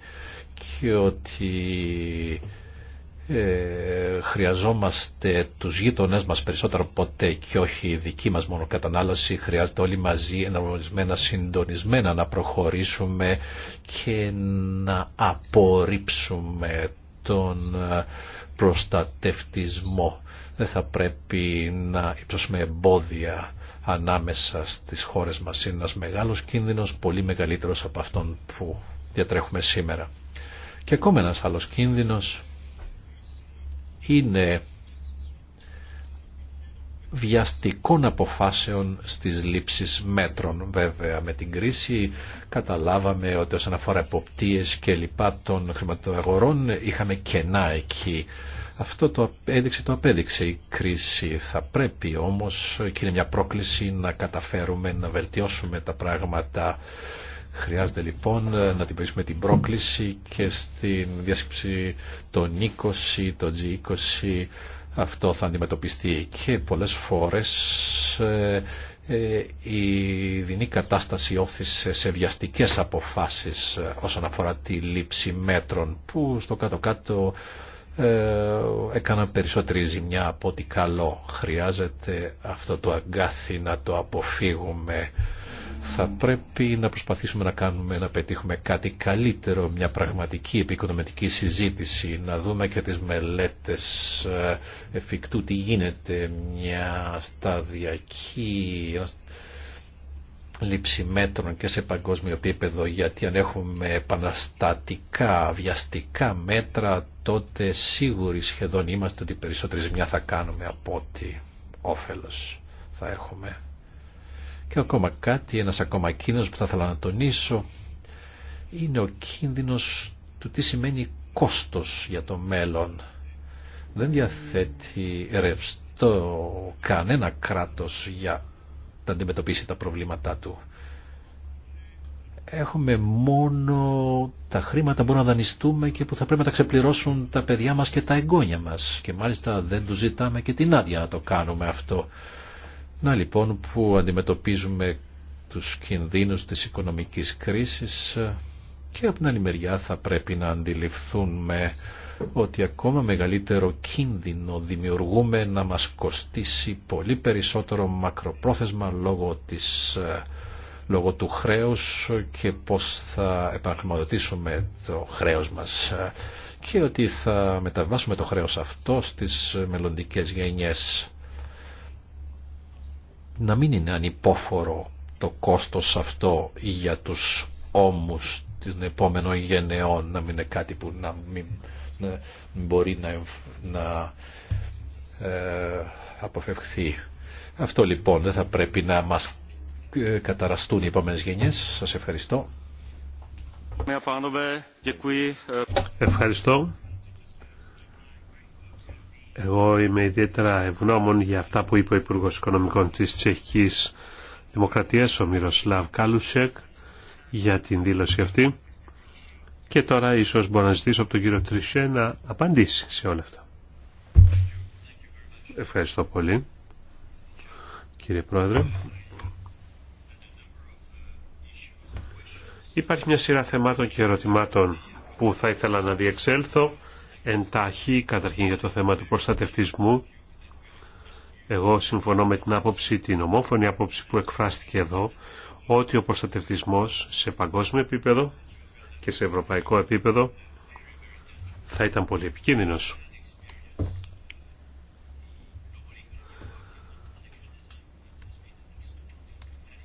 και ότι ε, χρειαζόμαστε τους γείτονές μας περισσότερο ποτέ και όχι η δική μας μόνο κατανάλωση. Χρειάζεται όλοι μαζί εναρμονισμένα, συντονισμένα να προχωρήσουμε και να απορρίψουμε τον ε, προστατευτισμό. Δεν θα πρέπει να υψώσουμε εμπόδια ανάμεσα στις χώρες μας. Είναι ένας μεγάλος κίνδυνος, πολύ μεγαλύτερος από αυτόν που διατρέχουμε σήμερα. Και ακόμα ένας άλλος κίνδυνος είναι βιαστικών αποφάσεων στις λήψεις μέτρων. Βέβαια με την κρίση καταλάβαμε ότι όσον αφορά εποπτείες και λοιπά των χρηματοαγορών είχαμε κενά εκεί. Αυτό το έδειξε, το απέδειξε η κρίση. Θα πρέπει όμως και είναι μια πρόκληση να καταφέρουμε να βελτιώσουμε τα πράγματα Χρειάζεται λοιπόν να την περίσουμε την πρόκληση και στην διάσκεψη των 20, των G20 αυτό θα αντιμετωπιστεί και πολλές φορές ε, ε, η δινή κατάσταση όθησε σε βιαστικές αποφάσεις ε, όσον αφορά τη λήψη μέτρων που στο κάτω-κάτω έκαναν περισσότερη ζημιά από ό,τι καλό. Χρειάζεται αυτό το αγκάθι να το αποφύγουμε θα πρέπει να προσπαθήσουμε να κάνουμε, να πετύχουμε κάτι καλύτερο, μια πραγματική επικοδομητική συζήτηση, να δούμε και τις μελέτες ε, εφικτού τι γίνεται, μια σταδιακή λήψη μέτρων και σε παγκόσμιο επίπεδο, γιατί αν έχουμε επαναστατικά, βιαστικά μέτρα, τότε σίγουροι σχεδόν είμαστε ότι περισσότερη ζημιά θα κάνουμε από ό,τι όφελος θα έχουμε. Και ακόμα κάτι, ένας ακόμα κίνδυνος που θα ήθελα να τονίσω είναι ο κίνδυνος του τι σημαίνει κόστος για το μέλλον. Δεν διαθέτει ρευστό κανένα κράτος για να αντιμετωπίσει τα προβλήματά του. Έχουμε μόνο τα χρήματα που μπορούμε να δανειστούμε και που θα πρέπει να τα ξεπληρώσουν τα παιδιά μας και τα εγγόνια μας. Και μάλιστα δεν του ζητάμε και την άδεια να το κάνουμε αυτό. Να λοιπόν που αντιμετωπίζουμε τους κινδύνους της οικονομικής κρίσης και από την άλλη μεριά θα πρέπει να αντιληφθούμε ότι ακόμα μεγαλύτερο κίνδυνο δημιουργούμε να μας κοστίσει πολύ περισσότερο μακροπρόθεσμα λόγω, της, λόγω του χρέους και πώς θα επαναχρηματοδοτήσουμε το χρέος μας και ότι θα μεταβάσουμε το χρέος αυτό στις μελλοντικές γενιές να μην είναι ανυπόφορο το κόστος αυτό για τους όμους των επόμενων γενεών, να μην είναι κάτι που να μπορεί να, να ε, αποφευχθεί. Αυτό λοιπόν δεν θα πρέπει να μας ε, καταραστούν οι επόμενες γενιές. Σας ευχαριστώ. Ε, ευχαριστώ. Εγώ είμαι ιδιαίτερα ευγνώμων για αυτά που είπε ο Υπουργός Οικονομικών της Τσεχικής Δημοκρατίας, ο Μυροσλάβ Κάλουσεκ, για την δήλωση αυτή. Και τώρα ίσως μπορώ να ζητήσω από τον κύριο Τρισέ να απαντήσει σε όλα αυτά. Ευχαριστώ πολύ, κύριε Πρόεδρε. Υπάρχει μια σειρά θεμάτων και ερωτημάτων που θα ήθελα να διεξέλθω εντάχει καταρχήν για το θέμα του προστατευτισμού. Εγώ συμφωνώ με την άποψη, την ομόφωνη άποψη που εκφράστηκε εδώ, ότι ο προστατευτισμός σε παγκόσμιο επίπεδο και σε ευρωπαϊκό επίπεδο θα ήταν πολύ επικίνδυνος.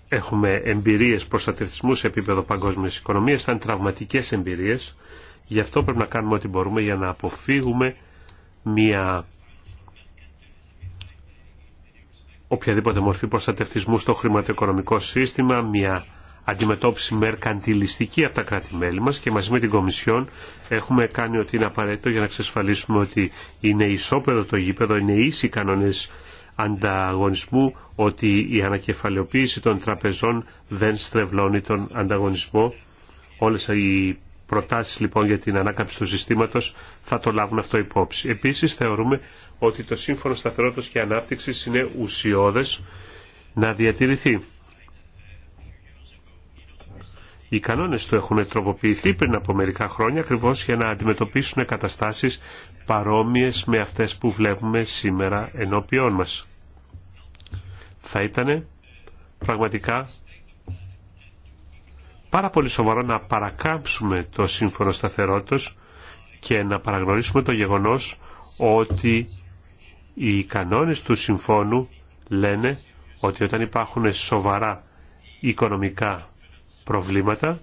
Έχουμε εμπειρίες προστατευτισμού σε επίπεδο παγκόσμιας οικονομίας, ήταν τραυματικές εμπειρίες Γι' αυτό πρέπει να κάνουμε ό,τι μπορούμε για να αποφύγουμε μια οποιαδήποτε μορφή προστατευτισμού στο χρηματοοικονομικό σύστημα, μια αντιμετώπιση μερκαντιλιστική από τα κράτη-μέλη μας και μαζί με την Κομισιόν έχουμε κάνει ότι είναι απαραίτητο για να εξασφαλίσουμε ότι είναι ισόπεδο το γήπεδο, είναι ίσοι κανόνες ανταγωνισμού, ότι η ανακεφαλαιοποίηση των τραπεζών δεν στρεβλώνει τον ανταγωνισμό. Όλες οι προτάσεις λοιπόν για την ανάκαμψη του συστήματος θα το λάβουν αυτό υπόψη. Επίσης θεωρούμε ότι το σύμφωνο σταθερότητας και ανάπτυξης είναι ουσιώδες να διατηρηθεί. Οι κανόνες του έχουν τροποποιηθεί πριν από μερικά χρόνια ακριβώς για να αντιμετωπίσουν καταστάσεις παρόμοιες με αυτές που βλέπουμε σήμερα ενώπιόν μας. Θα ήταν πραγματικά πάρα πολύ σοβαρό να παρακάμψουμε το σύμφωνο σταθερότητας και να παραγνωρίσουμε το γεγονός ότι οι κανόνες του συμφώνου λένε ότι όταν υπάρχουν σοβαρά οικονομικά προβλήματα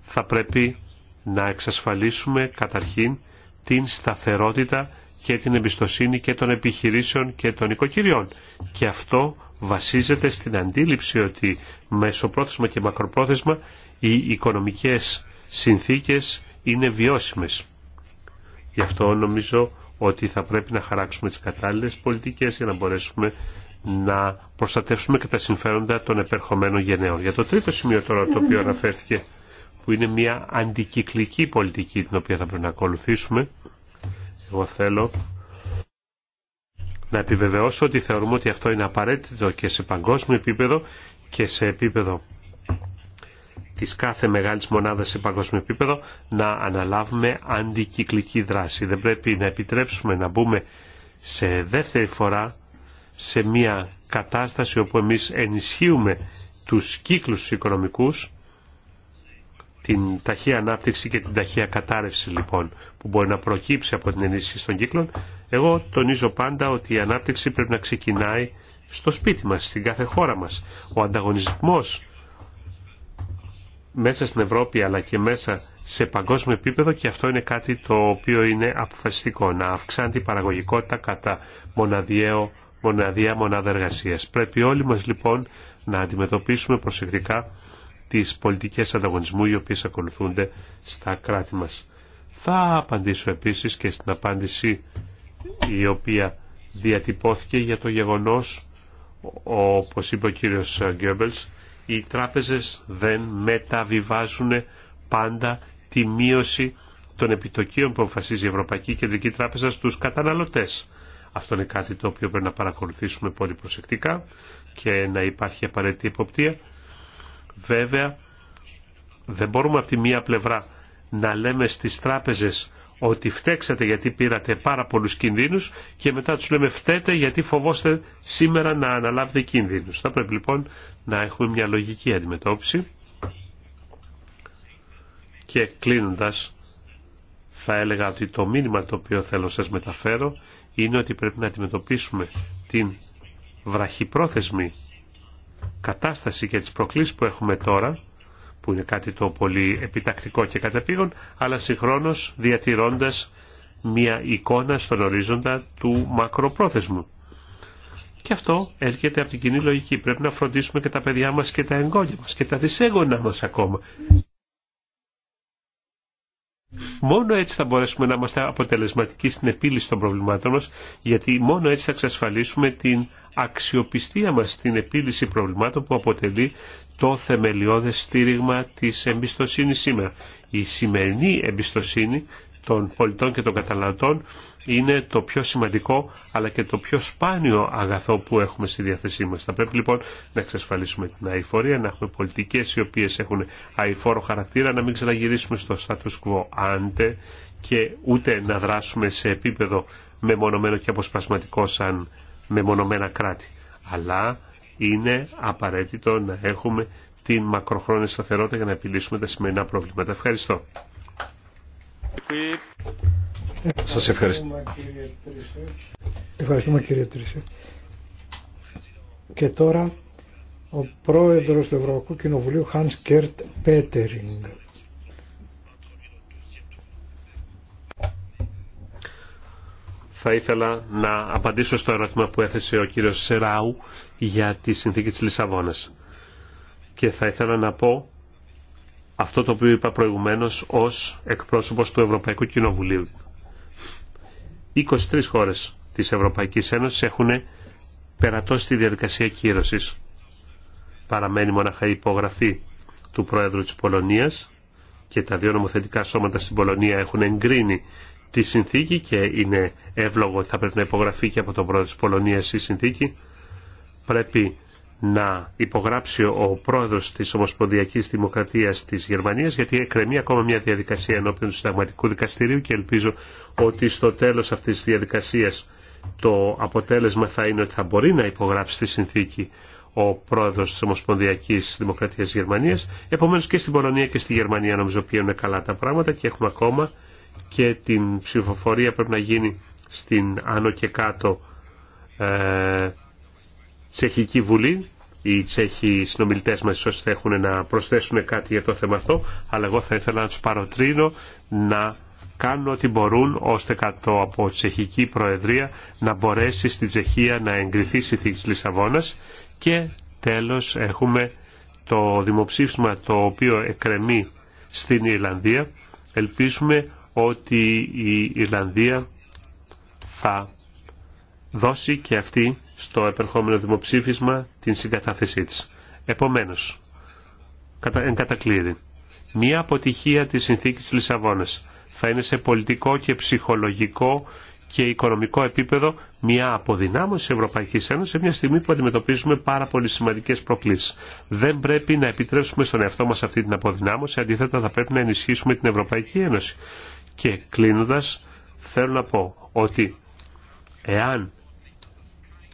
θα πρέπει να εξασφαλίσουμε καταρχήν την σταθερότητα και την εμπιστοσύνη και των επιχειρήσεων και των οικοκυριών. Και αυτό βασίζεται στην αντίληψη ότι μεσοπρόθεσμα και μακροπρόθεσμα οι οικονομικές συνθήκες είναι βιώσιμες. Γι' αυτό νομίζω ότι θα πρέπει να χαράξουμε τις κατάλληλες πολιτικές για να μπορέσουμε να προστατεύσουμε και τα συμφέροντα των επερχομένων γενναίων. Για το τρίτο σημείο τώρα το οποίο αναφέρθηκε που είναι μια αντικυκλική πολιτική την οποία θα πρέπει να ακολουθήσουμε εγώ θέλω να επιβεβαιώσω ότι θεωρούμε ότι αυτό είναι απαραίτητο και σε παγκόσμιο επίπεδο και σε επίπεδο της κάθε μεγάλης μονάδας σε παγκόσμιο επίπεδο να αναλάβουμε αντικυκλική δράση. Δεν πρέπει να επιτρέψουμε να μπούμε σε δεύτερη φορά σε μια κατάσταση όπου εμείς ενισχύουμε τους κύκλους οικονομικούς την ταχεία ανάπτυξη και την ταχεία κατάρρευση λοιπόν που μπορεί να προκύψει από την ενίσχυση των κύκλων, εγώ τονίζω πάντα ότι η ανάπτυξη πρέπει να ξεκινάει στο σπίτι μας, στην κάθε χώρα μας. Ο ανταγωνισμός μέσα στην Ευρώπη αλλά και μέσα σε παγκόσμιο επίπεδο και αυτό είναι κάτι το οποίο είναι αποφασιστικό. Να αυξάνει την παραγωγικότητα κατά μοναδιαίο μοναδία μονάδα εργασία. Πρέπει όλοι μας λοιπόν να αντιμετωπίσουμε προσεκτικά τις πολιτικές ανταγωνισμού οι οποίες ακολουθούνται στα κράτη μας. Θα απαντήσω επίσης και στην απάντηση η οποία διατυπώθηκε για το γεγονός, όπως είπε ο κύριος Γκέμπελς, οι τράπεζες δεν μεταβιβάζουν πάντα τη μείωση των επιτοκίων που αποφασίζει η Ευρωπαϊκή Κεντρική Τράπεζα στους καταναλωτές. Αυτό είναι κάτι το οποίο πρέπει να παρακολουθήσουμε πολύ προσεκτικά και να υπάρχει απαραίτητη υποπτία. Βέβαια, δεν μπορούμε από τη μία πλευρά να λέμε στις τράπεζες ότι φταίξατε γιατί πήρατε πάρα πολλούς κινδύνους και μετά τους λέμε φταίτε γιατί φοβόστε σήμερα να αναλάβετε κινδύνους. Θα πρέπει λοιπόν να έχουμε μια λογική αντιμετώπιση και κλείνοντας θα έλεγα ότι το μήνυμα το οποίο θέλω σας μεταφέρω είναι ότι πρέπει να αντιμετωπίσουμε την βραχυπρόθεσμη κατάσταση και τις προκλήσεις που έχουμε τώρα, που είναι κάτι το πολύ επιτακτικό και καταπήγον, αλλά συγχρόνως διατηρώντας μια εικόνα στον ορίζοντα του μακροπρόθεσμου. Και αυτό έρχεται από την κοινή λογική. Πρέπει να φροντίσουμε και τα παιδιά μας και τα εγγόνια μας και τα δυσέγγονά μας ακόμα. Μόνο έτσι θα μπορέσουμε να είμαστε αποτελεσματικοί στην επίλυση των προβλημάτων μας, γιατί μόνο έτσι θα εξασφαλίσουμε την αξιοπιστία μας στην επίλυση προβλημάτων που αποτελεί το θεμελιώδες στήριγμα της εμπιστοσύνης σήμερα. Η σημερινή εμπιστοσύνη των πολιτών και των καταναλωτών είναι το πιο σημαντικό αλλά και το πιο σπάνιο αγαθό που έχουμε στη διάθεσή μας. Θα πρέπει λοιπόν να εξασφαλίσουμε την αηφορία, να έχουμε πολιτικές οι οποίες έχουν αηφόρο χαρακτήρα, να μην ξαναγυρίσουμε στο status quo άντε και ούτε να δράσουμε σε επίπεδο μεμονωμένο και αποσπασματικό σαν μεμονωμένα κράτη. Αλλά είναι απαραίτητο να έχουμε την μακροχρόνια σταθερότητα για να επιλύσουμε τα σημερινά προβλήματα. Ευχαριστώ. Σας ευχαριστώ. Ευχαριστούμε κύριε Τρισέ. Και τώρα ο πρόεδρος του Ευρωπαϊκού Κοινοβουλίου Hans Kert Πέτερινγκ. Θα ήθελα να απαντήσω στο ερώτημα που έθεσε ο κύριος Σεράου για τη συνθήκη της Λισαβόνας. Και θα ήθελα να πω αυτό το οποίο είπα προηγουμένως ως εκπρόσωπος του Ευρωπαϊκού Κοινοβουλίου. 23 χώρες της Ευρωπαϊκής Ένωσης έχουν περατώσει τη διαδικασία κύρωσης. Παραμένει μοναχα η υπογραφή του Πρόεδρου της Πολωνίας και τα δύο νομοθετικά σώματα στην Πολωνία έχουν εγκρίνει τη συνθήκη και είναι εύλογο ότι θα πρέπει να υπογραφεί και από τον Πρόεδρο της Πολωνίας η συνθήκη. Πρέπει να υπογράψει ο πρόεδρος της Ομοσπονδιακής Δημοκρατίας της Γερμανίας γιατί εκκρεμεί ακόμα μια διαδικασία ενώπιον του Συνταγματικού Δικαστηρίου και ελπίζω ότι στο τέλος αυτής της διαδικασίας το αποτέλεσμα θα είναι ότι θα μπορεί να υπογράψει τη συνθήκη ο πρόεδρο τη Ομοσπονδιακή Δημοκρατία της Γερμανίας. Επομένως και στην Πολωνία και στη Γερμανία νομίζω πηγαίνουν καλά τα πράγματα και έχουμε ακόμα και την ψηφοφορία πρέπει να γίνει στην άνω και κάτω ε, Τσεχική Βουλή. Οι Τσέχοι συνομιλητέ μα ίσω θα να προσθέσουν κάτι για το θέμα αυτό, αλλά εγώ θα ήθελα να του παροτρύνω να κάνουν ό,τι μπορούν ώστε κάτω από τσεχική προεδρία να μπορέσει στην Τσεχία να εγκριθεί η συνθήκη της και τέλος έχουμε το δημοψήφισμα το οποίο εκρεμεί στην Ιρλανδία. Ελπίζουμε ότι η Ιρλανδία θα δώσει και αυτή στο επερχόμενο δημοψήφισμα την συγκατάθεσή της. Επομένως, εν κατακλείδη, μία αποτυχία της συνθήκης της Λισαβόνας θα είναι σε πολιτικό και ψυχολογικό και οικονομικό επίπεδο μια αποδυνάμωση της Ευρωπαϊκής Ένωσης σε μια στιγμή που αντιμετωπίζουμε πάρα πολύ σημαντικές προκλήσεις. Δεν πρέπει να επιτρέψουμε στον εαυτό μας αυτή την αποδυνάμωση, αντίθετα θα πρέπει να ενισχύσουμε την Ευρωπαϊκή Ένωση. Και κλείνοντας, θέλω να πω ότι εάν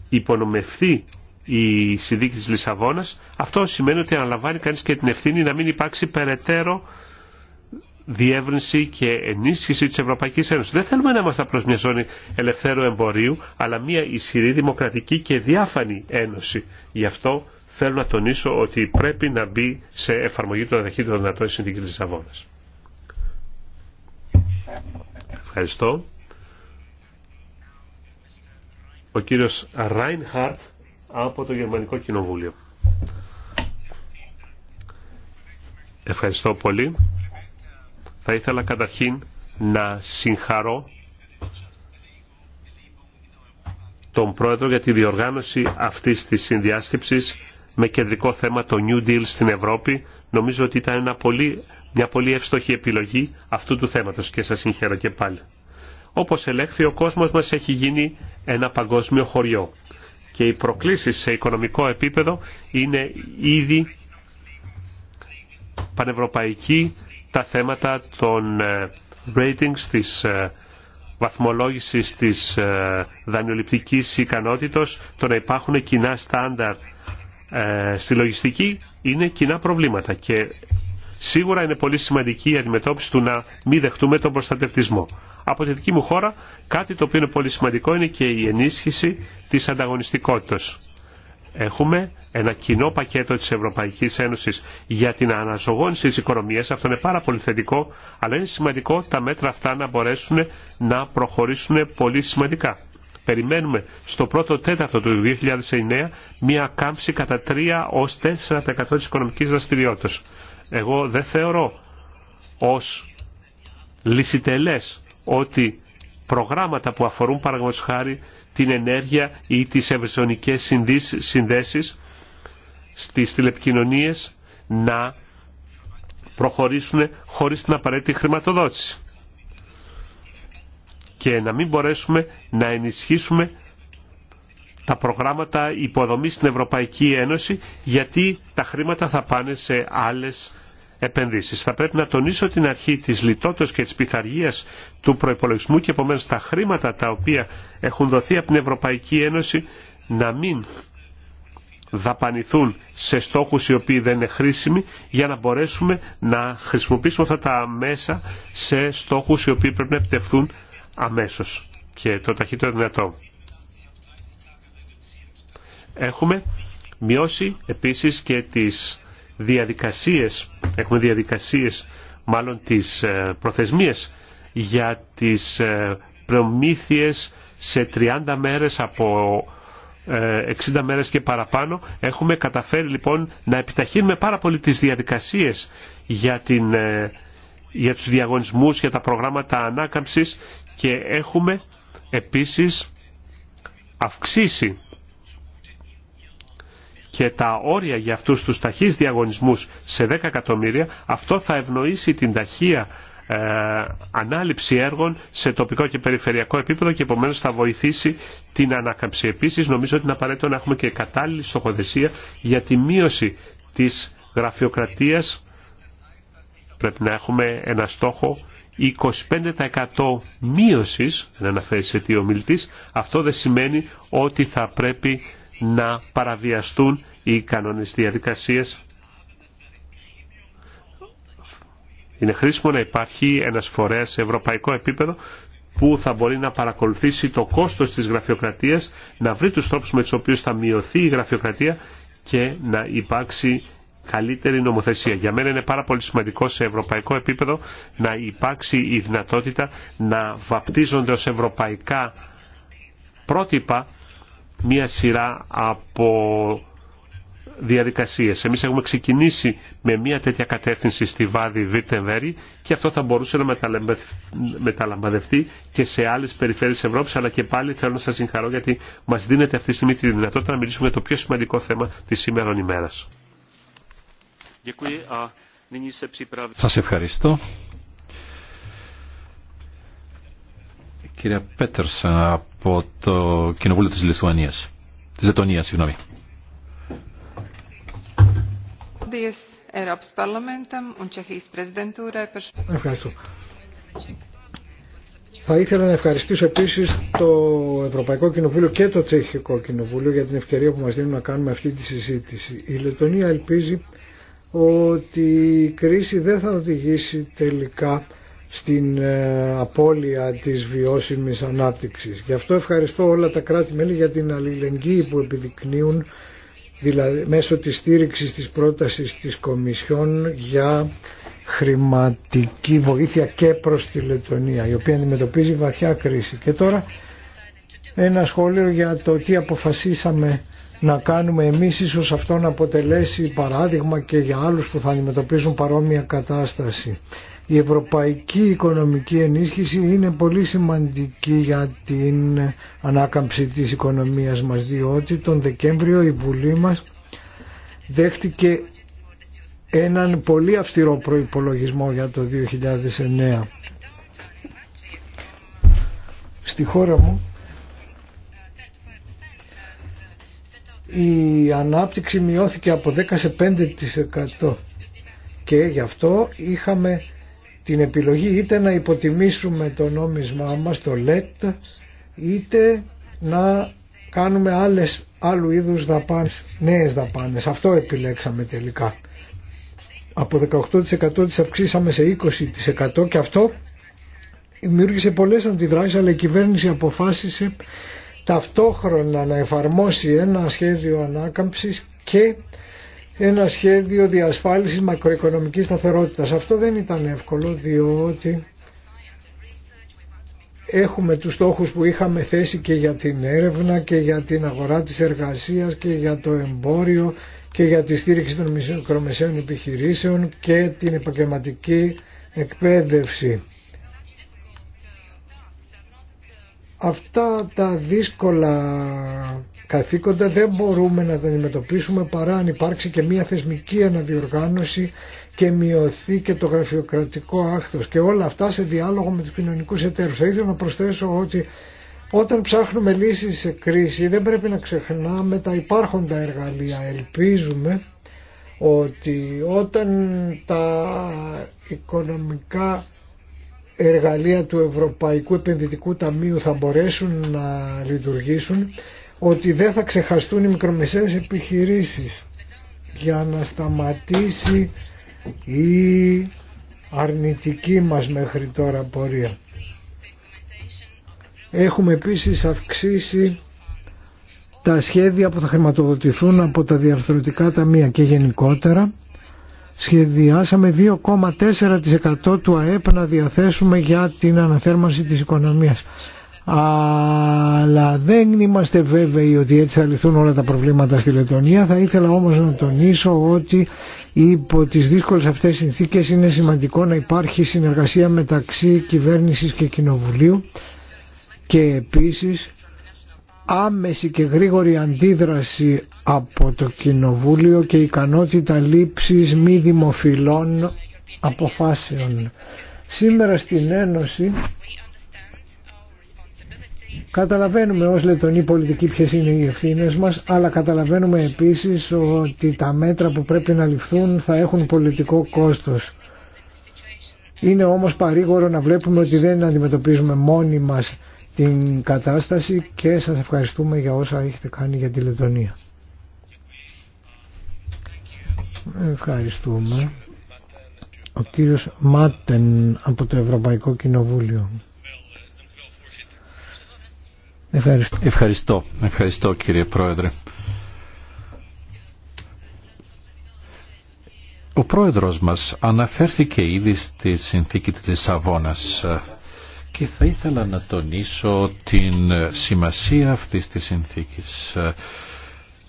υπονομευθεί η συνδίκη της Λισαβόνας, αυτό σημαίνει ότι αναλαμβάνει κανείς και την ευθύνη να μην υπάρξει περαιτέρω διεύρυνση και ενίσχυση της Ευρωπαϊκής Ένωσης. Δεν θέλουμε να είμαστε προς μια ζώνη ελευθέρου εμπορίου, αλλά μια ισχυρή δημοκρατική και διάφανη ένωση. Γι' αυτό θέλω να τονίσω ότι πρέπει να μπει σε εφαρμογή των αδεχείων των δυνατών συνδίκης Λισαβόνας. Ευχαριστώ ο κύριος Ράινχαρτ από το Γερμανικό Κοινοβούλιο. Ευχαριστώ πολύ. Θα ήθελα καταρχήν να συγχαρώ τον Πρόεδρο για τη διοργάνωση αυτής της συνδιάσκεψης με κεντρικό θέμα το New Deal στην Ευρώπη. Νομίζω ότι ήταν πολύ, μια πολύ εύστοχη επιλογή αυτού του θέματος και σας συγχαίρω και πάλι. Όπως ελέγχθη, ο κόσμος μας έχει γίνει ένα παγκόσμιο χωριό και οι προκλήσεις σε οικονομικό επίπεδο είναι ήδη πανευρωπαϊκοί τα θέματα των ε, ratings της ε, βαθμολόγησης της ε, δανειοληπτικής ικανότητος, το να υπάρχουν κοινά στάνταρ στη λογιστική είναι κοινά προβλήματα και σίγουρα είναι πολύ σημαντική η αντιμετώπιση του να μην δεχτούμε τον προστατευτισμό από τη δική μου χώρα κάτι το οποίο είναι πολύ σημαντικό είναι και η ενίσχυση της ανταγωνιστικότητας. Έχουμε ένα κοινό πακέτο της Ευρωπαϊκής Ένωσης για την αναζωγόνηση της οικονομίας. Αυτό είναι πάρα πολύ θετικό, αλλά είναι σημαντικό τα μέτρα αυτά να μπορέσουν να προχωρήσουν πολύ σημαντικά. Περιμένουμε στο πρώτο τέταρτο του 2009 μια κάμψη κατά 3 ως 4% της οικονομικής δραστηριότητας. Εγώ δεν θεωρώ ως λυσιτελές ότι προγράμματα που αφορούν παραγωγός χάρη την ενέργεια ή τις ευρυζωνικές συνδέσεις στις τηλεπικοινωνίες να προχωρήσουν χωρίς την απαραίτητη χρηματοδότηση και να μην μπορέσουμε να ενισχύσουμε τα προγράμματα υποδομής στην Ευρωπαϊκή Ένωση γιατί τα χρήματα θα πάνε σε άλλες επενδύσεις. Θα πρέπει να τονίσω την αρχή της λιτότητας και της πειθαργίας του προϋπολογισμού και επομένως τα χρήματα τα οποία έχουν δοθεί από την Ευρωπαϊκή Ένωση να μην δαπανηθούν σε στόχους οι οποίοι δεν είναι χρήσιμοι για να μπορέσουμε να χρησιμοποιήσουμε αυτά τα μέσα σε στόχους οι οποίοι πρέπει να επιτευχθούν αμέσως και το ταχύτερο δυνατό. Έχουμε μειώσει επίσης και τις διαδικασίες, έχουμε διαδικασίες μάλλον τις ε, προθεσμίες για τις ε, προμήθειες σε 30 μέρες από 60 ε, μέρες και παραπάνω. Έχουμε καταφέρει λοιπόν να επιταχύνουμε πάρα πολύ τις διαδικασίες για, την, για τους διαγωνισμούς, για τα προγράμματα ανάκαμψης και έχουμε επίσης αυξήσει και τα όρια για αυτούς τους ταχύς διαγωνισμούς σε 10 εκατομμύρια, αυτό θα ευνοήσει την ταχεία ε, ανάληψη έργων σε τοπικό και περιφερειακό επίπεδο και επομένω θα βοηθήσει την ανάκαμψη. Επίση, νομίζω ότι είναι απαραίτητο να έχουμε και κατάλληλη στοχοδεσία για τη μείωση της γραφειοκρατίας. Πρέπει να έχουμε ένα στόχο 25% μείωση, να αναφέρει σε τι ο Αυτό δεν σημαίνει ότι θα πρέπει να παραβιαστούν οι κανόνες διαδικασίες. Είναι χρήσιμο να υπάρχει ένας φορέας σε ευρωπαϊκό επίπεδο που θα μπορεί να παρακολουθήσει το κόστος της γραφειοκρατίας, να βρει τους τρόπους με τους οποίους θα μειωθεί η γραφειοκρατία και να υπάρξει καλύτερη νομοθεσία. Για μένα είναι πάρα πολύ σημαντικό σε ευρωπαϊκό επίπεδο να υπάρξει η δυνατότητα να βαπτίζονται ως ευρωπαϊκά πρότυπα μία σειρά από διαδικασίες. Εμείς έχουμε ξεκινήσει με μία τέτοια κατεύθυνση στη Βάδη Βιρτεμβέρη και αυτό θα μπορούσε να μεταλαμβαδευτεί και σε άλλες περιφέρειες Ευρώπης αλλά και πάλι θέλω να σας συγχαρώ γιατί μας δίνεται αυτή τη στιγμή τη δυνατότητα να μιλήσουμε για το πιο σημαντικό θέμα της σήμερα ημέρας. Σας ευχαριστώ. κυρία Πέτερσον από το Κοινοβούλιο της Λιθουανίας. Της Λετωνίας, συγγνώμη. Um, Ευχαριστώ. Θα ήθελα να ευχαριστήσω επίσης το Ευρωπαϊκό Κοινοβούλιο και το Τσεχικό Κοινοβούλιο για την ευκαιρία που μας δίνουν να κάνουμε αυτή τη συζήτηση. Η Λετωνία ελπίζει ότι η κρίση δεν θα οδηγήσει τελικά στην ε, απώλεια της βιώσιμης ανάπτυξης. Γι' αυτό ευχαριστώ όλα τα κράτη-μέλη για την αλληλεγγύη που επιδεικνύουν δηλαδή, μέσω της στήριξης της πρότασης της Κομισιόν για χρηματική βοήθεια και προς τη Λετωνία η οποία αντιμετωπίζει βαθιά κρίση. Και τώρα ένα σχόλιο για το τι αποφασίσαμε να κάνουμε εμείς ίσως αυτό να αποτελέσει παράδειγμα και για άλλους που θα αντιμετωπίζουν παρόμοια κατάσταση. Η ευρωπαϊκή οικονομική ενίσχυση είναι πολύ σημαντική για την ανάκαμψη της οικονομίας μας διότι τον Δεκέμβριο η Βουλή μας δέχτηκε έναν πολύ αυστηρό προϋπολογισμό για το 2009. Στη χώρα μου η ανάπτυξη μειώθηκε από 10 σε 5% και γι' αυτό είχαμε την επιλογή είτε να υποτιμήσουμε το νόμισμά μας, το ΛΕΤ, είτε να κάνουμε άλλες, άλλου είδους δαπάνες, νέες δαπάνες. Αυτό επιλέξαμε τελικά. Από 18% τις αυξήσαμε σε 20% και αυτό δημιούργησε πολλές αντιδράσεις αλλά η κυβέρνηση αποφάσισε ταυτόχρονα να εφαρμόσει ένα σχέδιο ανάκαμψης και ένα σχέδιο διασφάλισης μακροοικονομικής σταθερότητας. Αυτό δεν ήταν εύκολο διότι έχουμε τους στόχους που είχαμε θέσει και για την έρευνα και για την αγορά της εργασίας και για το εμπόριο και για τη στήριξη των μικρομεσαίων επιχειρήσεων και την επαγγελματική εκπαίδευση. Αυτά τα δύσκολα καθήκοντα δεν μπορούμε να τα αντιμετωπίσουμε παρά αν υπάρξει και μια θεσμική αναδιοργάνωση και μειωθεί και το γραφειοκρατικό άχθος και όλα αυτά σε διάλογο με τους κοινωνικούς εταίρους. Θα ήθελα να προσθέσω ότι όταν ψάχνουμε λύσεις σε κρίση δεν πρέπει να ξεχνάμε τα υπάρχοντα εργαλεία. Ελπίζουμε ότι όταν τα οικονομικά εργαλεία του Ευρωπαϊκού Επενδυτικού Ταμείου θα μπορέσουν να λειτουργήσουν ότι δεν θα ξεχαστούν οι μικρομεσαίες επιχειρήσεις για να σταματήσει η αρνητική μας μέχρι τώρα πορεία. Έχουμε επίσης αυξήσει τα σχέδια που θα χρηματοδοτηθούν από τα διαρθρωτικά ταμεία και γενικότερα σχεδιάσαμε 2,4% του ΑΕΠ να διαθέσουμε για την αναθέρμανση της οικονομίας. Αλλά δεν είμαστε βέβαιοι ότι έτσι θα λυθούν όλα τα προβλήματα στη Λετωνία. Θα ήθελα όμως να τονίσω ότι υπό τις δύσκολες αυτές συνθήκες είναι σημαντικό να υπάρχει συνεργασία μεταξύ κυβέρνησης και κοινοβουλίου και επίσης άμεση και γρήγορη αντίδραση από το Κοινοβούλιο και ικανότητα λήψης μη δημοφιλών αποφάσεων. Σήμερα στην Ένωση καταλαβαίνουμε ως Λετωνή πολιτική ποιες είναι οι ευθύνε μας αλλά καταλαβαίνουμε επίσης ότι τα μέτρα που πρέπει να ληφθούν θα έχουν πολιτικό κόστος. Είναι όμως παρήγορο να βλέπουμε ότι δεν αντιμετωπίζουμε μόνοι μας την κατάσταση και σας ευχαριστούμε για όσα έχετε κάνει για τη Λετωνία. Ευχαριστούμε. Ο κύριος Μάτεν από το Ευρωπαϊκό Κοινοβούλιο. Ευχαριστώ. Ευχαριστώ, ευχαριστώ κύριε Πρόεδρε. Ο Πρόεδρος μας αναφέρθηκε ήδη στη συνθήκη της Λισαβόνας και θα ήθελα να τονίσω την σημασία αυτής της συνθήκης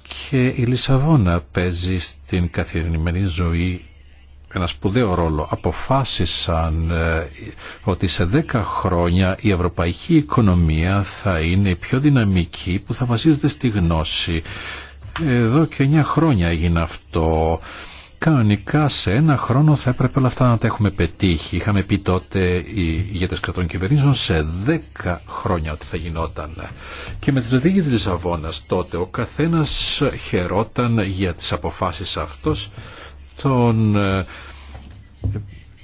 και η Λισαβόνα παίζει στην καθημερινή ζωή ένα σπουδαίο ρόλο. Αποφάσισαν ε, ότι σε 10 χρόνια η ευρωπαϊκή οικονομία θα είναι η πιο δυναμική που θα βασίζεται στη γνώση. Εδώ και 9 χρόνια έγινε αυτό. Κανονικά σε ένα χρόνο θα έπρεπε όλα αυτά να τα έχουμε πετύχει. Είχαμε πει τότε οι ηγέτες κρατών κυβερνήσεων σε 10 χρόνια ότι θα γινόταν. Και με τις οδηγίε της Λισαβόνας τότε ο καθένας χαιρόταν για τις αποφάσεις αυτός των ε,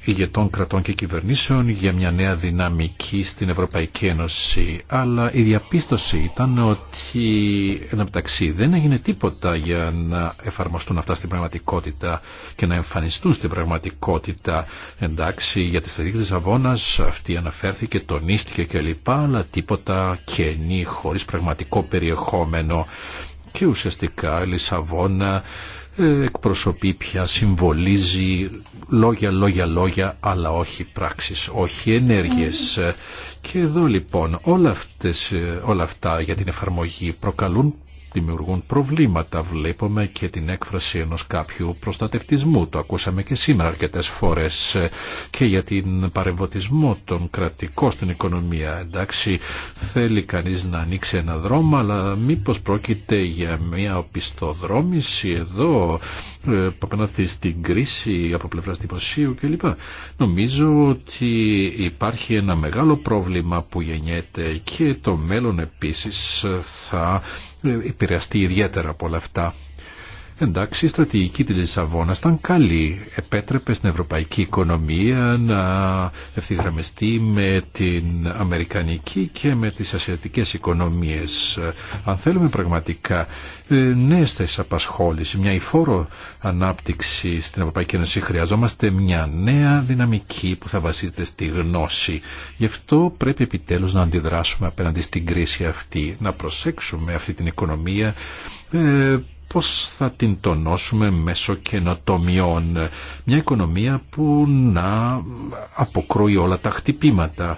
ηγετών κρατών και κυβερνήσεων για μια νέα δυναμική στην Ευρωπαϊκή Ένωση. Αλλά η διαπίστωση ήταν ότι εν μεταξύ δεν έγινε τίποτα για να εφαρμοστούν αυτά στην πραγματικότητα και να εμφανιστούν στην πραγματικότητα. Εντάξει, για τη στρατηγική τη Αβώνας αυτή αναφέρθηκε, τονίστηκε κλπ. Αλλά τίποτα κενή, χωρίς πραγματικό περιεχόμενο και ουσιαστικά η Λισαβόνα ε, εκπροσωπεί πια, συμβολίζει λόγια, λόγια, λόγια, αλλά όχι πράξεις, όχι ενέργειες. Και εδώ λοιπόν όλα, ε, όλα αυτά για την εφαρμογή προκαλούν δημιουργούν προβλήματα. Βλέπουμε και την έκφραση ενός κάποιου προστατευτισμού. Το ακούσαμε και σήμερα αρκετές φορές ε, και για την παρεμβοτισμό των κρατικών στην οικονομία. Εντάξει, θέλει κανείς να ανοίξει ένα δρόμο, αλλά μήπως πρόκειται για μια οπισθοδρόμηση εδώ ε, απέναντι στην κρίση από πλευράς δημοσίου κλπ. Νομίζω ότι υπάρχει ένα μεγάλο πρόβλημα που γεννιέται και το μέλλον επίσης θα επηρεαστεί ιδιαίτερα από όλα αυτά. Εντάξει, η στρατηγική της Λισαβόνας ήταν καλή. Επέτρεπε στην ευρωπαϊκή οικονομία να ευθυγραμμιστεί με την αμερικανική και με τις ασιατικές οικονομίες. Αν θέλουμε πραγματικά ε, νέες θέσεις απασχόληση, μια υφόρο ανάπτυξη στην Ευρωπαϊκή Ένωση, χρειαζόμαστε μια νέα δυναμική που θα βασίζεται στη γνώση. Γι' αυτό πρέπει επιτέλους να αντιδράσουμε απέναντι στην κρίση αυτή, να προσέξουμε αυτή την οικονομία ε, πώς θα την τονώσουμε μέσω καινοτομιών. Μια οικονομία που να αποκρούει όλα τα χτυπήματα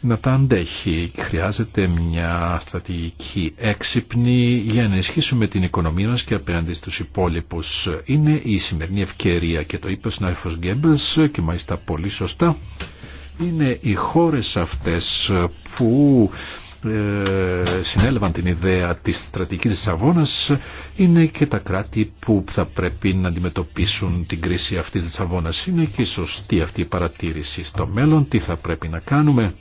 να τα αντέχει. Χρειάζεται μια στρατηγική έξυπνη για να ενισχύσουμε την οικονομία μας και απέναντι στους υπόλοιπους. Είναι η σημερινή ευκαιρία και το είπε ο Σνάριφος Γκέμπελς και μάλιστα πολύ σωστά. Είναι οι χώρες αυτές που ε, συνέλαβαν την ιδέα της στρατηγικής της είναι και τα κράτη που θα πρέπει να αντιμετωπίσουν την κρίση αυτής της Αβώνας. Είναι και σωστή αυτή η παρατήρηση. Στο μέλλον τι θα πρέπει να κάνουμε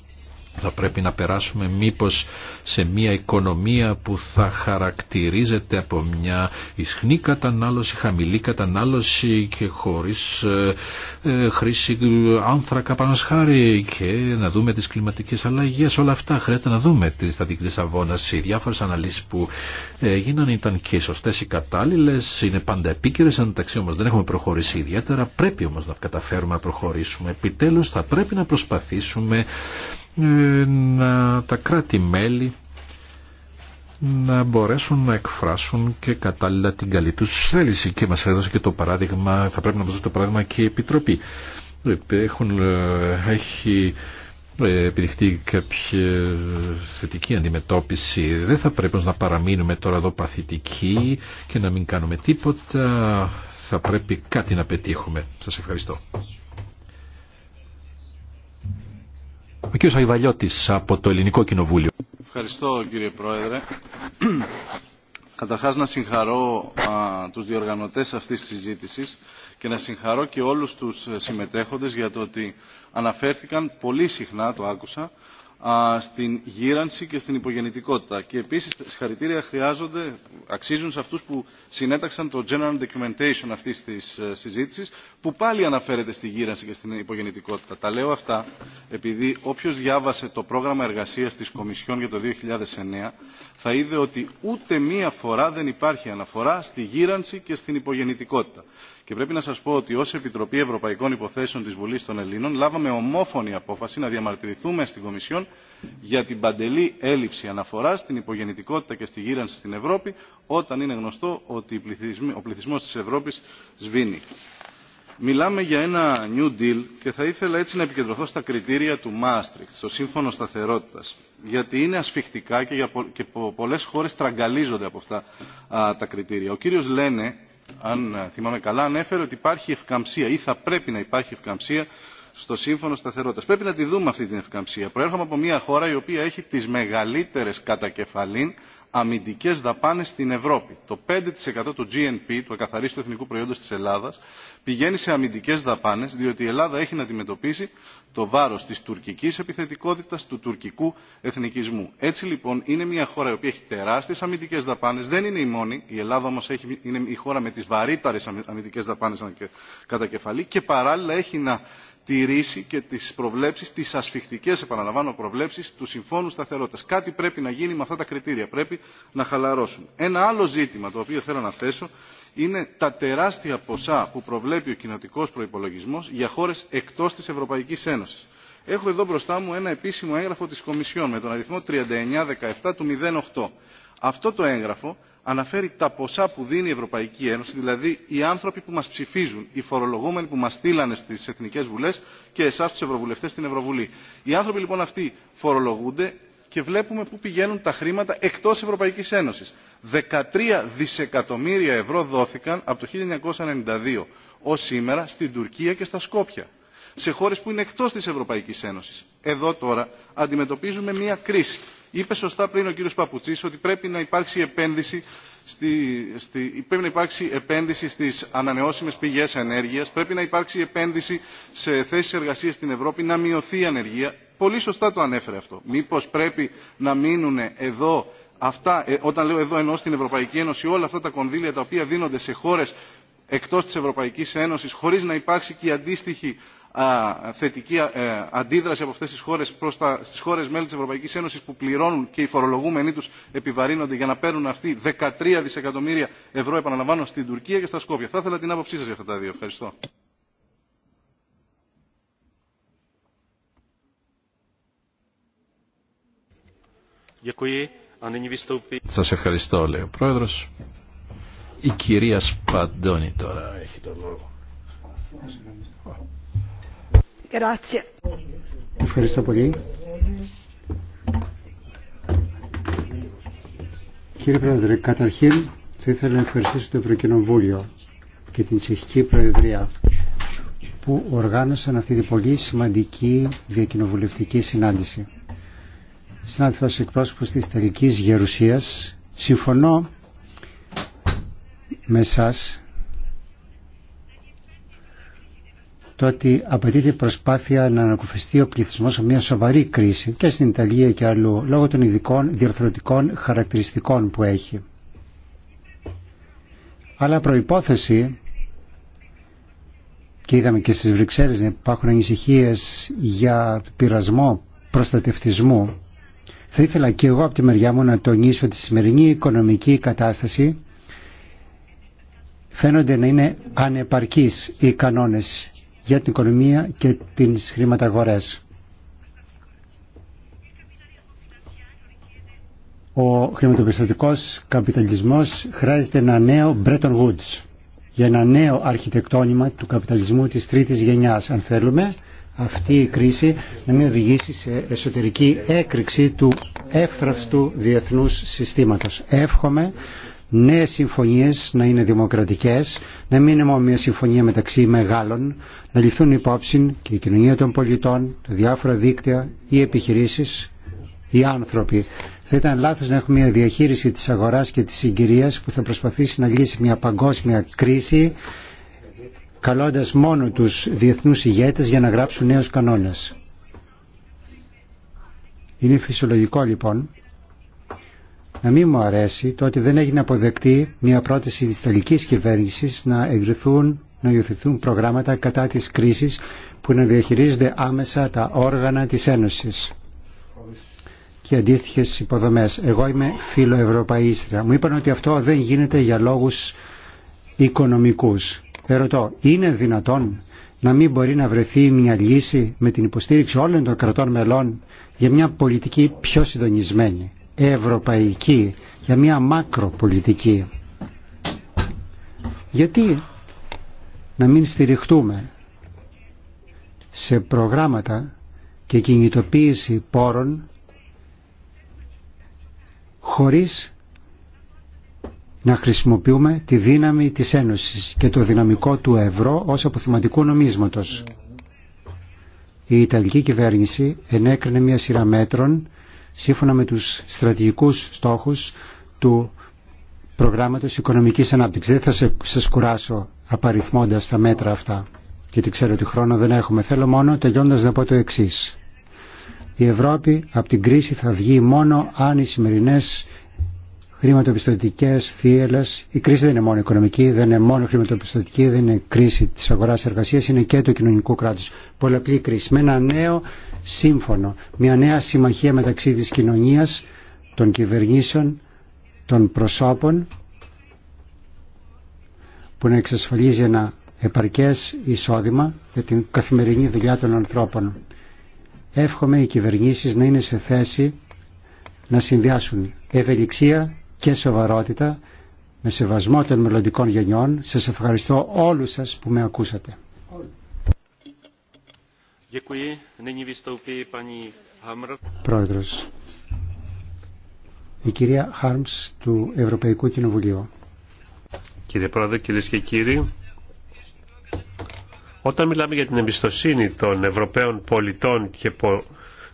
θα πρέπει να περάσουμε μήπως σε μια οικονομία που θα χαρακτηρίζεται από μια ισχνή κατανάλωση, χαμηλή κατανάλωση και χωρίς ε, ε χρήση ε, άνθρακα πανασχάρη και να δούμε τις κλιματικές αλλαγές, όλα αυτά χρειάζεται να δούμε τη στατική της αβώνας. Οι διάφορες αναλύσεις που έγιναν ήταν και σωστές οι κατάλληλες, είναι πάντα επίκαιρες, ανταξύ όμως δεν έχουμε προχωρήσει ιδιαίτερα, πρέπει όμως να καταφέρουμε να προχωρήσουμε. Επιτέλους θα πρέπει να προσπαθήσουμε να τα κράτη-μέλη να μπορέσουν να εκφράσουν και κατάλληλα την καλή τους θέληση και μας έδωσε και το παράδειγμα, θα πρέπει να μας δώσει το παράδειγμα και η Επιτροπή. Έχουν, ε, έχει ε, επιδειχτεί κάποια θετική αντιμετώπιση. Δεν θα πρέπει να παραμείνουμε τώρα εδώ παθητικοί και να μην κάνουμε τίποτα. Θα πρέπει κάτι να πετύχουμε. Σας ευχαριστώ. Ο κύριος Αϊβαλιώτης από το Ελληνικό Κοινοβούλιο. Ευχαριστώ κύριε Πρόεδρε. Καταρχάς να συγχαρώ τους διοργανωτές αυτής της συζήτησης και να συγχαρώ και όλους τους ε, συμμετέχοντες για το ότι αναφέρθηκαν πολύ συχνά, το άκουσα, στην γύρανση και στην υπογεννητικότητα. Και επίσης συγχαρητήρια χρειάζονται, αξίζουν σε αυτούς που συνέταξαν το General Documentation αυτής της ε, συζήτησης που πάλι αναφέρεται στη γύρανση και στην υπογεννητικότητα. Τα λέω αυτά επειδή όποιος διάβασε το πρόγραμμα εργασίας της Κομισιόν για το 2009 θα είδε ότι ούτε μία φορά δεν υπάρχει αναφορά στη γύρανση και στην υπογεννητικότητα. Και πρέπει να σας πω ότι ως Επιτροπή Ευρωπαϊκών Υποθέσεων της Βουλής των Ελλήνων λάβαμε ομόφωνη απόφαση να διαμαρτυρηθούμε στην Κομισιόν για την παντελή έλλειψη αναφοράς στην υπογεννητικότητα και στη γύρανση στην Ευρώπη όταν είναι γνωστό ότι ο πληθυσμός της Ευρώπης σβήνει. Μιλάμε για ένα New Deal και θα ήθελα έτσι να επικεντρωθώ στα κριτήρια του Maastricht, στο Σύμφωνο Σταθερότητας, γιατί είναι ασφιχτικά και, για πο πολλές χώρες τραγκαλίζονται από αυτά τα κριτήρια. Ο κύριος Λένε αν θυμάμαι καλά, ανέφερε ότι υπάρχει ευκαμψία ή θα πρέπει να υπάρχει ευκαμψία στο Σύμφωνο Σταθερότητα. Πρέπει να τη δούμε αυτή την ευκαμψία. Προέρχομαι από μια χώρα η οποία έχει τι μεγαλύτερε κατακεφαλήν αμυντικέ δαπάνες στην Ευρώπη. Το 5% του GNP, του ακαθαρίστου εθνικού προϊόντος της Ελλάδας, πηγαίνει σε αμυντικέ δαπάνες, διότι η Ελλάδα έχει να αντιμετωπίσει το βάρος της τουρκικής επιθετικότητας, του τουρκικού εθνικισμού. Έτσι λοιπόν είναι μια χώρα η οποία έχει τεράστιες αμυντικέ δαπάνε, δεν είναι η μόνη, η Ελλάδα όμω είναι η χώρα με τι βαρύτερε αμυντικέ δαπάνε κατά κεφαλή και παράλληλα έχει να τη ρίση και τι προβλέψει, τι ασφιχτικέ, επαναλαμβάνω προβλέψει του Συμφώνου σταθερότητα. Κάτι πρέπει να γίνει με αυτά τα κριτήρια, πρέπει να χαλαρώσουν. Ένα άλλο ζήτημα το οποίο θέλω να θέσω είναι τα τεράστια ποσά που προβλέπει ο κοινοτικό προπολογισμό για χώρε εκτό τη Ευρωπαϊκή Ένωση. Έχω εδώ μπροστά μου ένα επίσημο έγγραφο τη Κομισιόν με τον αριθμό 3917 του 08 αυτό το έγγραφο αναφέρει τα ποσά που δίνει η Ευρωπαϊκή Ένωση, δηλαδή οι άνθρωποι που μας ψηφίζουν, οι φορολογούμενοι που μας στείλανε στις Εθνικές Βουλές και εσάς τους Ευρωβουλευτές στην Ευρωβουλή. Οι άνθρωποι λοιπόν αυτοί φορολογούνται και βλέπουμε πού πηγαίνουν τα χρήματα εκτός Ευρωπαϊκής Ένωσης. 13 δισεκατομμύρια ευρώ δόθηκαν από το 1992 ως σήμερα στην Τουρκία και στα Σκόπια. Σε χώρες που είναι εκτός της Ευρωπαϊκής Ένωσης. Εδώ τώρα αντιμετωπίζουμε μια κρίση Είπε σωστά πριν ο κύριος Παπουτσής ότι πρέπει να υπάρξει επένδυση Στη, στη, πρέπει να επένδυση στις ανανεώσιμες πηγές ενέργειας, πρέπει να υπάρξει επένδυση σε θέσεις εργασίας στην Ευρώπη, να μειωθεί η ανεργία. Πολύ σωστά το ανέφερε αυτό. Μήπως πρέπει να μείνουν εδώ αυτά, ε, όταν λέω εδώ εννοώ στην Ευρωπαϊκή Ένωση, όλα αυτά τα κονδύλια τα οποία δίνονται σε χώρες εκτός της Ευρωπαϊκής Ένωσης χωρίς να υπάρξει και η αντίστοιχη θετική ε, αντίδραση από αυτές τις χώρες προς τα, χώρες μέλη της Ευρωπαϊκής Ένωσης που πληρώνουν και οι φορολογούμενοι τους επιβαρύνονται για να παίρνουν αυτοί 13 δισεκατομμύρια ευρώ επαναλαμβάνω στην Τουρκία και στα Σκόπια. Θα ήθελα την άποψή σας για αυτά τα δύο. Ευχαριστώ. Σας ευχαριστώ, λέει ο Πρόεδρος. Η κυρία Σπαντώνη τώρα έχει το λόγο. Ευχαριστώ πολύ. Κύριε Πρόεδρε, καταρχήν θα ήθελα να ευχαριστήσω το Ευρωκοινοβούλιο και την Τσεχική Προεδρία που οργάνωσαν αυτή την πολύ σημαντική διακοινοβουλευτική συνάντηση. Συνάδελφος εκπρόσωπος της Ιταλικής Γερουσίας, συμφωνώ με εσά το ότι απαιτείται προσπάθεια να ανακουφιστεί ο πληθυσμός σε μια σοβαρή κρίση και στην Ιταλία και αλλού λόγω των ειδικών διορθωτικών χαρακτηριστικών που έχει. Αλλά προϋπόθεση και είδαμε και στις Βρυξέλλες να υπάρχουν ανησυχίε για πειρασμό προστατευτισμού θα ήθελα και εγώ από τη μεριά μου να τονίσω ότι σημερινή οικονομική κατάσταση φαίνονται να είναι ανεπαρκείς οι κανόνες για την οικονομία και τις χρηματαγορές. Ο χρηματοπιστωτικός καπιταλισμός χρειάζεται ένα νέο Bretton Woods για ένα νέο αρχιτεκτόνημα του καπιταλισμού της τρίτης γενιάς. Αν θέλουμε αυτή η κρίση να μην οδηγήσει σε εσωτερική έκρηξη του εύθραυστου διεθνούς συστήματος νέες συμφωνίες να είναι δημοκρατικές, να μην είναι μόνο μια συμφωνία μεταξύ μεγάλων, να ληφθούν υπόψη και η κοινωνία των πολιτών, τα διάφορα δίκτυα, οι επιχειρήσεις, οι άνθρωποι. Θα ήταν λάθος να έχουμε μια διαχείριση της αγοράς και της συγκυρίας που θα προσπαθήσει να λύσει μια παγκόσμια κρίση καλώντας μόνο τους διεθνούς ηγέτες για να γράψουν νέους κανόνες. Είναι φυσιολογικό λοιπόν να μην μου αρέσει το ότι δεν έγινε αποδεκτή μια πρόταση της τελικής κυβέρνησης να εγκριθούν να υιοθετηθούν προγράμματα κατά της κρίσης που να διαχειρίζονται άμεσα τα όργανα της Ένωσης και αντίστοιχε υποδομές. Εγώ είμαι φιλοευρωπαίστρια. Μου είπαν ότι αυτό δεν γίνεται για λόγους οικονομικούς. Ερωτώ, είναι δυνατόν να μην μπορεί να βρεθεί μια λύση με την υποστήριξη όλων των κρατών μελών για μια πολιτική πιο συντονισμένη ευρωπαϊκή, για μια μακροπολιτική. Γιατί να μην στηριχτούμε σε προγράμματα και κινητοποίηση πόρων χωρίς να χρησιμοποιούμε τη δύναμη της Ένωσης και το δυναμικό του ευρώ ως αποθυματικού νομίσματος. Η Ιταλική κυβέρνηση ενέκρινε μια σειρά μέτρων σύμφωνα με τους στρατηγικούς στόχους του προγράμματος οικονομικής ανάπτυξης. Δεν θα σας κουράσω απαριθμώντας τα μέτρα αυτά, γιατί ξέρω ότι χρόνο δεν έχουμε. Θέλω μόνο τελειώντας να πω το εξή. Η Ευρώπη από την κρίση θα βγει μόνο αν οι σημερινέ χρηματοπιστωτικές θύελες, η κρίση δεν είναι μόνο οικονομική, δεν είναι μόνο χρηματοπιστωτική, δεν είναι κρίση της αγοράς εργασίας, είναι και του κοινωνικού κράτους. Πολλαπλή κρίση. Με ένα νέο σύμφωνο, μια νέα συμμαχία μεταξύ της κοινωνίας, των κυβερνήσεων, των προσώπων που να εξασφαλίζει ένα επαρκές εισόδημα για την καθημερινή δουλειά των ανθρώπων. Εύχομαι οι κυβερνήσεις να είναι σε θέση να συνδυάσουν ευελιξία και σοβαρότητα με σεβασμό των μελλοντικών γενιών. Σας ευχαριστώ όλους σας που με ακούσατε. Πρόεδρος, η κυρία Χάρμς του Ευρωπαϊκού Κοινοβουλίου. Κύριε Πρόεδρε, κυρίε και κύριοι, όταν μιλάμε για την εμπιστοσύνη των Ευρωπαίων πολιτών και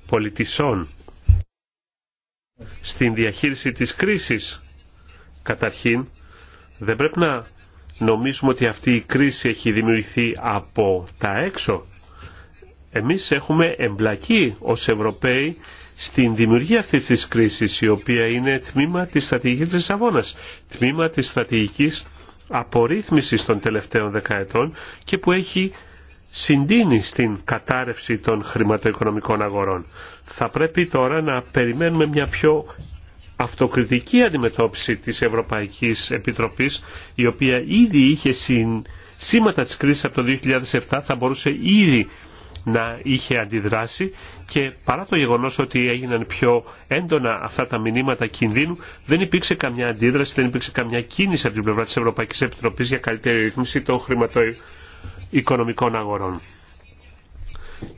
πολιτισών στην διαχείριση της κρίσης, καταρχήν δεν πρέπει να νομίζουμε ότι αυτή η κρίση έχει δημιουργηθεί από τα έξω εμείς έχουμε εμπλακεί ως Ευρωπαίοι στην δημιουργία αυτής της κρίσης, η οποία είναι τμήμα της στρατηγικής της αγώνας. τμήμα της στρατηγικής απορρίθμισης των τελευταίων δεκαετών και που έχει συντείνει στην κατάρρευση των χρηματοοικονομικών αγορών. Θα πρέπει τώρα να περιμένουμε μια πιο αυτοκριτική αντιμετώπιση της Ευρωπαϊκής Επιτροπής, η οποία ήδη είχε συν... σήματα της κρίσης από το 2007, θα μπορούσε ήδη να είχε αντιδράσει και παρά το γεγονός ότι έγιναν πιο έντονα αυτά τα μηνύματα κινδύνου δεν υπήρξε καμιά αντίδραση, δεν υπήρξε καμιά κίνηση από την πλευρά της Ευρωπαϊκής Επιτροπής για καλύτερη ρύθμιση των χρηματοοικονομικών αγορών.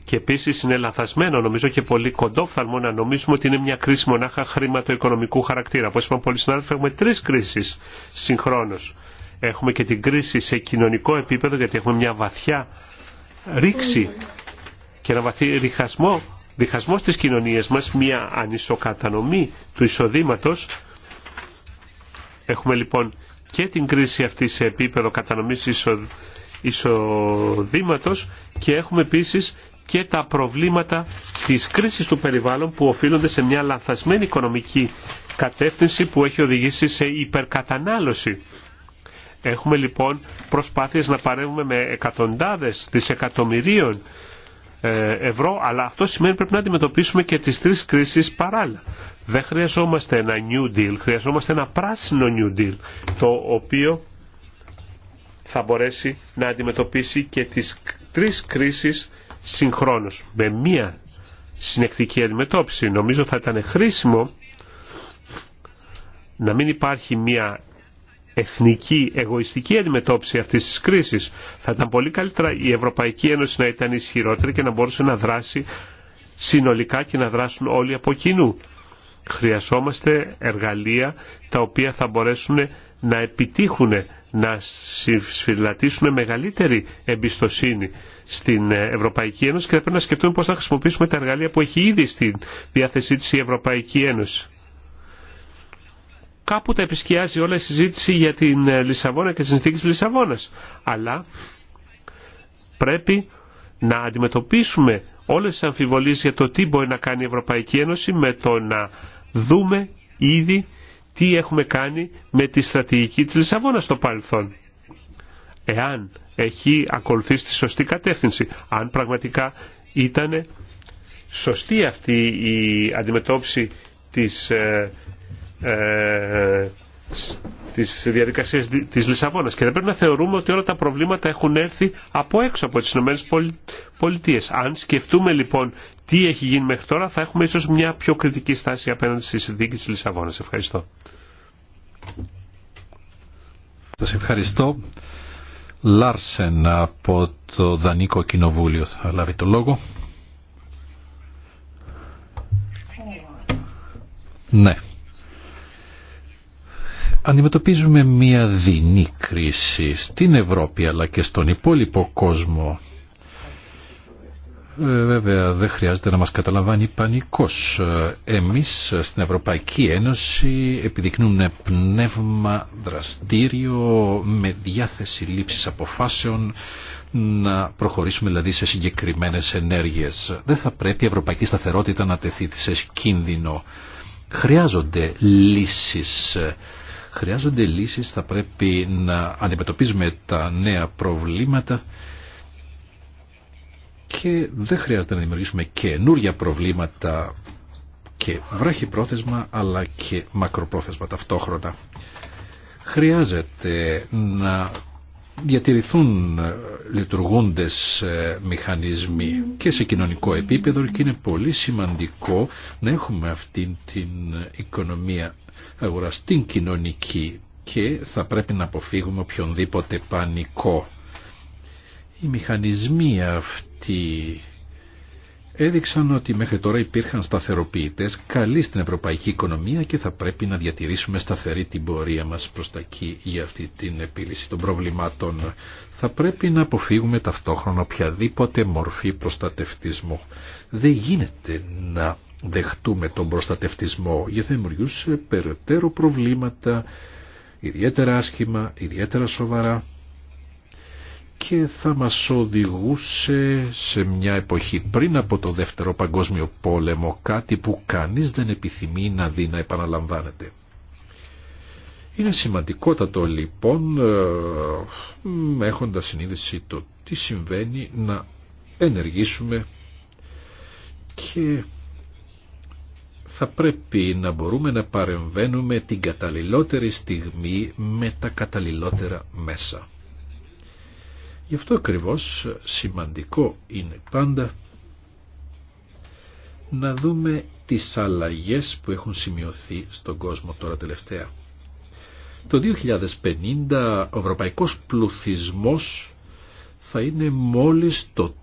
Και επίση είναι λαθασμένο, νομίζω και πολύ κοντόφθαλμο να νομίζουμε ότι είναι μια κρίση μονάχα χρηματοοικονομικού χαρακτήρα. Όπω είπαμε πολλοί συνάδελφοι, έχουμε τρει κρίσει συγχρόνω. Έχουμε και την κρίση σε κοινωνικό επίπεδο, γιατί έχουμε μια βαθιά ρήξη και ένα βαθύ διχασμό, διχασμό στις κοινωνίες μας, μια ανισοκατανομή του εισοδήματος. Έχουμε λοιπόν και την κρίση αυτή σε επίπεδο κατανομής εισοδήματος και έχουμε επίσης και τα προβλήματα της κρίσης του περιβάλλον που οφείλονται σε μια λανθασμένη οικονομική κατεύθυνση που έχει οδηγήσει σε υπερκατανάλωση. Έχουμε λοιπόν προσπάθειες να παρέμβουμε με εκατοντάδες δισεκατομμυρίων ε, ευρώ, αλλά αυτό σημαίνει πρέπει να αντιμετωπίσουμε και τις τρεις κρίσεις παράλληλα. Δεν χρειαζόμαστε ένα New Deal, χρειαζόμαστε ένα πράσινο New Deal, το οποίο θα μπορέσει να αντιμετωπίσει και τις τρεις κρίσεις συγχρόνως, με μία συνεκτική αντιμετώπιση. Νομίζω θα ήταν χρήσιμο να μην υπάρχει μία εθνική εγωιστική αντιμετώπιση αυτής της κρίσης. Θα ήταν πολύ καλύτερα η Ευρωπαϊκή Ένωση να ήταν ισχυρότερη και να μπορούσε να δράσει συνολικά και να δράσουν όλοι από κοινού. Χρειαζόμαστε εργαλεία τα οποία θα μπορέσουν να επιτύχουν να συμφυλατήσουν μεγαλύτερη εμπιστοσύνη στην Ευρωπαϊκή Ένωση και θα πρέπει να σκεφτούμε πώς θα χρησιμοποιήσουμε τα εργαλεία που έχει ήδη στη διάθεσή της η Ευρωπαϊκή Ένωση κάπου τα επισκιάζει όλα η συζήτηση για την ε, Λισαβόνα και τις συνθήκες της Λισαβόνας. Αλλά πρέπει να αντιμετωπίσουμε όλες τις αμφιβολίες για το τι μπορεί να κάνει η Ευρωπαϊκή Ένωση με το να δούμε ήδη τι έχουμε κάνει με τη στρατηγική της Λισαβόνας στο παρελθόν. Εάν έχει ακολουθήσει τη σωστή κατεύθυνση, αν πραγματικά ήταν σωστή αυτή η αντιμετώπιση της ε, ε, διαδικασίες της Λισαβόνας και δεν πρέπει να θεωρούμε ότι όλα τα προβλήματα έχουν έρθει από έξω από τις Ηνωμένες Πολιτείες. Αν σκεφτούμε λοιπόν τι έχει γίνει μέχρι τώρα θα έχουμε ίσως μια πιο κριτική στάση απέναντι στη συνθήκη της Λισαβόνας. Ευχαριστώ. Σας ευχαριστώ. Λάρσεν από το Δανίκο Κοινοβούλιο θα λάβει το λόγο. Ναι. Αντιμετωπίζουμε μία δινή κρίση στην Ευρώπη αλλά και στον υπόλοιπο κόσμο. Ε, βέβαια δεν χρειάζεται να μας καταλαμβάνει πανικός. Ε, εμείς στην Ευρωπαϊκή Ένωση επιδεικνύουμε πνεύμα δραστήριο με διάθεση λήψης αποφάσεων να προχωρήσουμε δηλαδή σε συγκεκριμένες ενέργειες. Δεν θα πρέπει η ευρωπαϊκή σταθερότητα να τεθεί σε κίνδυνο. Χρειάζονται λύσεις Χρειάζονται λύσεις, θα πρέπει να αντιμετωπίζουμε τα νέα προβλήματα και δεν χρειάζεται να δημιουργήσουμε καινούργια προβλήματα και βράχει πρόθεσμα αλλά και μακροπρόθεσμα ταυτόχρονα. Χρειάζεται να διατηρηθούν λειτουργούντες ε, μηχανισμοί και σε κοινωνικό επίπεδο και είναι πολύ σημαντικό να έχουμε αυτή την οικονομία αγορά στην κοινωνική και θα πρέπει να αποφύγουμε οποιονδήποτε πανικό. Οι μηχανισμοί αυτοί έδειξαν ότι μέχρι τώρα υπήρχαν σταθεροποιητές καλοί στην ευρωπαϊκή οικονομία και θα πρέπει να διατηρήσουμε σταθερή την πορεία μας προς τα εκεί για αυτή την επίλυση των προβλημάτων. Θα πρέπει να αποφύγουμε ταυτόχρονα οποιαδήποτε μορφή προστατευτισμού. Δεν γίνεται να δεχτούμε τον προστατευτισμό γιατί θα δημιουργούσε περαιτέρω προβλήματα ιδιαίτερα άσχημα, ιδιαίτερα σοβαρά και θα μας οδηγούσε σε μια εποχή πριν από το Δεύτερο Παγκόσμιο Πόλεμο, κάτι που κανείς δεν επιθυμεί να δει να επαναλαμβάνεται. Είναι σημαντικότατο λοιπόν, ε, έχοντας συνείδηση το τι συμβαίνει, να ενεργήσουμε και θα πρέπει να μπορούμε να παρεμβαίνουμε την καταλληλότερη στιγμή με τα καταλληλότερα μέσα. Γι' αυτό ακριβώ σημαντικό είναι πάντα να δούμε τις αλλαγές που έχουν σημειωθεί στον κόσμο τώρα τελευταία. Το 2050 ο ευρωπαϊκός πληθυσμός θα είναι μόλις το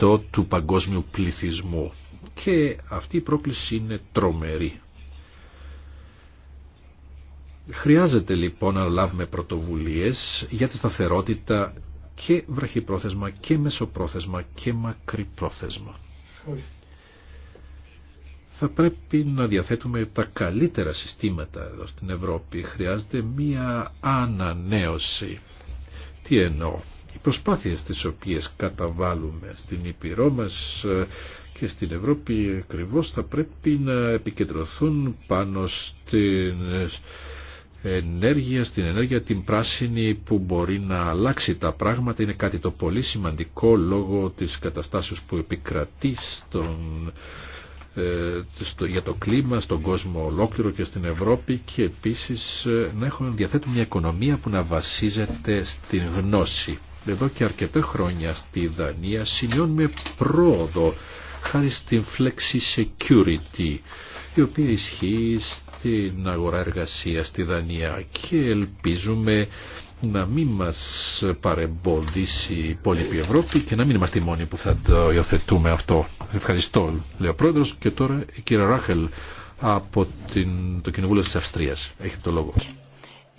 4% του παγκόσμιου πληθυσμού και αυτή η πρόκληση είναι τρομερή. Χρειάζεται λοιπόν να λάβουμε πρωτοβουλίες για τη σταθερότητα και βραχυπρόθεσμα και μεσοπρόθεσμα και μακρυπρόθεσμα. Θα πρέπει να διαθέτουμε τα καλύτερα συστήματα εδώ στην Ευρώπη. Χρειάζεται μία ανανέωση. Τι εννοώ. Οι προσπάθειες τις οποίες καταβάλουμε στην Ήπειρό μας ε, και στην Ευρώπη ακριβώ θα πρέπει να επικεντρωθούν πάνω στην ενέργεια, στην ενέργεια την πράσινη που μπορεί να αλλάξει τα πράγματα είναι κάτι το πολύ σημαντικό λόγω της καταστάσεως που επικρατεί στον, ε, για το κλίμα, στον κόσμο ολόκληρο και στην Ευρώπη και επίσης ε, να έχουμε διαθέτουμε μια οικονομία που να βασίζεται στην γνώση. Εδώ και αρκετά χρόνια στη Δανία σημειώνουμε πρόοδο χάρη στην Flexi Security η οποία ισχύει στην αγορά εργασία στη Δανία και ελπίζουμε να μην μας παρεμποδίσει η υπόλοιπη Ευρώπη και να μην είμαστε οι μόνοι που θα το υιοθετούμε αυτό. Ευχαριστώ, λέει ο Πρόεδρος. Και τώρα η κυρία Ράχελ από την, το Κοινοβούλιο της Αυστρίας. Έχετε το λόγο.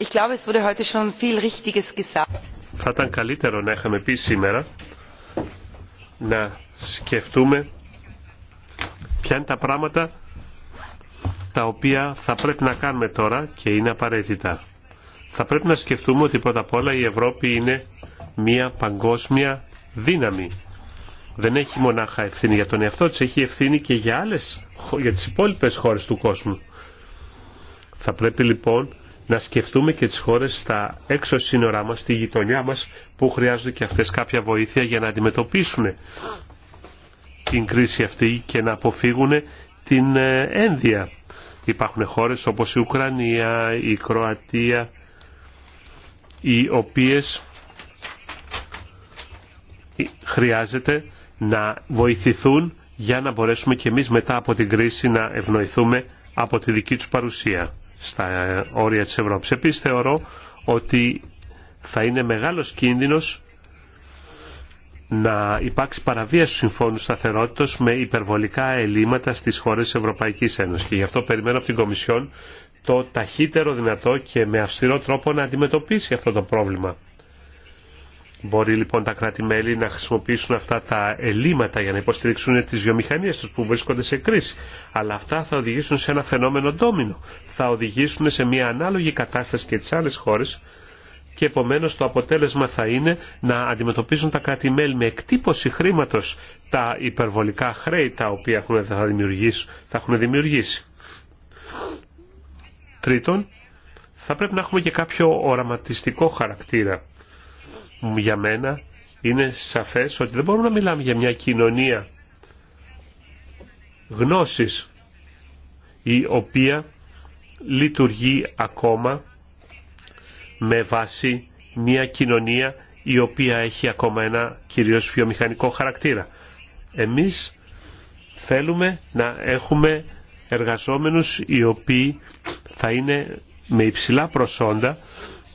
Ich glaube, es wurde heute schon viel Richtiges gesagt. Θα ήταν καλύτερο να είχαμε πει σήμερα να σκεφτούμε ποια είναι τα πράγματα τα οποία θα πρέπει να κάνουμε τώρα και είναι απαραίτητα. Θα πρέπει να σκεφτούμε ότι πρώτα απ' όλα η Ευρώπη είναι μια παγκόσμια δύναμη. Δεν έχει μονάχα ευθύνη για τον εαυτό της, έχει ευθύνη και για, άλλες, για τις υπόλοιπες χώρες του κόσμου. Θα πρέπει λοιπόν να σκεφτούμε και τις χώρες στα έξω σύνορά μας, στη γειτονιά μας, που χρειάζονται και αυτές κάποια βοήθεια για να αντιμετωπίσουν την κρίση αυτή και να αποφύγουν την ε, ένδια. Υπάρχουν χώρες όπως η Ουκρανία, η Κροατία, οι οποίες χρειάζεται να βοηθηθούν για να μπορέσουμε και εμείς μετά από την κρίση να ευνοηθούμε από τη δική τους παρουσία στα ε, όρια της Ευρώπης. Επίσης θεωρώ ότι θα είναι μεγάλος κίνδυνος να υπάρξει παραβίαση του Συμφώνου σταθερότητα με υπερβολικά ελλείμματα στι χώρε της Ευρωπαϊκής Ένωσης. Και γι' αυτό περιμένω από την Κομισιόν το ταχύτερο δυνατό και με αυστηρό τρόπο να αντιμετωπίσει αυτό το πρόβλημα. Μπορεί λοιπόν τα κράτη-μέλη να χρησιμοποιήσουν αυτά τα ελλείμματα για να υποστηρίξουν τι βιομηχανίε του που βρίσκονται σε κρίση. Αλλά αυτά θα οδηγήσουν σε ένα φαινόμενο ντόμινο. Θα οδηγήσουν σε μια ανάλογη κατάσταση και τι άλλε χώρε και επομένω, το αποτέλεσμα θα είναι να αντιμετωπίζουν τα κράτη-μέλη με εκτύπωση χρήματο τα υπερβολικά χρέη τα οποία θα, δημιουργήσει, θα έχουν δημιουργήσει. Τρίτον, θα πρέπει να έχουμε και κάποιο οραματιστικό χαρακτήρα. Για μένα είναι σαφές ότι δεν μπορούμε να μιλάμε για μια κοινωνία γνώσης η οποία λειτουργεί ακόμα με βάση μια κοινωνία η οποία έχει ακόμα ένα κυρίως βιομηχανικό χαρακτήρα. Εμείς θέλουμε να έχουμε εργαζόμενους οι οποίοι θα είναι με υψηλά προσόντα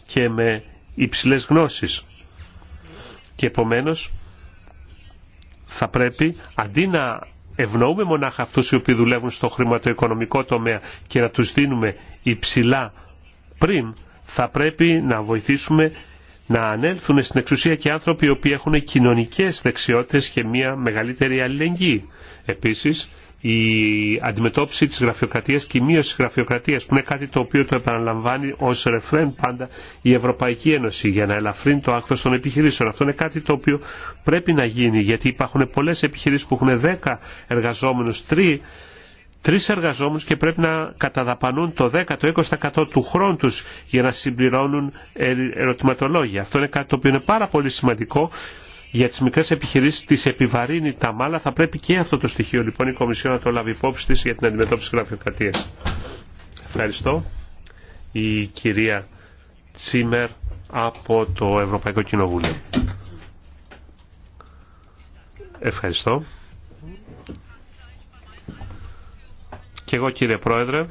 και με υψηλές γνώσεις. Και επομένως θα πρέπει αντί να ευνοούμε μονάχα αυτούς οι οποίοι δουλεύουν στο χρηματοοικονομικό τομέα και να τους δίνουμε υψηλά πριν, θα πρέπει να βοηθήσουμε να ανέλθουν στην εξουσία και άνθρωποι οι οποίοι έχουν κοινωνικές δεξιότητες και μια μεγαλύτερη αλληλεγγύη. Επίσης, η αντιμετώπιση της γραφειοκρατίας και η μείωση της γραφειοκρατίας που είναι κάτι το οποίο το επαναλαμβάνει ως ρεφρέν πάντα η Ευρωπαϊκή Ένωση για να ελαφρύνει το άκρο των επιχειρήσεων. Αυτό είναι κάτι το οποίο πρέπει να γίνει γιατί υπάρχουν πολλές επιχειρήσεις που έχουν 10 εργαζόμενους, 3 τρεις εργαζόμενους και πρέπει να καταδαπανούν το 10-20% του χρόνου τους για να συμπληρώνουν ερωτηματολόγια. Αυτό είναι κάτι το οποίο είναι πάρα πολύ σημαντικό για τις μικρές επιχειρήσεις τις επιβαρύνει τα μάλα. Θα πρέπει και αυτό το στοιχείο λοιπόν η Κομισιόν να το λάβει υπόψη της για την αντιμετώπιση γραφειοκρατίας. Ευχαριστώ. Η κυρία Τσίμερ από το Ευρωπαϊκό Κοινοβούλιο. Ευχαριστώ. Και εγώ κύριε Πρόεδρε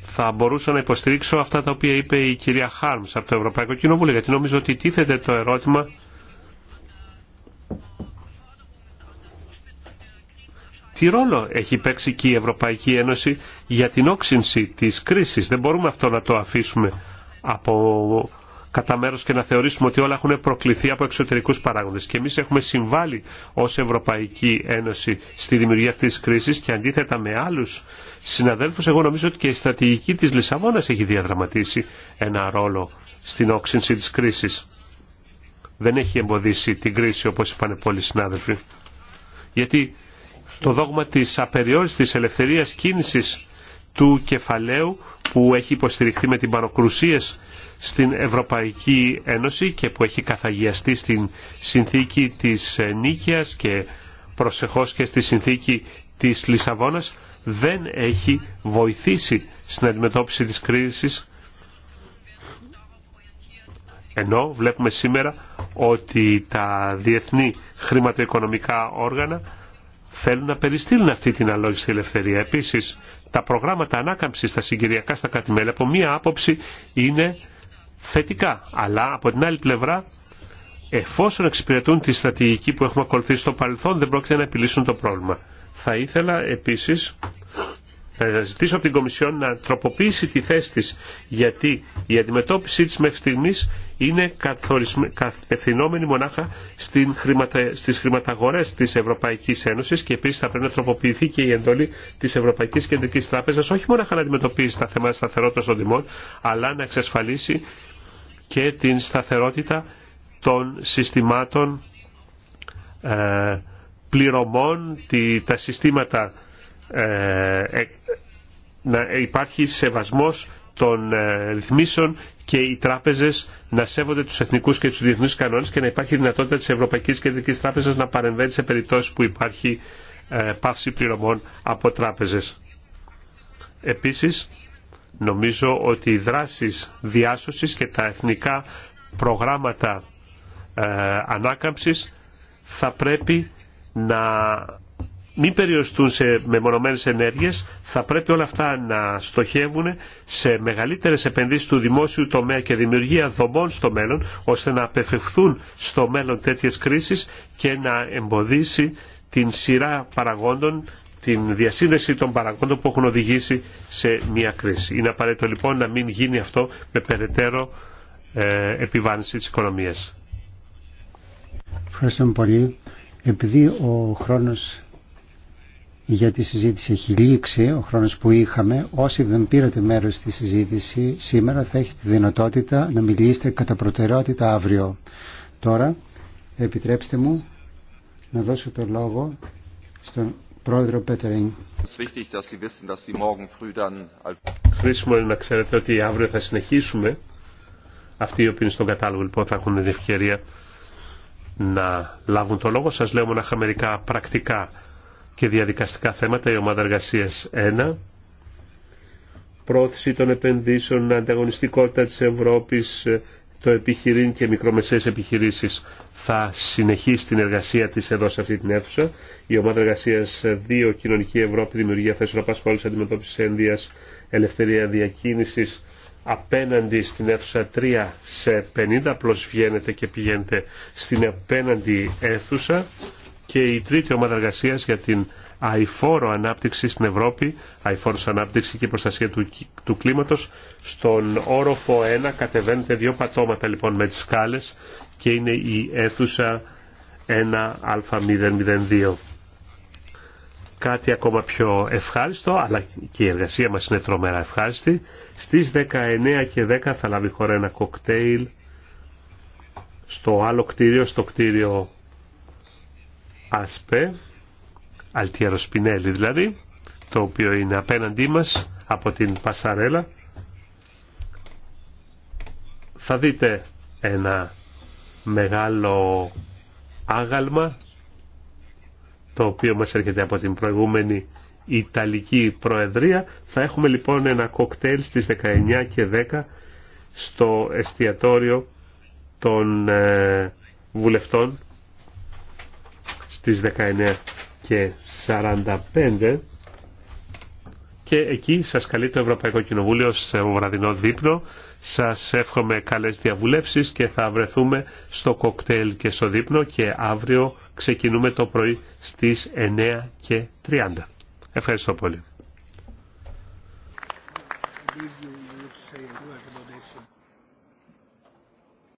θα μπορούσα να υποστηρίξω αυτά τα οποία είπε η κυρία Χάρμς από το Ευρωπαϊκό Κοινοβούλιο γιατί νομίζω ότι τίθεται το ερώτημα τι ρόλο έχει παίξει και η Ευρωπαϊκή Ένωση για την όξυνση της κρίσης. Δεν μπορούμε αυτό να το αφήσουμε από κατά μέρο και να θεωρήσουμε ότι όλα έχουν προκληθεί από εξωτερικού παράγοντε. Και εμεί έχουμε συμβάλει ω Ευρωπαϊκή Ένωση στη δημιουργία αυτή τη κρίση και αντίθετα με άλλου συναδέλφου, εγώ νομίζω ότι και η στρατηγική τη Λισαβόνα έχει διαδραματίσει ένα ρόλο στην όξυνση τη κρίση. Δεν έχει εμποδίσει την κρίση όπω είπαν πολλοί συνάδελφοι. Γιατί το δόγμα της απεριόριστης ελευθερία κίνηση του κεφαλαίου που έχει υποστηριχθεί με την παροκρουσίες στην Ευρωπαϊκή Ένωση και που έχει καθαγιαστεί στην συνθήκη της Νίκαιας και προσεχώς και στη συνθήκη της Λισαβόνας δεν έχει βοηθήσει στην αντιμετώπιση της κρίσης ενώ βλέπουμε σήμερα ότι τα διεθνή χρηματοοικονομικά όργανα θέλουν να περιστύλουν αυτή την αλόγιστη ελευθερία. Επίσης, τα προγράμματα ανάκαμψης στα συγκυριακά στα κατημέλια από μία άποψη είναι θετικά. Αλλά από την άλλη πλευρά, εφόσον εξυπηρετούν τη στρατηγική που έχουμε ακολουθήσει στο παρελθόν, δεν πρόκειται να επιλύσουν το πρόβλημα. Θα ήθελα επίση να ζητήσω από την Κομισιόν να τροποποιήσει τη θέση της, γιατί η αντιμετώπιση της μέχρι στιγμής είναι κατευθυνόμενη μονάχα στι χρηματα... στις χρηματαγορές της Ευρωπαϊκής Ένωσης και επίσης θα πρέπει να τροποποιηθεί και η εντολή της Ευρωπαϊκής Κεντρικής Τράπεζας όχι μόνο να αντιμετωπίσει τα θέματα σταθερότητα των τιμών, αλλά να εξασφαλίσει και την σταθερότητα των συστημάτων ε, πληρωμών, τα συστήματα ε, ε, να υπάρχει σεβασμός των ρυθμίσεων και οι τράπεζες να σέβονται τους εθνικούς και τους διεθνείς κανόνες και να υπάρχει δυνατότητα της Ευρωπαϊκής Κεντρικής Τράπεζας να παρεμβαίνει σε περιπτώσεις που υπάρχει πάυση πληρωμών από τράπεζες. Επίσης, Νομίζω ότι οι δράσεις διάσωσης και τα εθνικά προγράμματα ε, ανάκαμψης θα πρέπει να μην περιοριστούν σε μεμονωμένες ενέργειες, θα πρέπει όλα αυτά να στοχεύουν σε μεγαλύτερες επενδύσεις του δημόσιου τομέα και δημιουργία δομών στο μέλλον, ώστε να απεφευχθούν στο μέλλον τέτοιες κρίσεις και να εμποδίσει την σειρά παραγόντων την διασύνδεση των παραγόντων που έχουν οδηγήσει σε μια κρίση. Είναι απαραίτητο λοιπόν να μην γίνει αυτό με περαιτέρω ε, επιβάρυνση της οικονομίας. Ευχαριστώ πολύ. Επειδή ο χρόνος για τη συζήτηση έχει λήξει, ο χρόνος που είχαμε, όσοι δεν πήρατε μέρος στη συζήτηση σήμερα θα έχετε τη δυνατότητα να μιλήσετε κατά προτεραιότητα αύριο. Τώρα επιτρέψτε μου να δώσω το λόγο στον Πρόεδρο Πέτερινγκ. Χρήσιμο είναι να ξέρετε ότι αύριο θα συνεχίσουμε. Αυτοί οι οποίοι είναι στον κατάλογο λοιπόν θα έχουν την ευκαιρία να λάβουν το λόγο. Σας λέω μονάχα μερικά πρακτικά και διαδικαστικά θέματα. Η ομάδα εργασία 1. Πρόθεση των επενδύσεων, ανταγωνιστικότητα της Ευρώπης, το επιχειρήν και μικρομεσαίες επιχειρήσεις θα συνεχίσει την εργασία της εδώ σε αυτή την αίθουσα. Η ομάδα εργασίας 2 Κοινωνική Ευρώπη Δημιουργία Θέσεων Απασχόλησης Αντιμετώπισης Ένδυας Ελευθερία Διακίνησης απέναντι στην αίθουσα 3 σε 50. Απλώς βγαίνετε και πηγαίνετε στην απέναντι αίθουσα. Και η τρίτη ομάδα εργασίας για την αηφόρο ανάπτυξη στην Ευρώπη, αηφόρο ανάπτυξη και προστασία του, του κλίματος. Στον όροφο 1 κατεβαίνετε δύο πατώματα λοιπόν με τις σκάλες και είναι η αίθουσα 1α002. Κάτι ακόμα πιο ευχάριστο, αλλά και η εργασία μας είναι τρομερά ευχάριστη. Στις 19 και 10 θα λάβει χώρα ένα κοκτέιλ στο άλλο κτίριο, στο κτίριο ΑΣΠΕ, Αλτιαροσπινέλη δηλαδή, το οποίο είναι απέναντί μας από την Πασαρέλα. Θα δείτε ένα μεγάλο άγαλμα το οποίο μας έρχεται από την προηγούμενη Ιταλική Προεδρία. Θα έχουμε λοιπόν ένα κοκτέιλ στις 19 και 10 στο εστιατόριο των ε, βουλευτών στις 19 και 45 και εκεί σας καλεί το Ευρωπαϊκό Κοινοβούλιο σε βραδινό δείπνο σας εύχομαι καλές διαβουλεύσεις και θα βρεθούμε στο κοκτέιλ και στο δείπνο και αύριο ξεκινούμε το πρωί στις 9 και 30. Ευχαριστώ πολύ.